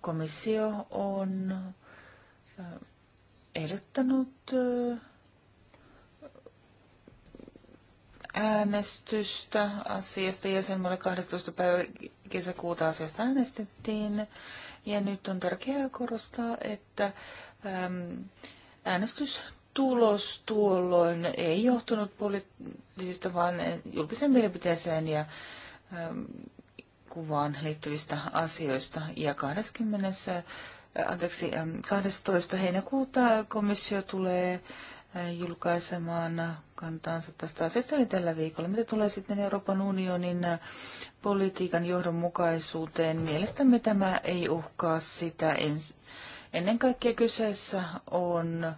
komissio on ehdottanut äänestystä asiasta jäsenmaalle 12. päivä kesäkuuta asiasta äänestettiin. Ja nyt on tärkeää korostaa, että äänestystulos tuolloin ei johtunut poliittisista, vaan julkisen mielipiteeseen ja kuvaan heittyvistä asioista. Ja 20, anteeksi, 12. heinäkuuta komissio tulee julkaisemaan kantaansa tästä asiasta eli tällä viikolla. Mitä tulee sitten Euroopan unionin politiikan johdonmukaisuuteen, mielestämme tämä ei uhkaa sitä. Ennen kaikkea kyseessä on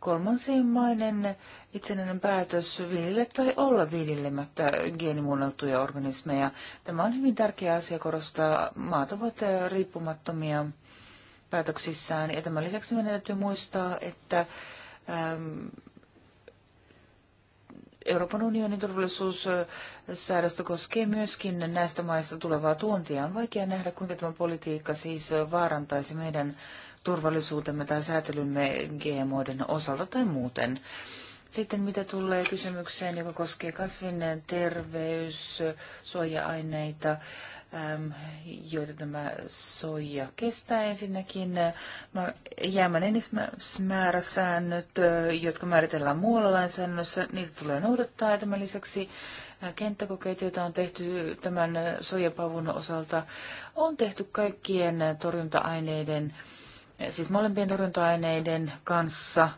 kolmansien maiden itsenäinen päätös viljellä tai olla viljelemättä geenimuunneltuja organismeja. Tämä on hyvin tärkeä asia korostaa. Maat ovat eh, riippumattomia päätöksissään. Ja tämän lisäksi meidän täytyy muistaa, että äm, ehm, Euroopan unionin turvallisuussäädöstö eh, koskee myöskin näistä maista tulevaa tuontia. On vaikea nähdä, kuinka tämä politiikka siis eh, vaarantaisi meidän turvallisuutemme tai säätelymme GMOiden osalta tai muuten. Sitten mitä tulee kysymykseen, joka koskee terveys, suoja aineita joita tämä soija kestää ensinnäkin. Jäämän enimmäismääräsäännöt, jotka määritellään muualla lainsäädännössä, niitä tulee noudattaa. Ja tämän lisäksi kenttäkokeet, joita on tehty tämän soijapavun osalta, on tehty kaikkien torjunta-aineiden, siis molempien torjunta-aineiden kanssa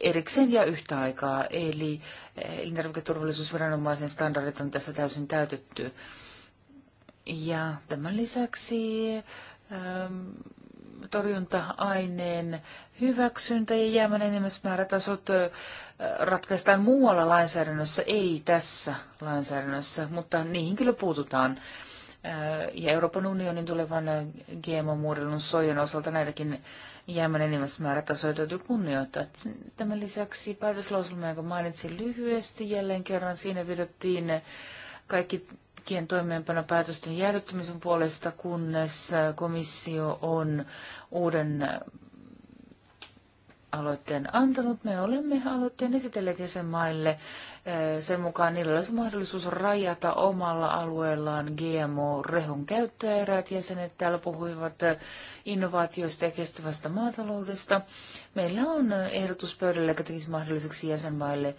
erikseen ja yhtä aikaa. Eli eh, elintarviketurvallisuusviranomaisen standardit on tässä täysin täytetty. Ja tämän lisäksi ähm, torjunta-aineen hyväksyntä ja jäämän enimmäismäärätasot eh, ratkaistaan muualla lainsäädännössä, ei tässä lainsäädännössä, mutta niihin kyllä puututaan. Eh, ja Euroopan unionin tulevan gmo muodellun sojan osalta näitäkin jäämän enimmäismäärä tasoja täytyy kunnioittaa. Tämän lisäksi päätöslauselma, jonka mainitsin lyhyesti, jälleen kerran siinä vidottiin kaikki toimeenpano päätösten jäädyttämisen puolesta, kunnes komissio on uuden aloitteen antanut. Me olemme aloitteen esitelleet jäsenmaille sen mukaan niillä olisi mahdollisuus rajata omalla alueellaan GMO-rehun käyttöä. Eräät jäsenet täällä puhuivat innovaatioista ja kestävästä maataloudesta. Meillä on ehdotus pöydällä, joka tekisi mahdolliseksi jäsenmaille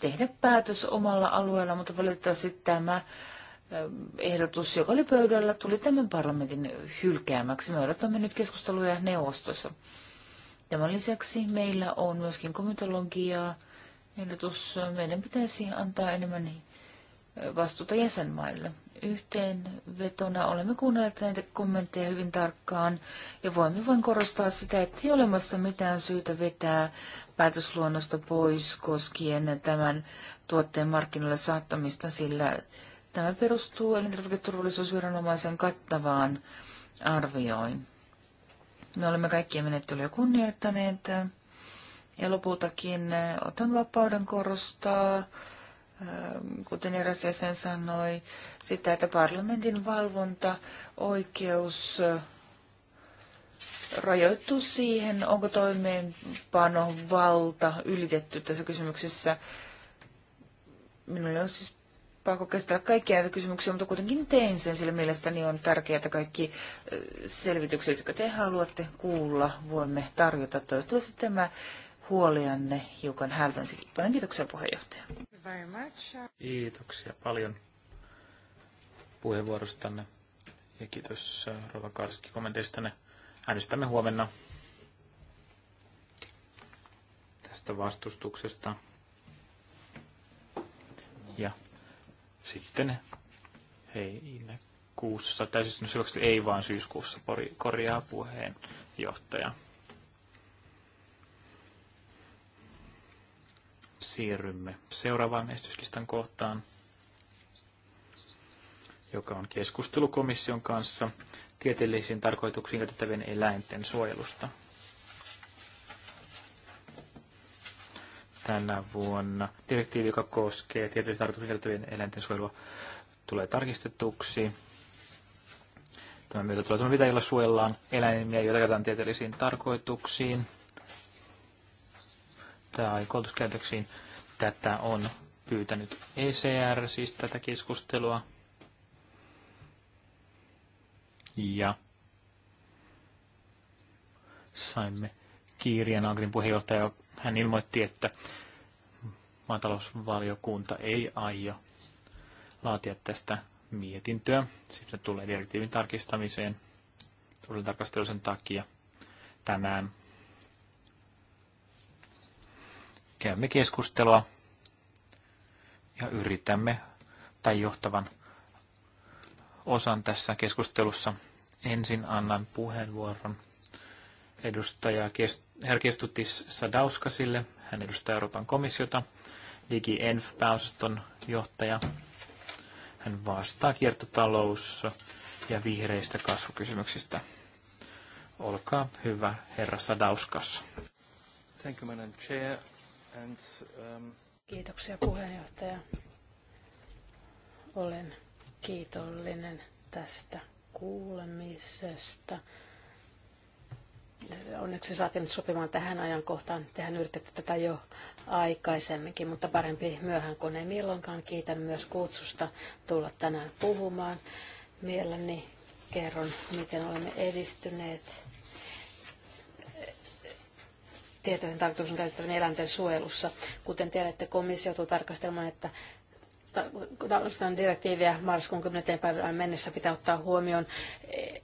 tehdä päätös omalla alueella, mutta valitettavasti tämä ehdotus, joka oli pöydällä, tuli tämän parlamentin hylkäämäksi. Me odotamme nyt keskusteluja neuvostossa. Tämän lisäksi meillä on myöskin komitologiaa ehdotus. Meidän pitäisi antaa enemmän niin, vastuuta jäsenmaille. Yhteenvetona olemme kuunnelleet näitä kommentteja hyvin tarkkaan ja voimme vain korostaa sitä, että ei olemassa mitään syytä vetää päätösluonnosta pois koskien tämän tuotteen markkinoille saattamista, sillä tämä perustuu elintarviketurvallisuusviranomaisen kattavaan arvioin. Me olemme kaikkia menettelyjä kunnioittaneet. Ja lopultakin eh, otan vapauden korostaa, eh, kuten eräs jäsen sanoi, sitä, että parlamentin valvonta, oikeus eh, rajoittuu siihen, onko toimeenpano valta ylitetty tässä kysymyksessä. Minulle on siis pakko käsitellä kaikkia näitä kysymyksiä, mutta kuitenkin tein sen, sillä mielestäni on tärkeää, että kaikki selvitykset, jotka te haluatte kuulla, voimme tarjota. Toivottavasti tämä huolianne hiukan hälvensi. Paljon kiitoksia puheenjohtaja. Kiitoksia paljon puheenvuorostanne ja kiitos äh, Rova Karski kommenteistanne. Äänestämme huomenna tästä vastustuksesta. Ja sitten hei, kuussa, täysin siis, no, ei vaan syyskuussa korjaa puheenjohtaja. siirrymme seuraavaan esityslistan kohtaan, joka on keskustelukomission kanssa tieteellisiin tarkoituksiin käytettävien eläinten suojelusta. Tänä vuonna direktiivi, joka koskee tieteellisiin tarkoituksiin käytettävien eläinten suojelua, tulee tarkistetuksi. Tämän myötä tulee toimenpiteillä suojellaan eläimiä, joita käytetään tieteellisiin tarkoituksiin – tai koulutuskäytöksiin. Tätä on pyytänyt ECR, siis tätä keskustelua. Ja saimme kiirien Agrin puheenjohtaja, hän ilmoitti, että maatalousvaliokunta ei aio laatia tästä mietintöä. Sitten tulee direktiivin tarkistamiseen, tulee tarkastelun takia tänään käymme keskustelua ja yritämme tai johtavan osan tässä keskustelussa. Ensin annan puheenvuoron edustaja Herkestutis Sadauskasille. Hän edustaa Euroopan komissiota, DigiEnf-pääosaston johtaja. Hän vastaa kiertotalous- ja vihreistä kasvukysymyksistä. Olkaa hyvä, herra Sadauskas. Thank you, Madam Chair. And, um... Kiitoksia puheenjohtaja. Olen kiitollinen tästä kuulemisesta. Onneksi saatiin nyt sopimaan tähän ajankohtaan. Tehän yritätte tätä jo aikaisemminkin, mutta parempi myöhään kuin ei milloinkaan. Kiitän myös kutsusta tulla tänään puhumaan. Mielelläni kerron, miten olemme edistyneet tietoisen tarkoituksen käyttävän eläinten suojelussa. Kuten tiedätte, komissio tulee tarkastelemaan, että tarkastan direktiiviä marraskuun 10. päivään mennessä pitää ottaa huomioon e,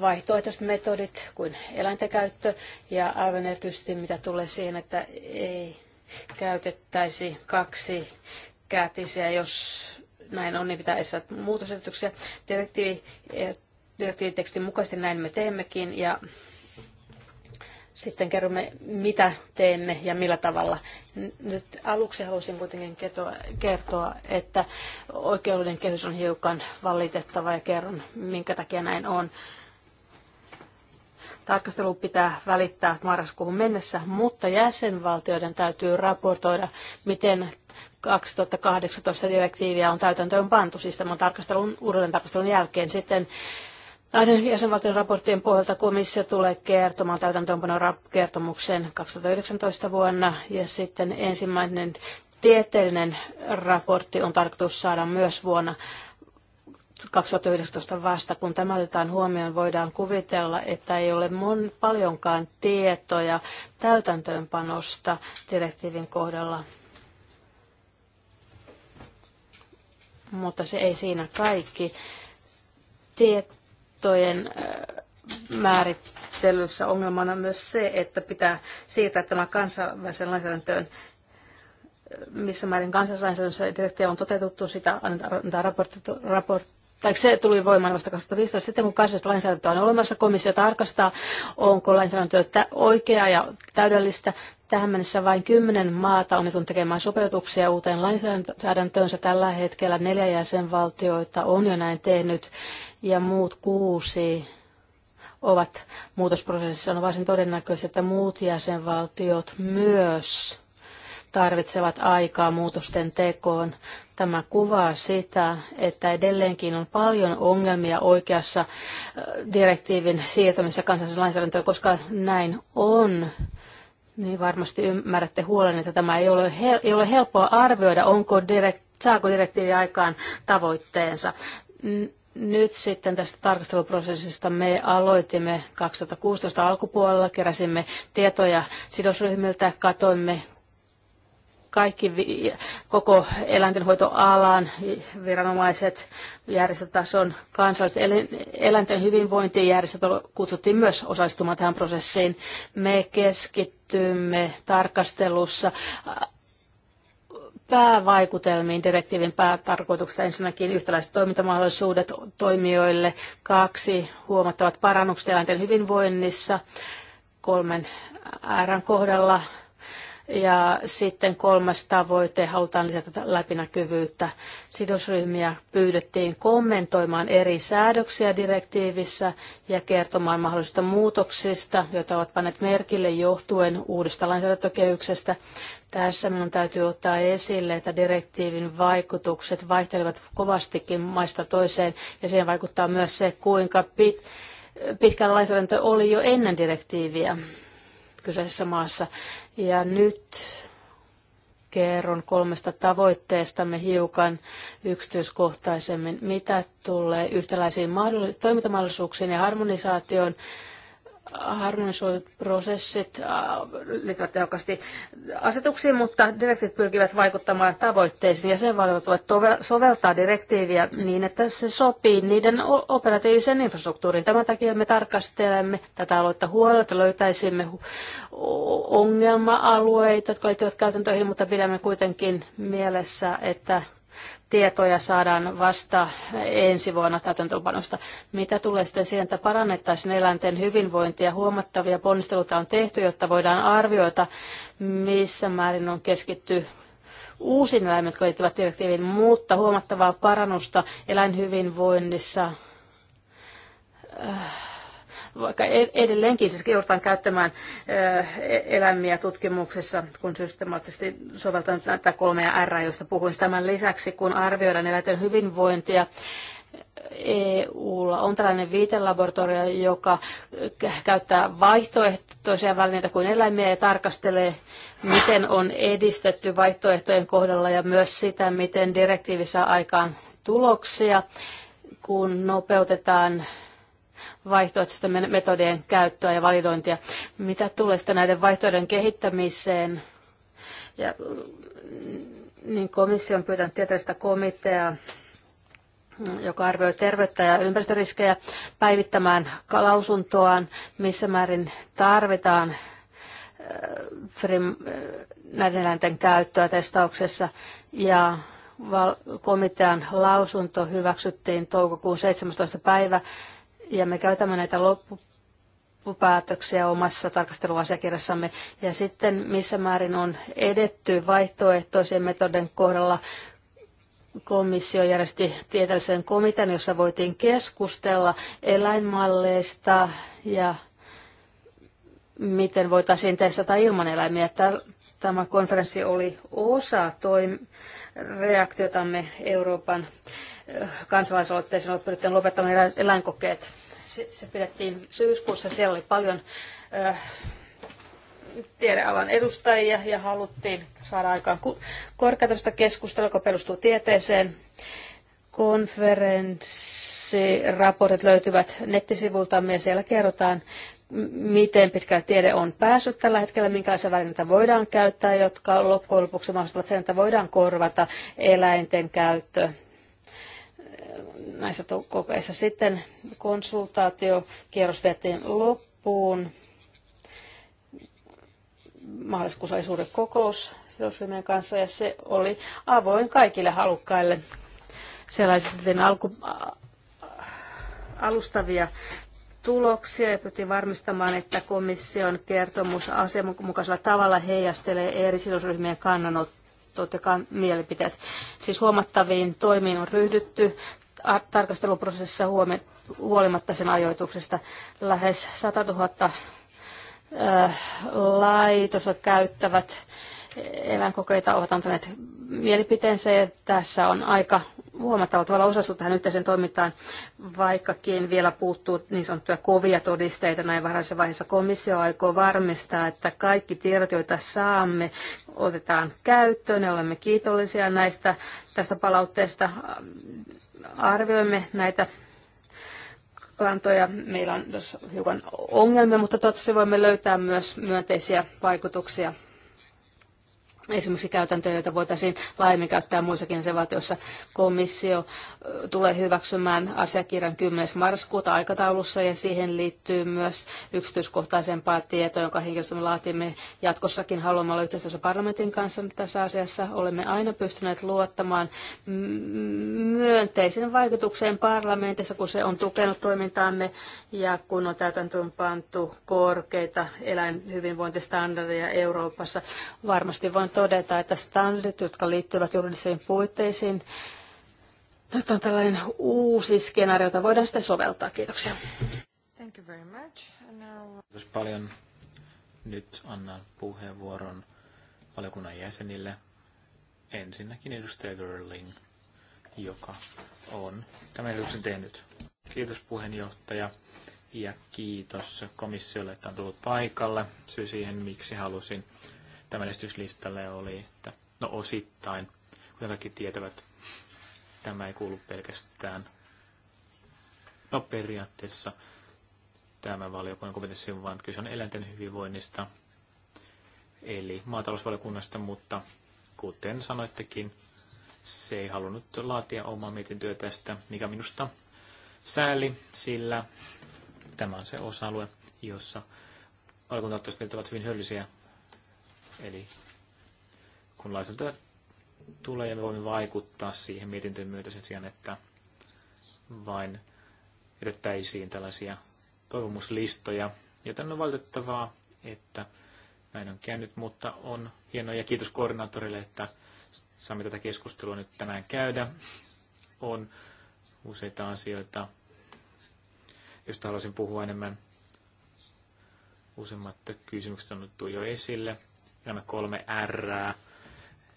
vaihtoehtoiset metodit kuin eläinten käyttö ja aivan erityisesti mitä tulee siihen, että ei käytettäisi kaksi kätisiä, jos näin on, niin pitää estää muutosesityksiä. Direktiivi, e, direktiivitekstin mukaisesti näin me teemmekin ja sitten kerromme, mitä teemme ja millä tavalla. Nyt aluksi halusin kuitenkin kertoa, että oikeuden kehys on hiukan valitettava ja kerron, minkä takia näin on. Tarkastelu pitää välittää marraskuun mennessä, mutta jäsenvaltioiden täytyy raportoida, miten 2018 direktiiviä on täytäntöön pantu, siis tämän tarkastelun, uudelleen tarkastelun jälkeen. Sitten Näiden jäsenvaltion raporttien pohjalta komissio tulee kertomaan täytäntöönpanon kertomuksen 2019 vuonna ja sitten ensimmäinen tieteellinen raportti on tarkoitus saada myös vuonna 2019 vasta. Kun tämä otetaan huomioon, voidaan kuvitella, että ei ole mon, paljonkaan tietoja täytäntöönpanosta direktiivin kohdalla. Mutta se ei siinä kaikki. Tiet, mittojen määrittelyssä ongelmana myös se, että pitää siirtää tämä kansainväliseen lainsäädäntöön missä määrin kansalaislainsäädännössä direktiä on toteutettu, sitä annetaan raportti, tai se tuli voimaan vasta 2015. Sitten kun kansallista lainsäädäntöä on olemassa, komissio tarkastaa, onko lainsäädäntö oikeaa ja täydellistä. Tähän mennessä vain kymmenen maata onnetun tekemään sopeutuksia uuteen lainsäädäntöönsä. Tällä hetkellä neljä jäsenvaltioita on jo näin tehnyt ja muut kuusi ovat muutosprosessissa. On varsin todennäköistä, että muut jäsenvaltiot myös tarvitsevat aikaa muutosten tekoon. Tämä kuvaa sitä, että edelleenkin on paljon ongelmia oikeassa äh, direktiivin siirtämisessä kansalliseen lainsäädäntöön, koska näin on. Niin varmasti ymmärrätte huolen, että tämä ei ole, hel- ei ole helppoa arvioida, onko direkt- saako direktiivi aikaan tavoitteensa. Nyt sitten tästä tarkasteluprosessista me aloitimme 2016 alkupuolella, keräsimme tietoja sidosryhmiltä, katoimme kaikki koko eläintenhoitoalan viranomaiset, järjestötason kansalliset eläinten hyvinvointijärjestöt kutsuttiin myös osallistumaan tähän prosessiin. Me keskittymme tarkastelussa päävaikutelmiin direktiivin päätarkoituksesta ensinnäkin yhtäläiset toimintamahdollisuudet toimijoille, kaksi huomattavat parannukset eläinten hyvinvoinnissa, kolmen R kohdalla ja sitten kolmas tavoite, halutaan lisätä läpinäkyvyyttä. Sidosryhmiä pyydettiin kommentoimaan eri säädöksiä direktiivissä ja kertomaan mahdollisista muutoksista, joita ovat panneet merkille johtuen uudesta lainsäädäntökehyksestä. Tässä minun täytyy ottaa esille, että direktiivin vaikutukset vaihtelevat kovastikin maista toiseen ja siihen vaikuttaa myös se, kuinka pit- pitkällä lainsäädäntö oli jo ennen direktiiviä kyseisessä maassa. Ja nyt kerron kolmesta tavoitteestamme hiukan yksityiskohtaisemmin, mitä tulee yhtäläisiin toimintamahdollisuuksiin ja harmonisaatioon harmonisoidut prosessit äh, liittyvät asetuksiin, mutta direktiivit pyrkivät vaikuttamaan tavoitteisiin ja sen voivat soveltaa direktiiviä niin, että se sopii niiden operatiiviseen infrastruktuuriin. Tämän takia me tarkastelemme tätä aloitta huolella, että löytäisimme ongelma-alueita, jotka liittyvät käytäntöihin, mutta pidämme kuitenkin mielessä, että tietoja saadaan vasta ensi vuonna täytäntöönpanosta. Mitä tulee sitten siihen, että parannettaisiin eläinten hyvinvointia, huomattavia ponnisteluita on tehty, jotta voidaan arvioida, missä määrin on keskitty uusin eläimet, jotka liittyvät direktiiviin, mutta huomattavaa parannusta eläinhyvinvoinnissa äh, vaikka e- edelleenkin siis joudutaan käyttämään e- eläimiä tutkimuksessa, kun systemaattisesti soveltaan näitä kolmea R, josta puhuin tämän lisäksi, kun arvioidaan eläinten hyvinvointia, EUlla on tällainen viitelaboratorio, joka käyttää vaihtoehtoisia välineitä kuin eläimiä ja tarkastelee, miten on edistetty vaihtoehtojen kohdalla ja myös sitä, miten direktiivissä aikaan tuloksia, kun nopeutetaan vaihtoehtoisten metodien käyttöä ja validointia. Mitä tulee sitten näiden vaihtoehtojen kehittämiseen? Ja, mm, niin komissio on pyytänyt tieteellistä komiteaa mm, joka arvioi terveyttä ja ympäristöriskejä päivittämään lausuntoaan, missä määrin tarvitaan näiden eläinten käyttöä testauksessa. Ja komitean lausunto hyväksyttiin toukokuun 17. päivä ja me käytämme näitä loppupäätöksiä omassa tarkasteluasiakirjassamme. Ja sitten missä määrin on edetty vaihtoehtoisen metodin kohdalla komissio järjesti tieteellisen komitean, jossa voitiin keskustella eläinmalleista ja miten voitaisiin testata ilman eläimiä. Tämä konferenssi oli osa toim- reaktiotamme Euroopan kansalaisaloitteeseen on pyritty lopettamaan eläinkokeet. Se, se pidettiin syyskuussa, siellä oli paljon äh, tiedealan edustajia ja haluttiin saada aikaan korkeatasoista keskustelua, joka perustuu tieteeseen. Konferenssiraportit löytyvät nettisivultamme ja siellä kerrotaan, miten pitkälle tiede on päässyt tällä hetkellä, minkälaisia välineitä voidaan käyttää, jotka loppujen lopuksi mahdollistavat sen, että voidaan korvata eläinten käyttö näissä kokeissa. Sitten konsultaatiokierros vietiin loppuun. Maaliskuussa oli suuri kokous sidosryhmien kanssa ja se oli avoin kaikille halukkaille. Siellä esitettiin alku, alustavia tuloksia ja pyrittiin varmistamaan, että komission kertomus asianmukaisella tavalla heijastelee eri sidosryhmien kannanottoja tahtot ja mielipiteet. Siis huomattaviin toimiin on ryhdytty tarkasteluprosessissa huolimatta sen ajoituksesta. Lähes 100 000 laitosta käyttävät eläinkokeita ovat antaneet mielipiteensä ja tässä on aika huomattavalla tavalla osastu tähän yhteiseen toimintaan, vaikkakin vielä puuttuu niin sanottuja kovia todisteita näin varhaisessa vaiheessa. Komissio aikoo varmistaa, että kaikki tiedot, joita saamme, otetaan käyttöön ja olemme kiitollisia näistä tästä palautteesta. Arvioimme näitä kantoja. Meillä on hiukan ongelmia, mutta toivottavasti voimme löytää myös myönteisiä vaikutuksia esimerkiksi käytäntöjä, joita voitaisiin laajemmin käyttää muissakin jäsenvaltioissa. Komissio tulee hyväksymään asiakirjan 10. marraskuuta aikataulussa ja siihen liittyy myös yksityiskohtaisempaa tietoa, jonka me laatimme jatkossakin. Haluamme olla yhteistyössä parlamentin kanssa tässä asiassa. Olemme aina pystyneet luottamaan myönteisen vaikutukseen parlamentissa, kun se on tukenut toimintaamme ja kun on täytäntöön pantu korkeita eläinhyvinvointistandardeja Euroopassa. Varmasti voin todeta, että standardit, jotka liittyvät juridisiin puitteisiin, nyt on tällainen uusi skenaario, jota voidaan sitten soveltaa. Kiitoksia. Thank you very much. Now... Kiitos paljon. Nyt annan puheenvuoron valiokunnan jäsenille. Ensinnäkin edustaja Görling, joka on tämän edustuksen tehnyt. Kiitos puheenjohtaja ja kiitos komissiolle, että on tullut paikalle. Syy siihen, miksi halusin tämän oli, että no osittain, kuten kaikki tietävät, tämä ei kuulu pelkästään, no periaatteessa tämä valiokunnan kompetenssiin, vaan kyse on eläinten hyvinvoinnista, eli maatalousvaliokunnasta, mutta kuten sanoittekin, se ei halunnut laatia omaa mietintöä tästä, mikä minusta sääli, sillä tämä on se osa-alue, jossa valiokuntaartoiset ovat hyvin hyödyllisiä Eli kun lainsäädäntöä tulee ja me voimme vaikuttaa siihen mietintöön myötä sen sijaan, että vain edettäisiin tällaisia toivomuslistoja. Joten on valitettavaa, että näin on käynyt, mutta on hienoa ja kiitos koordinaattorille, että saamme tätä keskustelua nyt tänään käydä. On useita asioita, joista haluaisin puhua enemmän. Useimmat kysymykset on nyt jo esille jana kolme R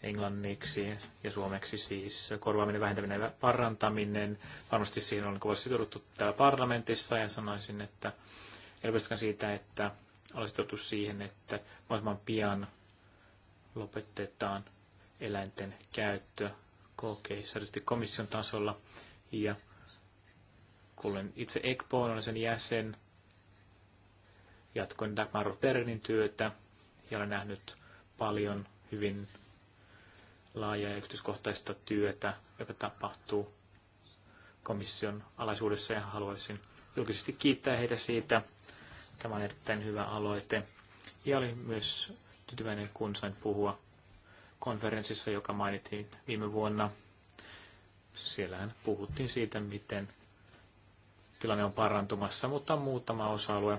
englanniksi ja suomeksi siis korvaaminen, vähentäminen ja parantaminen. Varmasti siihen on kovasti sitouduttu täällä parlamentissa ja sanoisin, että elpystäkään siitä, että olen sitouduttu siihen, että mahdollisimman pian lopetetaan eläinten käyttö kokeissa, tietysti komission tasolla. Ja kuulen itse ECPOon, olen sen jäsen, jatkoin Dagmar Pernin työtä ja olen nähnyt paljon hyvin laajaa ja yksityiskohtaista työtä, joka tapahtuu komission alaisuudessa ja haluaisin julkisesti kiittää heitä siitä. Tämä on erittäin hyvä aloite. Ja olin myös tyytyväinen, kun sain puhua konferenssissa, joka mainittiin viime vuonna. Siellähän puhuttiin siitä, miten tilanne on parantumassa, mutta on muutama osa-alue,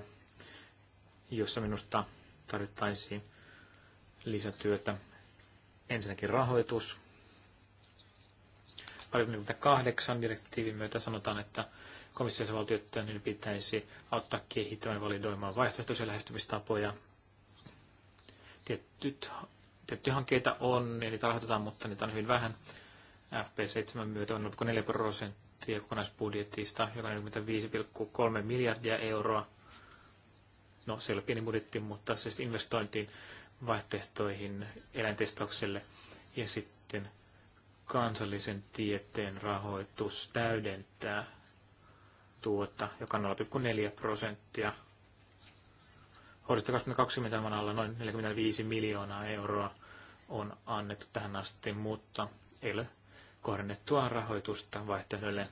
jossa minusta tarvittaisiin lisätyötä. Ensinnäkin rahoitus. 28 direktiivin myötä sanotaan, että komissiossa valtioiden niin pitäisi auttaa kehittämään validoimaan vaihtoehtoisia lähestymistapoja. Tiettyt tiettyjä hankkeita on ja niitä rahoitetaan, mutta niitä on hyvin vähän. FP7 myötä on 4 prosenttia kokonaisbudjetista, joka on 45,3 miljardia euroa no se ei ole pieni budjetti, mutta siis investointiin vaihtoehtoihin eläintestaukselle ja sitten kansallisen tieteen rahoitus täydentää tuota, joka on 0,4 prosenttia. Hoidosta 2020 on alla noin 45 miljoonaa euroa on annettu tähän asti, mutta ei ole kohdennettua rahoitusta vaihtoehdolle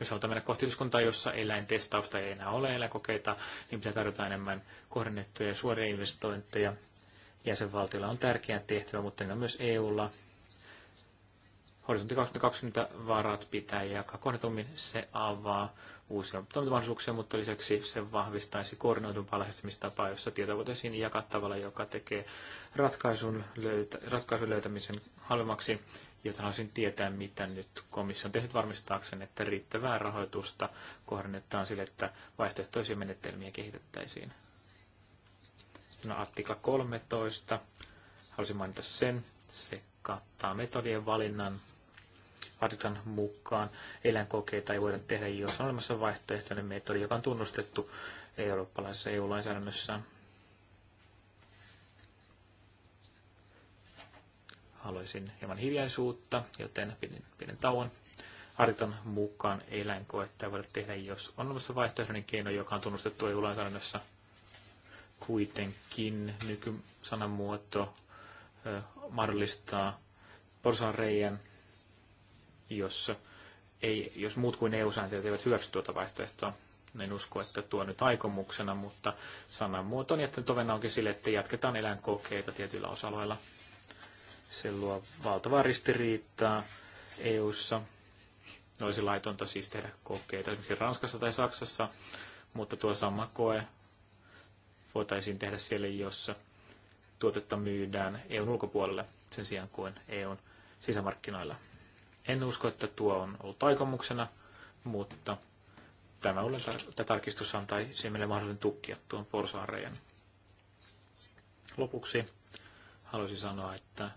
jos halutaan mennä kohti yhteiskuntaa, jossa eläintestausta ei enää ole eläkokeita, niin pitää tarjota enemmän kohdennettuja ja suoria investointeja. Jäsenvaltiolla on tärkeä tehtävä, mutta ne niin on myös EUlla. Horisontti 2020 varat pitää jakaa kohdentummin. Se avaa uusia toimintamahdollisuuksia, mutta lisäksi se vahvistaisi koordinoidumpaa lähestymistapaa, jossa tietoa voitaisiin jakaa tavalla, joka tekee ratkaisun, löytä, ratkaisun löytämisen halvemmaksi joten haluaisin tietää, mitä nyt komissio on tehnyt varmistaakseen, että riittävää rahoitusta kohdennetaan sille, että vaihtoehtoisia menetelmiä kehitettäisiin. Sitten on artikla 13. Haluaisin mainita sen. Se kattaa metodien valinnan artiklan mukaan. Eläinkokeita ei voida tehdä, jos on olemassa vaihtoehtoinen metodi, joka on tunnustettu eurooppalaisessa EU-lainsäädännössä. haluaisin hieman hiljaisuutta, joten pidin pienen tauon. Ariton mukaan eläinkoetta ei voida tehdä, jos on olemassa vaihtoehdollinen keino, joka on tunnustettu EU-lainsäädännössä. Kuitenkin nykysanamuoto ö, mahdollistaa reijän, jos, ei, jos muut kuin EU-sääntöjä eivät hyväksy tuota vaihtoehtoa. En usko, että tuo nyt aikomuksena, mutta sanamuoto on jättänyt ovena onkin sille, että jatketaan eläinkokeita tietyillä osa-alueilla. Se luo valtavaa ristiriitaa EU-ssa. Olisi laitonta siis tehdä kokeita esimerkiksi Ranskassa tai Saksassa, mutta tuo sama koe voitaisiin tehdä siellä, jossa tuotetta myydään EUn ulkopuolelle sen sijaan kuin EUn sisämarkkinoilla. En usko, että tuo on ollut aikomuksena, mutta tämä tar- tarkistus antaisi meille mahdollisuuden tukkia tuon porsaanreijan. Lopuksi haluaisin sanoa, että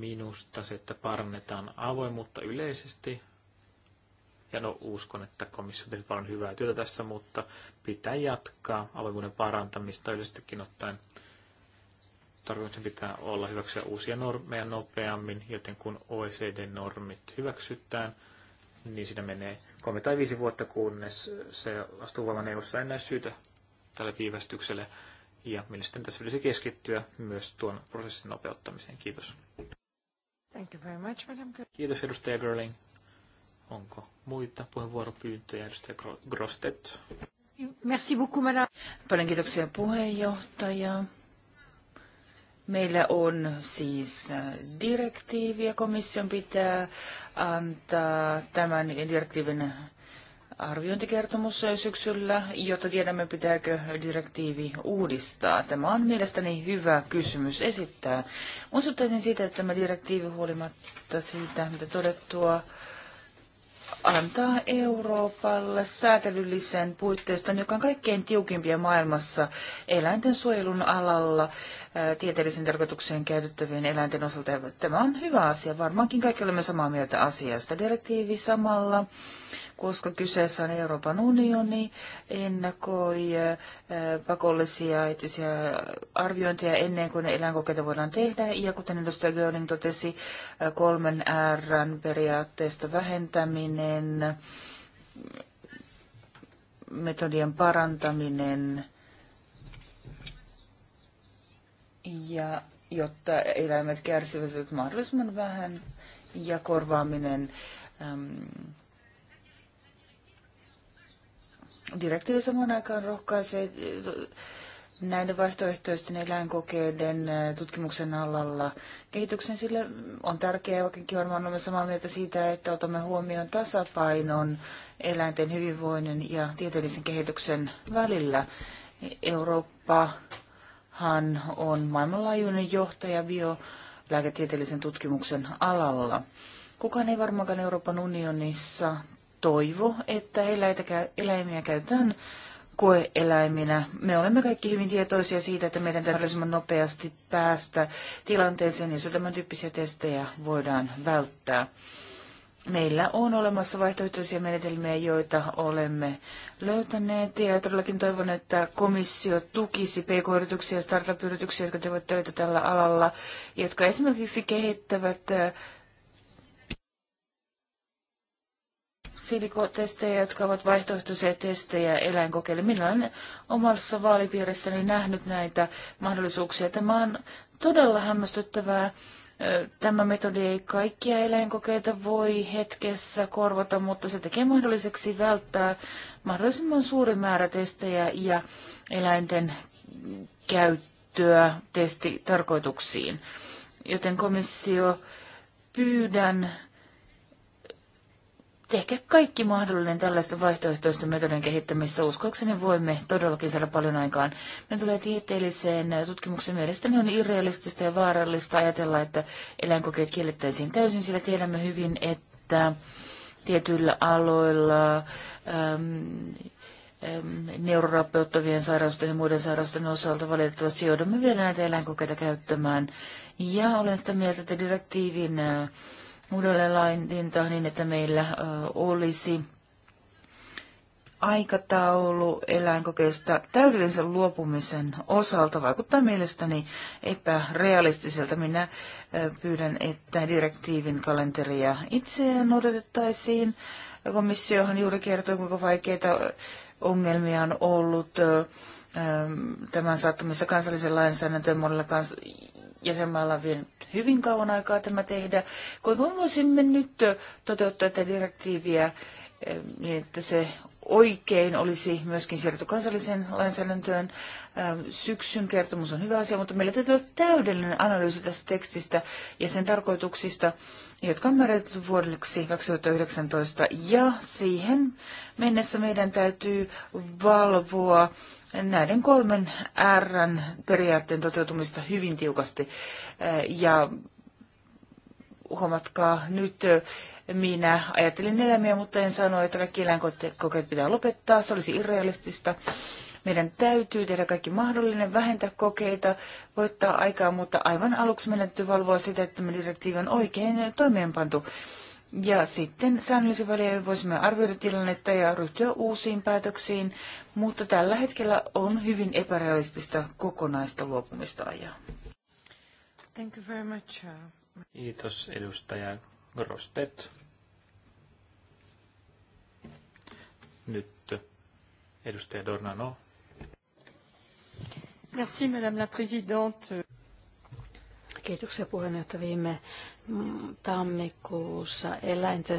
minusta se, että parannetaan avoimuutta yleisesti. Ja no uskon, että komissio on tehnyt paljon hyvää työtä tässä, mutta pitää jatkaa avoimuuden parantamista yleisestikin ottaen. Tarkoituksen pitää olla hyväksyä uusia normeja nopeammin, joten kun OECD-normit hyväksytään, niin siinä menee kolme tai viisi vuotta, kunnes se astuu voimaan neuvossa. En syytä tälle viivästykselle ja mielestäni tässä pitäisi keskittyä myös tuon prosessin nopeuttamiseen. Kiitos. Thank you very much, Madam Kiitos edustaja Gerling. Onko muita puheenvuoropyyntöjä, edustaja Grostet? Merci beaucoup, madame. Paljon kiitoksia puheenjohtaja. Meillä on siis äh, direktiivi ja komission pitää antaa tämän direktiivin arviointikertomus syksyllä, jotta tiedämme pitääkö direktiivi uudistaa. Tämä on mielestäni hyvä kysymys esittää. Muistuttaisin siitä, että tämä direktiivi huolimatta siitä, mitä todettua, antaa Euroopalle säätelyllisen puitteiston, joka on kaikkein tiukimpia maailmassa eläinten suojelun alalla tieteellisen tarkoitukseen käytettävien eläinten osalta. Tämä on hyvä asia. Varmaankin kaikki olemme samaa mieltä asiasta. Direktiivi samalla koska kyseessä on Euroopan unioni, ennakoi eh, pakollisia eettisiä arviointeja ennen kuin eläinkokeita voidaan tehdä. Ja kuten edustaja Göring totesi, eh, kolmen Rn periaatteesta vähentäminen, metodien parantaminen ja jotta eläimet kärsivät mahdollisimman vähän ja korvaaminen äm, Direktiivi samaan aikaan rohkaisee eh, näiden vaihtoehtoisten eläinkokeiden eh, tutkimuksen alalla kehityksen, sille on tärkeää, vaikkakin varmaan olemme samaa mieltä siitä, että otamme huomioon tasapainon eläinten hyvinvoinnin ja tieteellisen kehityksen välillä. Eurooppahan on maailmanlaajuinen johtaja biolääketieteellisen tutkimuksen alalla. Kukaan ei varmaankaan Euroopan unionissa toivo, että eläimiä käytetään koeeläiminä. Me olemme kaikki hyvin tietoisia siitä, että meidän täytyy nopeasti päästä tilanteeseen, jossa tämän tyyppisiä testejä voidaan välttää. Meillä on olemassa vaihtoehtoisia menetelmiä, joita olemme löytäneet ja todellakin toivon, että komissio tukisi pk-yrityksiä ja startup-yrityksiä, jotka tekevät töitä tällä alalla, jotka esimerkiksi kehittävät silikotestejä, jotka ovat vaihtoehtoisia testejä eläinkokeille. Minä olen omassa vaalipiirissäni nähnyt näitä mahdollisuuksia. Tämä on todella hämmästyttävää. Tämä metodi ei kaikkia eläinkokeita voi hetkessä korvata, mutta se tekee mahdolliseksi välttää mahdollisimman suuri määrä testejä ja eläinten käyttöä testitarkoituksiin. Joten komissio pyydän tehkä kaikki mahdollinen tällaista vaihtoehtoista metodin kehittämisessä. Uskoakseni voimme todellakin saada paljon aikaan. Ne tulee tieteelliseen tutkimuksen mielestäni on irrealistista ja vaarallista ajatella, että eläinkokeet kiellettäisiin täysin, sillä tiedämme hyvin, että tietyillä aloilla äm, äm, neurorapeuttavien sairausten ja muiden sairausten osalta valitettavasti joudumme vielä näitä eläinkokeita käyttämään. Ja olen sitä mieltä, että direktiivin äh, uudelleenlaajentaa niin, että meillä olisi aikataulu eläinkokeista täydellisen luopumisen osalta vaikuttaa mielestäni epärealistiselta. Minä pyydän, että direktiivin kalenteria itseään odotettaisiin. Komissiohan juuri kertoi, kuinka vaikeita ongelmia on ollut tämän saattamissa kansallisen lainsäädäntöön monilla kans- jäsenmaalla on vienyt hyvin kauan aikaa tämä tehdä. Kuinka me voisimme nyt toteuttaa tätä direktiiviä eh, niin, että se oikein olisi myöskin siirretty kansalliseen lainsäädäntöön. Ehm, syksyn kertomus on hyvä asia, mutta meillä täytyy olla täydellinen analyysi tästä tekstistä ja sen tarkoituksista, jotka on määritelty vuodeksi 2019. Ja siihen mennessä meidän täytyy valvoa näiden kolmen r periaatteen toteutumista hyvin tiukasti. Eh, ja huomatkaa nyt, eh, minä ajattelin eläimiä, mutta en sano, että kaikki eläinkokeet pitää lopettaa. Se olisi irrealistista. Meidän täytyy tehdä kaikki mahdollinen, vähentää kokeita, voittaa aikaa, mutta aivan aluksi meidän täytyy valvoa sitä, että me direktiivi on oikein toimeenpantu. Ja sitten säännöllisen väliin voisimme arvioida tilannetta ja ryhtyä uusiin päätöksiin, mutta tällä hetkellä on hyvin epärealistista kokonaista luopumista ajaa. Thank you very much. Uh, Kiitos edustaja Grostet. Nyt edustaja Dornano. Merci, madame la présidente. Kiitoksia puheenjohtaja. Viime Tammikuussa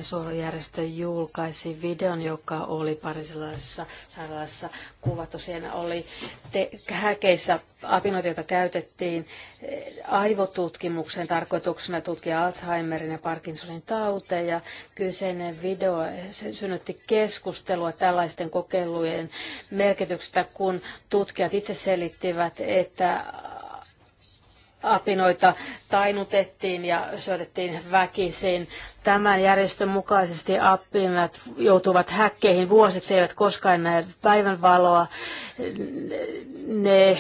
suojelujärjestö julkaisi videon, joka oli parisilaisessa sairaalassa kuvattu. Siinä oli te- häkeissä apinoita, joita käytettiin eh, aivotutkimuksen tarkoituksena tutkia Alzheimerin ja Parkinsonin tauteja. Kyseinen video eh, se synnytti keskustelua tällaisten kokeilujen merkityksestä, kun tutkijat itse selittivät, että apinoita tainutettiin ja syötettiin väkisin. Tämän järjestön mukaisesti apinat joutuvat häkkeihin vuosiksi, eivät koskaan näe päivänvaloa. Ne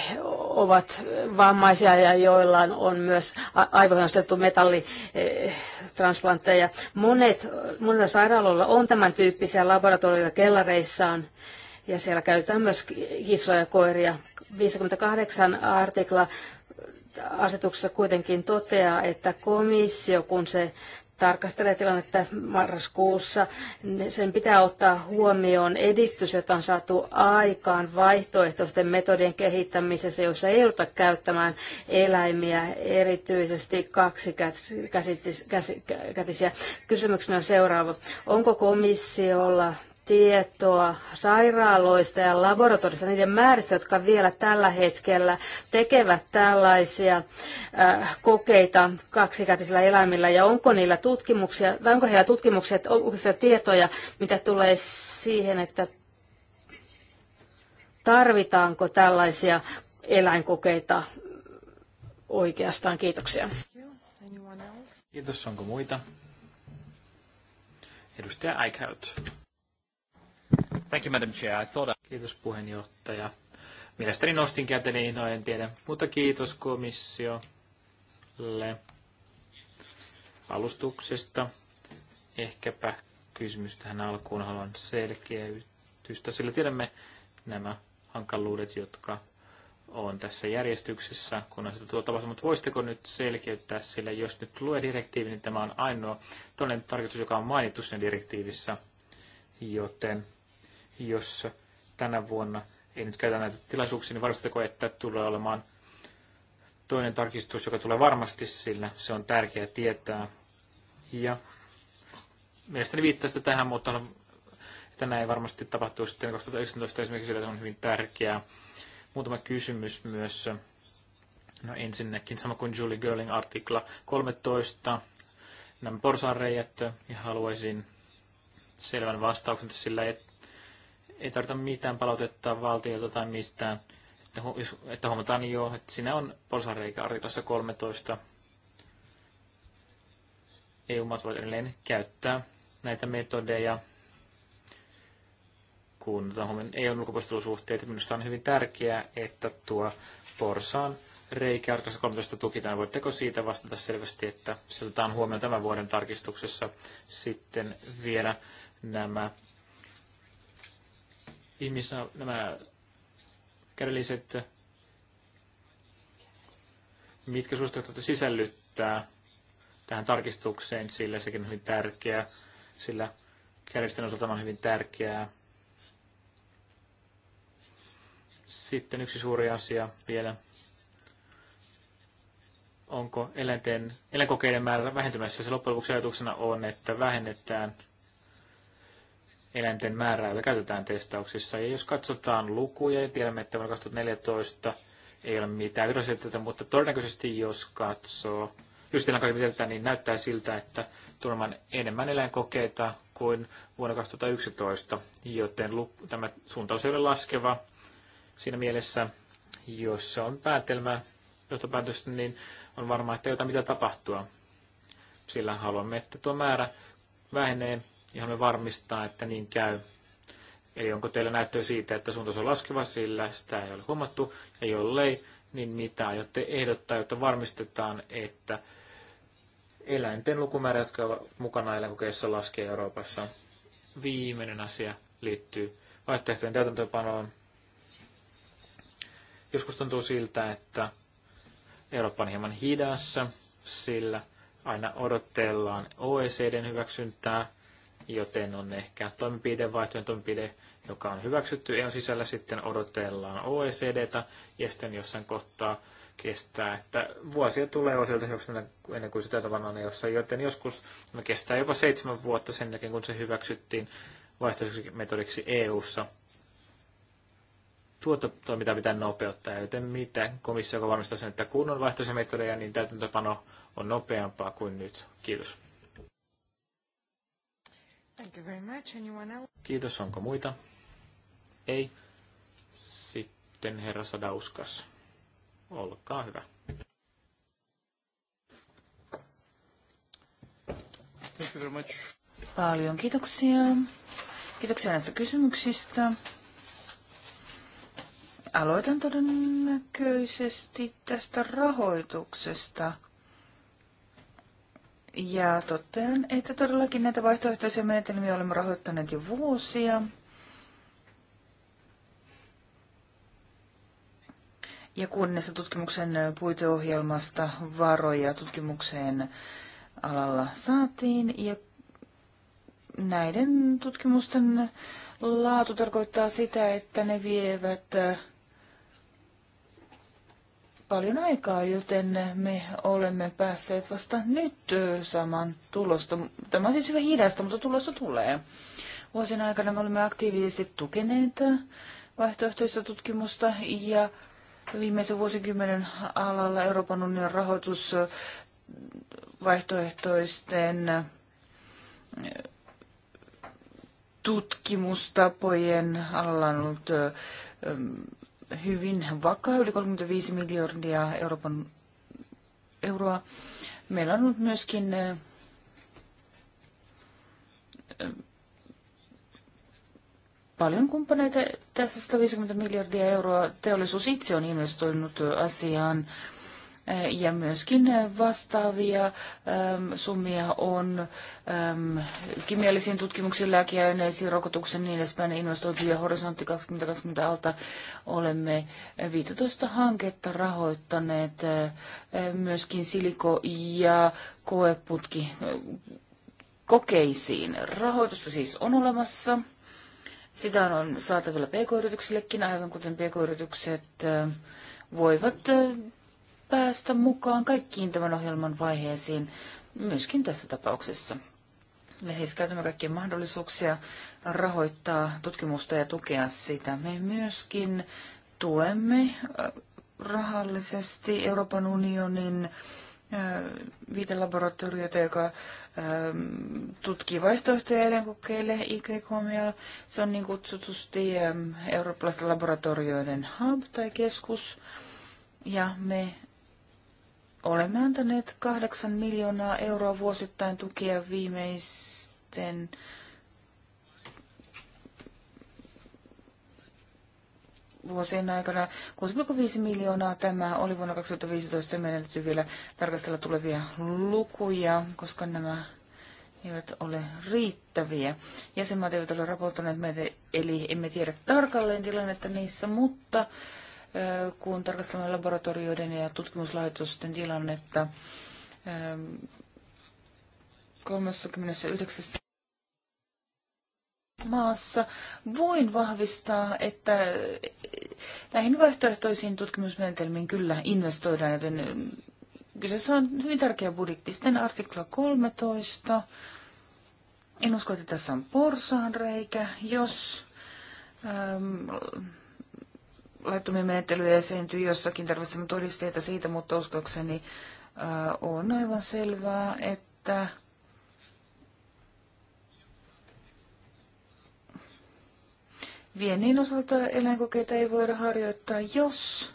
ovat vammaisia ja joilla on myös aivoihin metalli metallitransplantteja. Eh, Monet, monilla sairaaloilla on tämän tyyppisiä laboratorioita kellareissaan. Ja siellä käytetään myös kissoja ja koiria. 58 artikla asetuksessa kuitenkin toteaa, että komissio, kun se tarkastelee tilannetta marraskuussa, sen pitää ottaa huomioon edistys, jota on saatu aikaan vaihtoehtoisten metodien kehittämisessä, jossa ei jouduta käyttämään eläimiä, erityisesti kaksikätisiä. Kysymyksenä on seuraava. Onko komissiolla tietoa sairaaloista ja laboratorista, niiden määristä, jotka vielä tällä hetkellä tekevät tällaisia äh, kokeita kaksikätisillä eläimillä, ja onko niillä tutkimuksia, vai onko heillä tutkimuksia, onko siellä tietoja, mitä tulee siihen, että tarvitaanko tällaisia eläinkokeita oikeastaan. Kiitoksia. Kiitos. Onko muita? Edustaja Eichhout. Thank you, Madam Chair. I thought I... Kiitos puheenjohtaja. Mielestäni nostin käteni, no en tiedä, mutta kiitos komissiolle alustuksesta. Ehkäpä kysymys tähän alkuun haluan selkeytystä, sillä tiedämme nämä hankaluudet, jotka on tässä järjestyksessä, kun on sitä tapahtunut. Mutta voisitteko nyt selkeyttää, sillä jos nyt lue direktiivi, niin tämä on ainoa toinen tarkoitus, joka on mainittu sen direktiivissä, joten jos tänä vuonna ei nyt käytä näitä tilaisuuksia, niin varmasti että tulee olemaan toinen tarkistus, joka tulee varmasti sillä. Se on tärkeää tietää. Ja mielestäni viittasitte tähän, mutta tänä ei varmasti tapahtuu sitten 2019 esimerkiksi, sillä se on hyvin tärkeää. Muutama kysymys myös. No ensinnäkin sama kuin Julie Girling artikla 13, nämä porsanreijät, ja haluaisin selvän vastauksen, sillä et, ei tarvita mitään palautetta valtiolta tai mistään, että, hu- että huomataan niin jo, että siinä on porsareikä artiklassa 13. EU-maat voivat edelleen käyttää näitä metodeja, kun huomioon EUn ulkopuolustelusuhteita, Minusta on hyvin tärkeää, että tuo porsaan reikä artikassa 13 tukitaan. Voitteko siitä vastata selvästi, että se otetaan huomioon tämän vuoden tarkistuksessa sitten vielä nämä ihmisissä nämä kädelliset, mitkä suosittelut sisällyttää tähän tarkistukseen, sillä sekin on hyvin tärkeää, sillä kädellisten osalta on hyvin tärkeää. Sitten yksi suuri asia vielä. Onko eläinten, eläinkokeiden määrä vähentymässä? Se loppujen lopuksi ajatuksena on, että vähennetään – eläinten määrää, jota käytetään testauksissa. Ja jos katsotaan lukuja, ja niin tiedämme, että vuonna 2014 ei ole mitään virallisia mutta todennäköisesti jos katsoo, just kaikki niin näyttää siltä, että tulemaan enemmän eläinkokeita kuin vuonna 2011, joten tämä suuntaus ei ole laskeva siinä mielessä, jos se on päätelmä, johtopäätös, niin on varmaa, että jotain mitä tapahtua. Sillä haluamme, että tuo määrä vähenee ja me varmistaa, että niin käy. Eli onko teillä näyttöä siitä, että suuntaus on laskeva, sillä sitä ei ole huomattu, ja jollei, niin mitä aiotte ehdottaa, jotta varmistetaan, että eläinten lukumäärä, jotka ovat mukana eläinkokeissa laskee Euroopassa. Viimeinen asia liittyy vaihtoehtojen täytäntöönpanoon. Joskus tuntuu siltä, että Eurooppa on hieman hidassa, sillä aina odotellaan OECDn hyväksyntää, joten on ehkä vaihtojen toimenpide, joka on hyväksytty EUn sisällä, sitten odotellaan OECDtä ja sitten jossain kohtaa kestää, että vuosia tulee osilta ennen kuin sitä tavallaan ei jossain, joten joskus me kestää jopa seitsemän vuotta sen jälkeen, kun se hyväksyttiin vaihtoehtoiseksi metodiksi EU-ssa. Tuota toimintaa pitää nopeuttaa, joten mitä komissio, joka varmistaa sen, että kun on vaihtoehtoisia metodeja, niin täytäntöpano on nopeampaa kuin nyt. Kiitos. Thank you very much. Anyone else? Kiitos. Onko muita? Ei. Sitten herra Sadauskas. Olkaa hyvä. Thank you very much. Paljon kiitoksia. Kiitoksia näistä kysymyksistä. Aloitan todennäköisesti tästä rahoituksesta. Ja totean, että todellakin näitä vaihtoehtoisia menetelmiä olemme rahoittaneet jo vuosia. Ja kuudennessa tutkimuksen puiteohjelmasta varoja tutkimukseen alalla saatiin. Ja näiden tutkimusten laatu tarkoittaa sitä, että ne vievät paljon aikaa, joten me olemme päässeet vasta nyt saamaan tulosta. Tämä on siis hyvä hidasta, mutta tulosta tulee. Vuosien aikana me olemme aktiivisesti tukeneet vaihtoehtoista tutkimusta ja viimeisen vuosikymmenen alalla Euroopan unionin rahoitus vaihtoehtoisten tutkimustapojen alalla on ollut hyvin vakaa, yli 35 miljardia Euroopan euroa. Meillä on ollut myöskin paljon kumppaneita. Tässä 150 miljardia euroa teollisuus itse on investoinut asiaan. Ja myöskin vastaavia summia on kemiallisiin tutkimuksiin, lääkeaineisiin, rokotuksen niin edespäin investointi ja horisontti 2020 alta olemme 15 hanketta rahoittaneet myöskin siliko- ja koeputki kokeisiin. Rahoitusta siis on olemassa. Sitä on saatavilla pk-yrityksillekin, aivan kuten pk-yritykset voivat päästä mukaan kaikkiin tämän ohjelman vaiheisiin, myöskin tässä tapauksessa. Me siis käytämme kaikkia mahdollisuuksia rahoittaa tutkimusta ja tukea sitä. Me myöskin tuemme äh, rahallisesti Euroopan unionin äh, viitelaboratoriota, joka ähm, tutkii vaihtoehtoja eläinkokeille, IGCOMIAL. Se on niin kutsutusti ähm, eurooppalaisten laboratorioiden hub tai keskus. Ja me olemme antaneet 8 miljoonaa euroa vuosittain tukea viimeisten vuosien aikana. 6,5 miljoonaa tämä oli vuonna 2015. Meidän täytyy vielä tarkastella tulevia lukuja, koska nämä eivät ole riittäviä. Jäsenmaat eivät ole raportoineet meitä, eli emme tiedä tarkalleen tilannetta niissä, mutta kun tarkastamme laboratorioiden ja tutkimuslaitosten tilannetta. 39 maassa. Voin vahvistaa, että näihin vaihtoehtoisiin tutkimusmenetelmiin kyllä investoidaan, joten kyseessä on hyvin tärkeä budjetti. Sitten artikla 13. En usko, että tässä on porsaan reikä, Jos laittomia menettelyjä esiintyy jossakin, tarvitsemme todisteita siitä, mutta uskokseni äh, on aivan selvää, että viennin osalta eläinkokeita ei voida harjoittaa, jos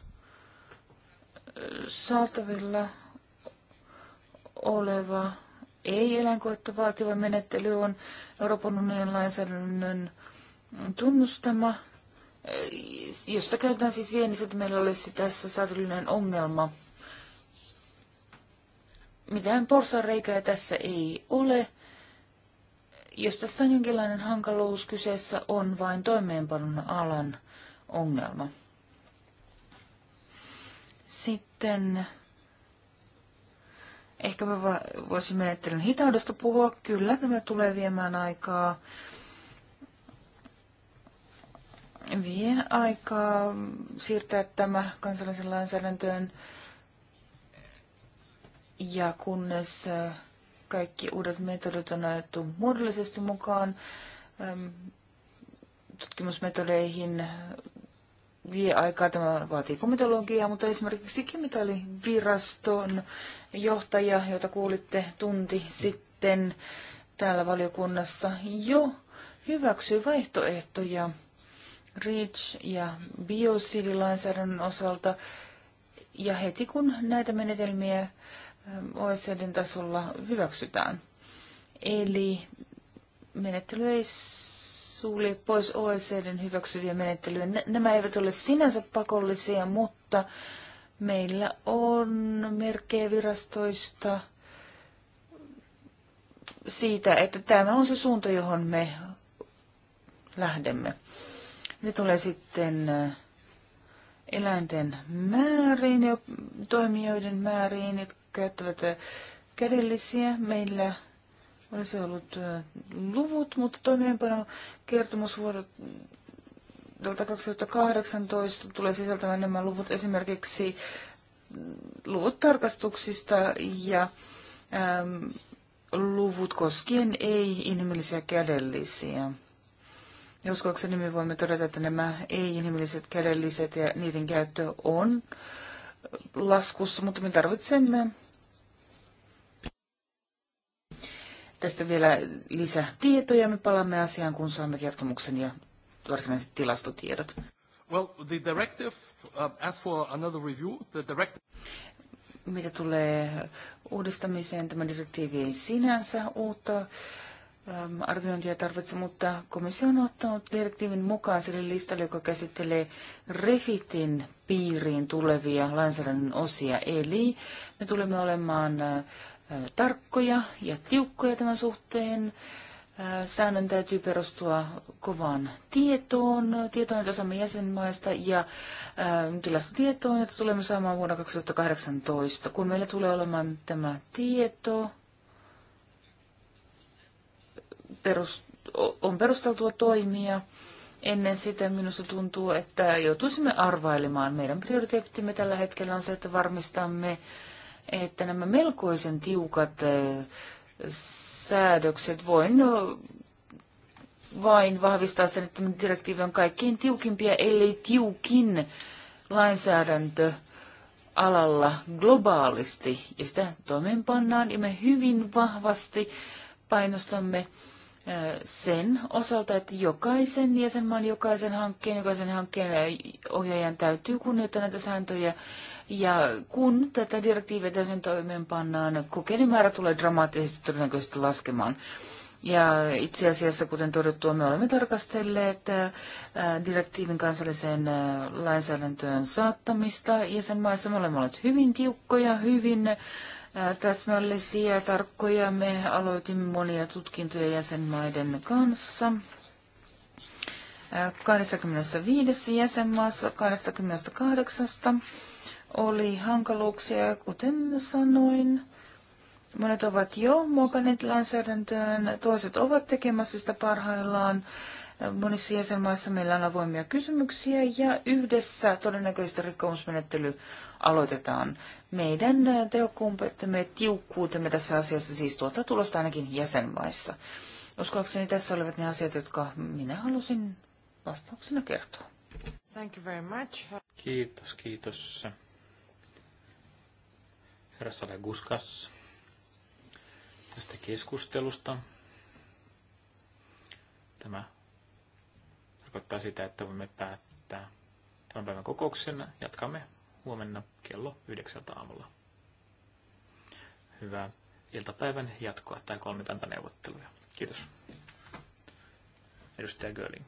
äh, saatavilla oleva ei-eläinkoetta vaativa menettely on Euroopan unionin lainsäädännön tunnustama Äh, Josta käytetään siis niin sitten meillä olisi tässä säätöllinen ongelma. Mitään reikää tässä ei ole. Jos tässä on jonkinlainen hankaluus, kyseessä on vain toimeenpanon alan ongelma. Sitten ehkä mä voisin menettelyn hitaudesta puhua. Kyllä, tämä tulee viemään aikaa vie aikaa siirtää tämä kansallisen lainsäädäntöön ja kunnes äh, kaikki uudet metodit on ajettu muodollisesti mukaan ähm, tutkimusmetodeihin äh, vie aikaa, tämä vaatii komitologiaa, mutta esimerkiksi kemitaaliviraston johtaja, jota kuulitte tunti sitten täällä valiokunnassa, jo hyväksyi vaihtoehtoja REACH- ja biosidilainsäädännön osalta. Ja heti kun näitä menetelmiä OECDn tasolla hyväksytään. Eli menettely ei sulje pois OECDn hyväksyviä menettelyjä. Nämä eivät ole sinänsä pakollisia, mutta meillä on merkkejä virastoista siitä, että tämä on se suunta, johon me lähdemme. Ne tulee sitten eläinten määriin ja toimijoiden määriin, jotka käyttävät kädellisiä. Meillä olisi ollut luvut, mutta toimeenpano kertomus 2018 tulee sisältämään nämä luvut esimerkiksi mm, luvut tarkastuksista ja äm, luvut koskien ei-inhimillisiä kädellisiä. Ja uskoakseni me voimme todeta, että nämä ei-inhimilliset kädelliset ja niiden käyttö on laskussa, mutta me tarvitsemme tästä vielä lisätietoja. Me palaamme asiaan, kun saamme kertomuksen ja varsinaiset tilastotiedot. Well, the directive, uh, as for another review, the directive... Mitä tulee uudistamiseen, tämä direktiivi ei sinänsä uutta. Ähm, arviointia tarvitse, mutta komissio on ottanut direktiivin mukaan sille listalle, joka käsittelee refitin piiriin tulevia lainsäädännön osia. Eli me tulemme olemaan äh, tarkkoja ja tiukkoja tämän suhteen. Äh, säännön täytyy perustua kovaan tietoon, tietoon, jota saamme jäsenmaista ja äh, tilastotietoon, jota tulemme saamaan vuonna 2018. Kun meillä tulee olemaan tämä tieto, perus, on perusteltua toimia. Ennen sitä minusta tuntuu, että joutuisimme arvailemaan. Meidän prioriteettimme tällä hetkellä on se, että varmistamme, että nämä melkoisen tiukat säädökset voin vain vahvistaa sen, että direktiivi on kaikkein tiukimpia, ellei tiukin lainsäädäntö alalla globaalisti. Ja sitä toimeenpannaan ja me hyvin vahvasti painostamme sen osalta, että jokaisen jäsenmaan, jokaisen hankkeen, jokaisen hankkeen ohjaajan täytyy kunnioittaa näitä sääntöjä. Ja kun tätä direktiiviä täysin toimeenpannaan, määrä tulee dramaattisesti todennäköisesti laskemaan. Ja itse asiassa, kuten todettua, me olemme tarkastelleet direktiivin kansalliseen lainsäädäntöön saattamista jäsenmaissa. Me olemme olleet hyvin tiukkoja, hyvin täsmällisiä, tarkkoja. Me aloitimme monia tutkintoja jäsenmaiden kanssa. 25 jäsenmaassa 28 oli hankaluuksia, kuten sanoin. Monet ovat jo muokanneet lainsäädäntöön, toiset ovat tekemässä sitä parhaillaan. Monissa jäsenmaissa meillä on avoimia kysymyksiä ja yhdessä todennäköisesti rikkomusmenettely aloitetaan meidän tehokkuutemme, tiukkuutemme tässä asiassa siis tuottaa tulosta ainakin jäsenmaissa. Uskoakseni tässä olivat ne asiat, jotka minä halusin vastauksena kertoa. Thank you very much. Kiitos, kiitos. Herra Salaguskas tästä keskustelusta. Tämä tarkoittaa sitä, että voimme päättää tämän päivän kokouksen. Jatkamme huomenna kello yhdeksältä aamulla. Hyvää iltapäivän jatkoa tai kolmikantaneuvotteluja. Kiitos. Edustaja Görling.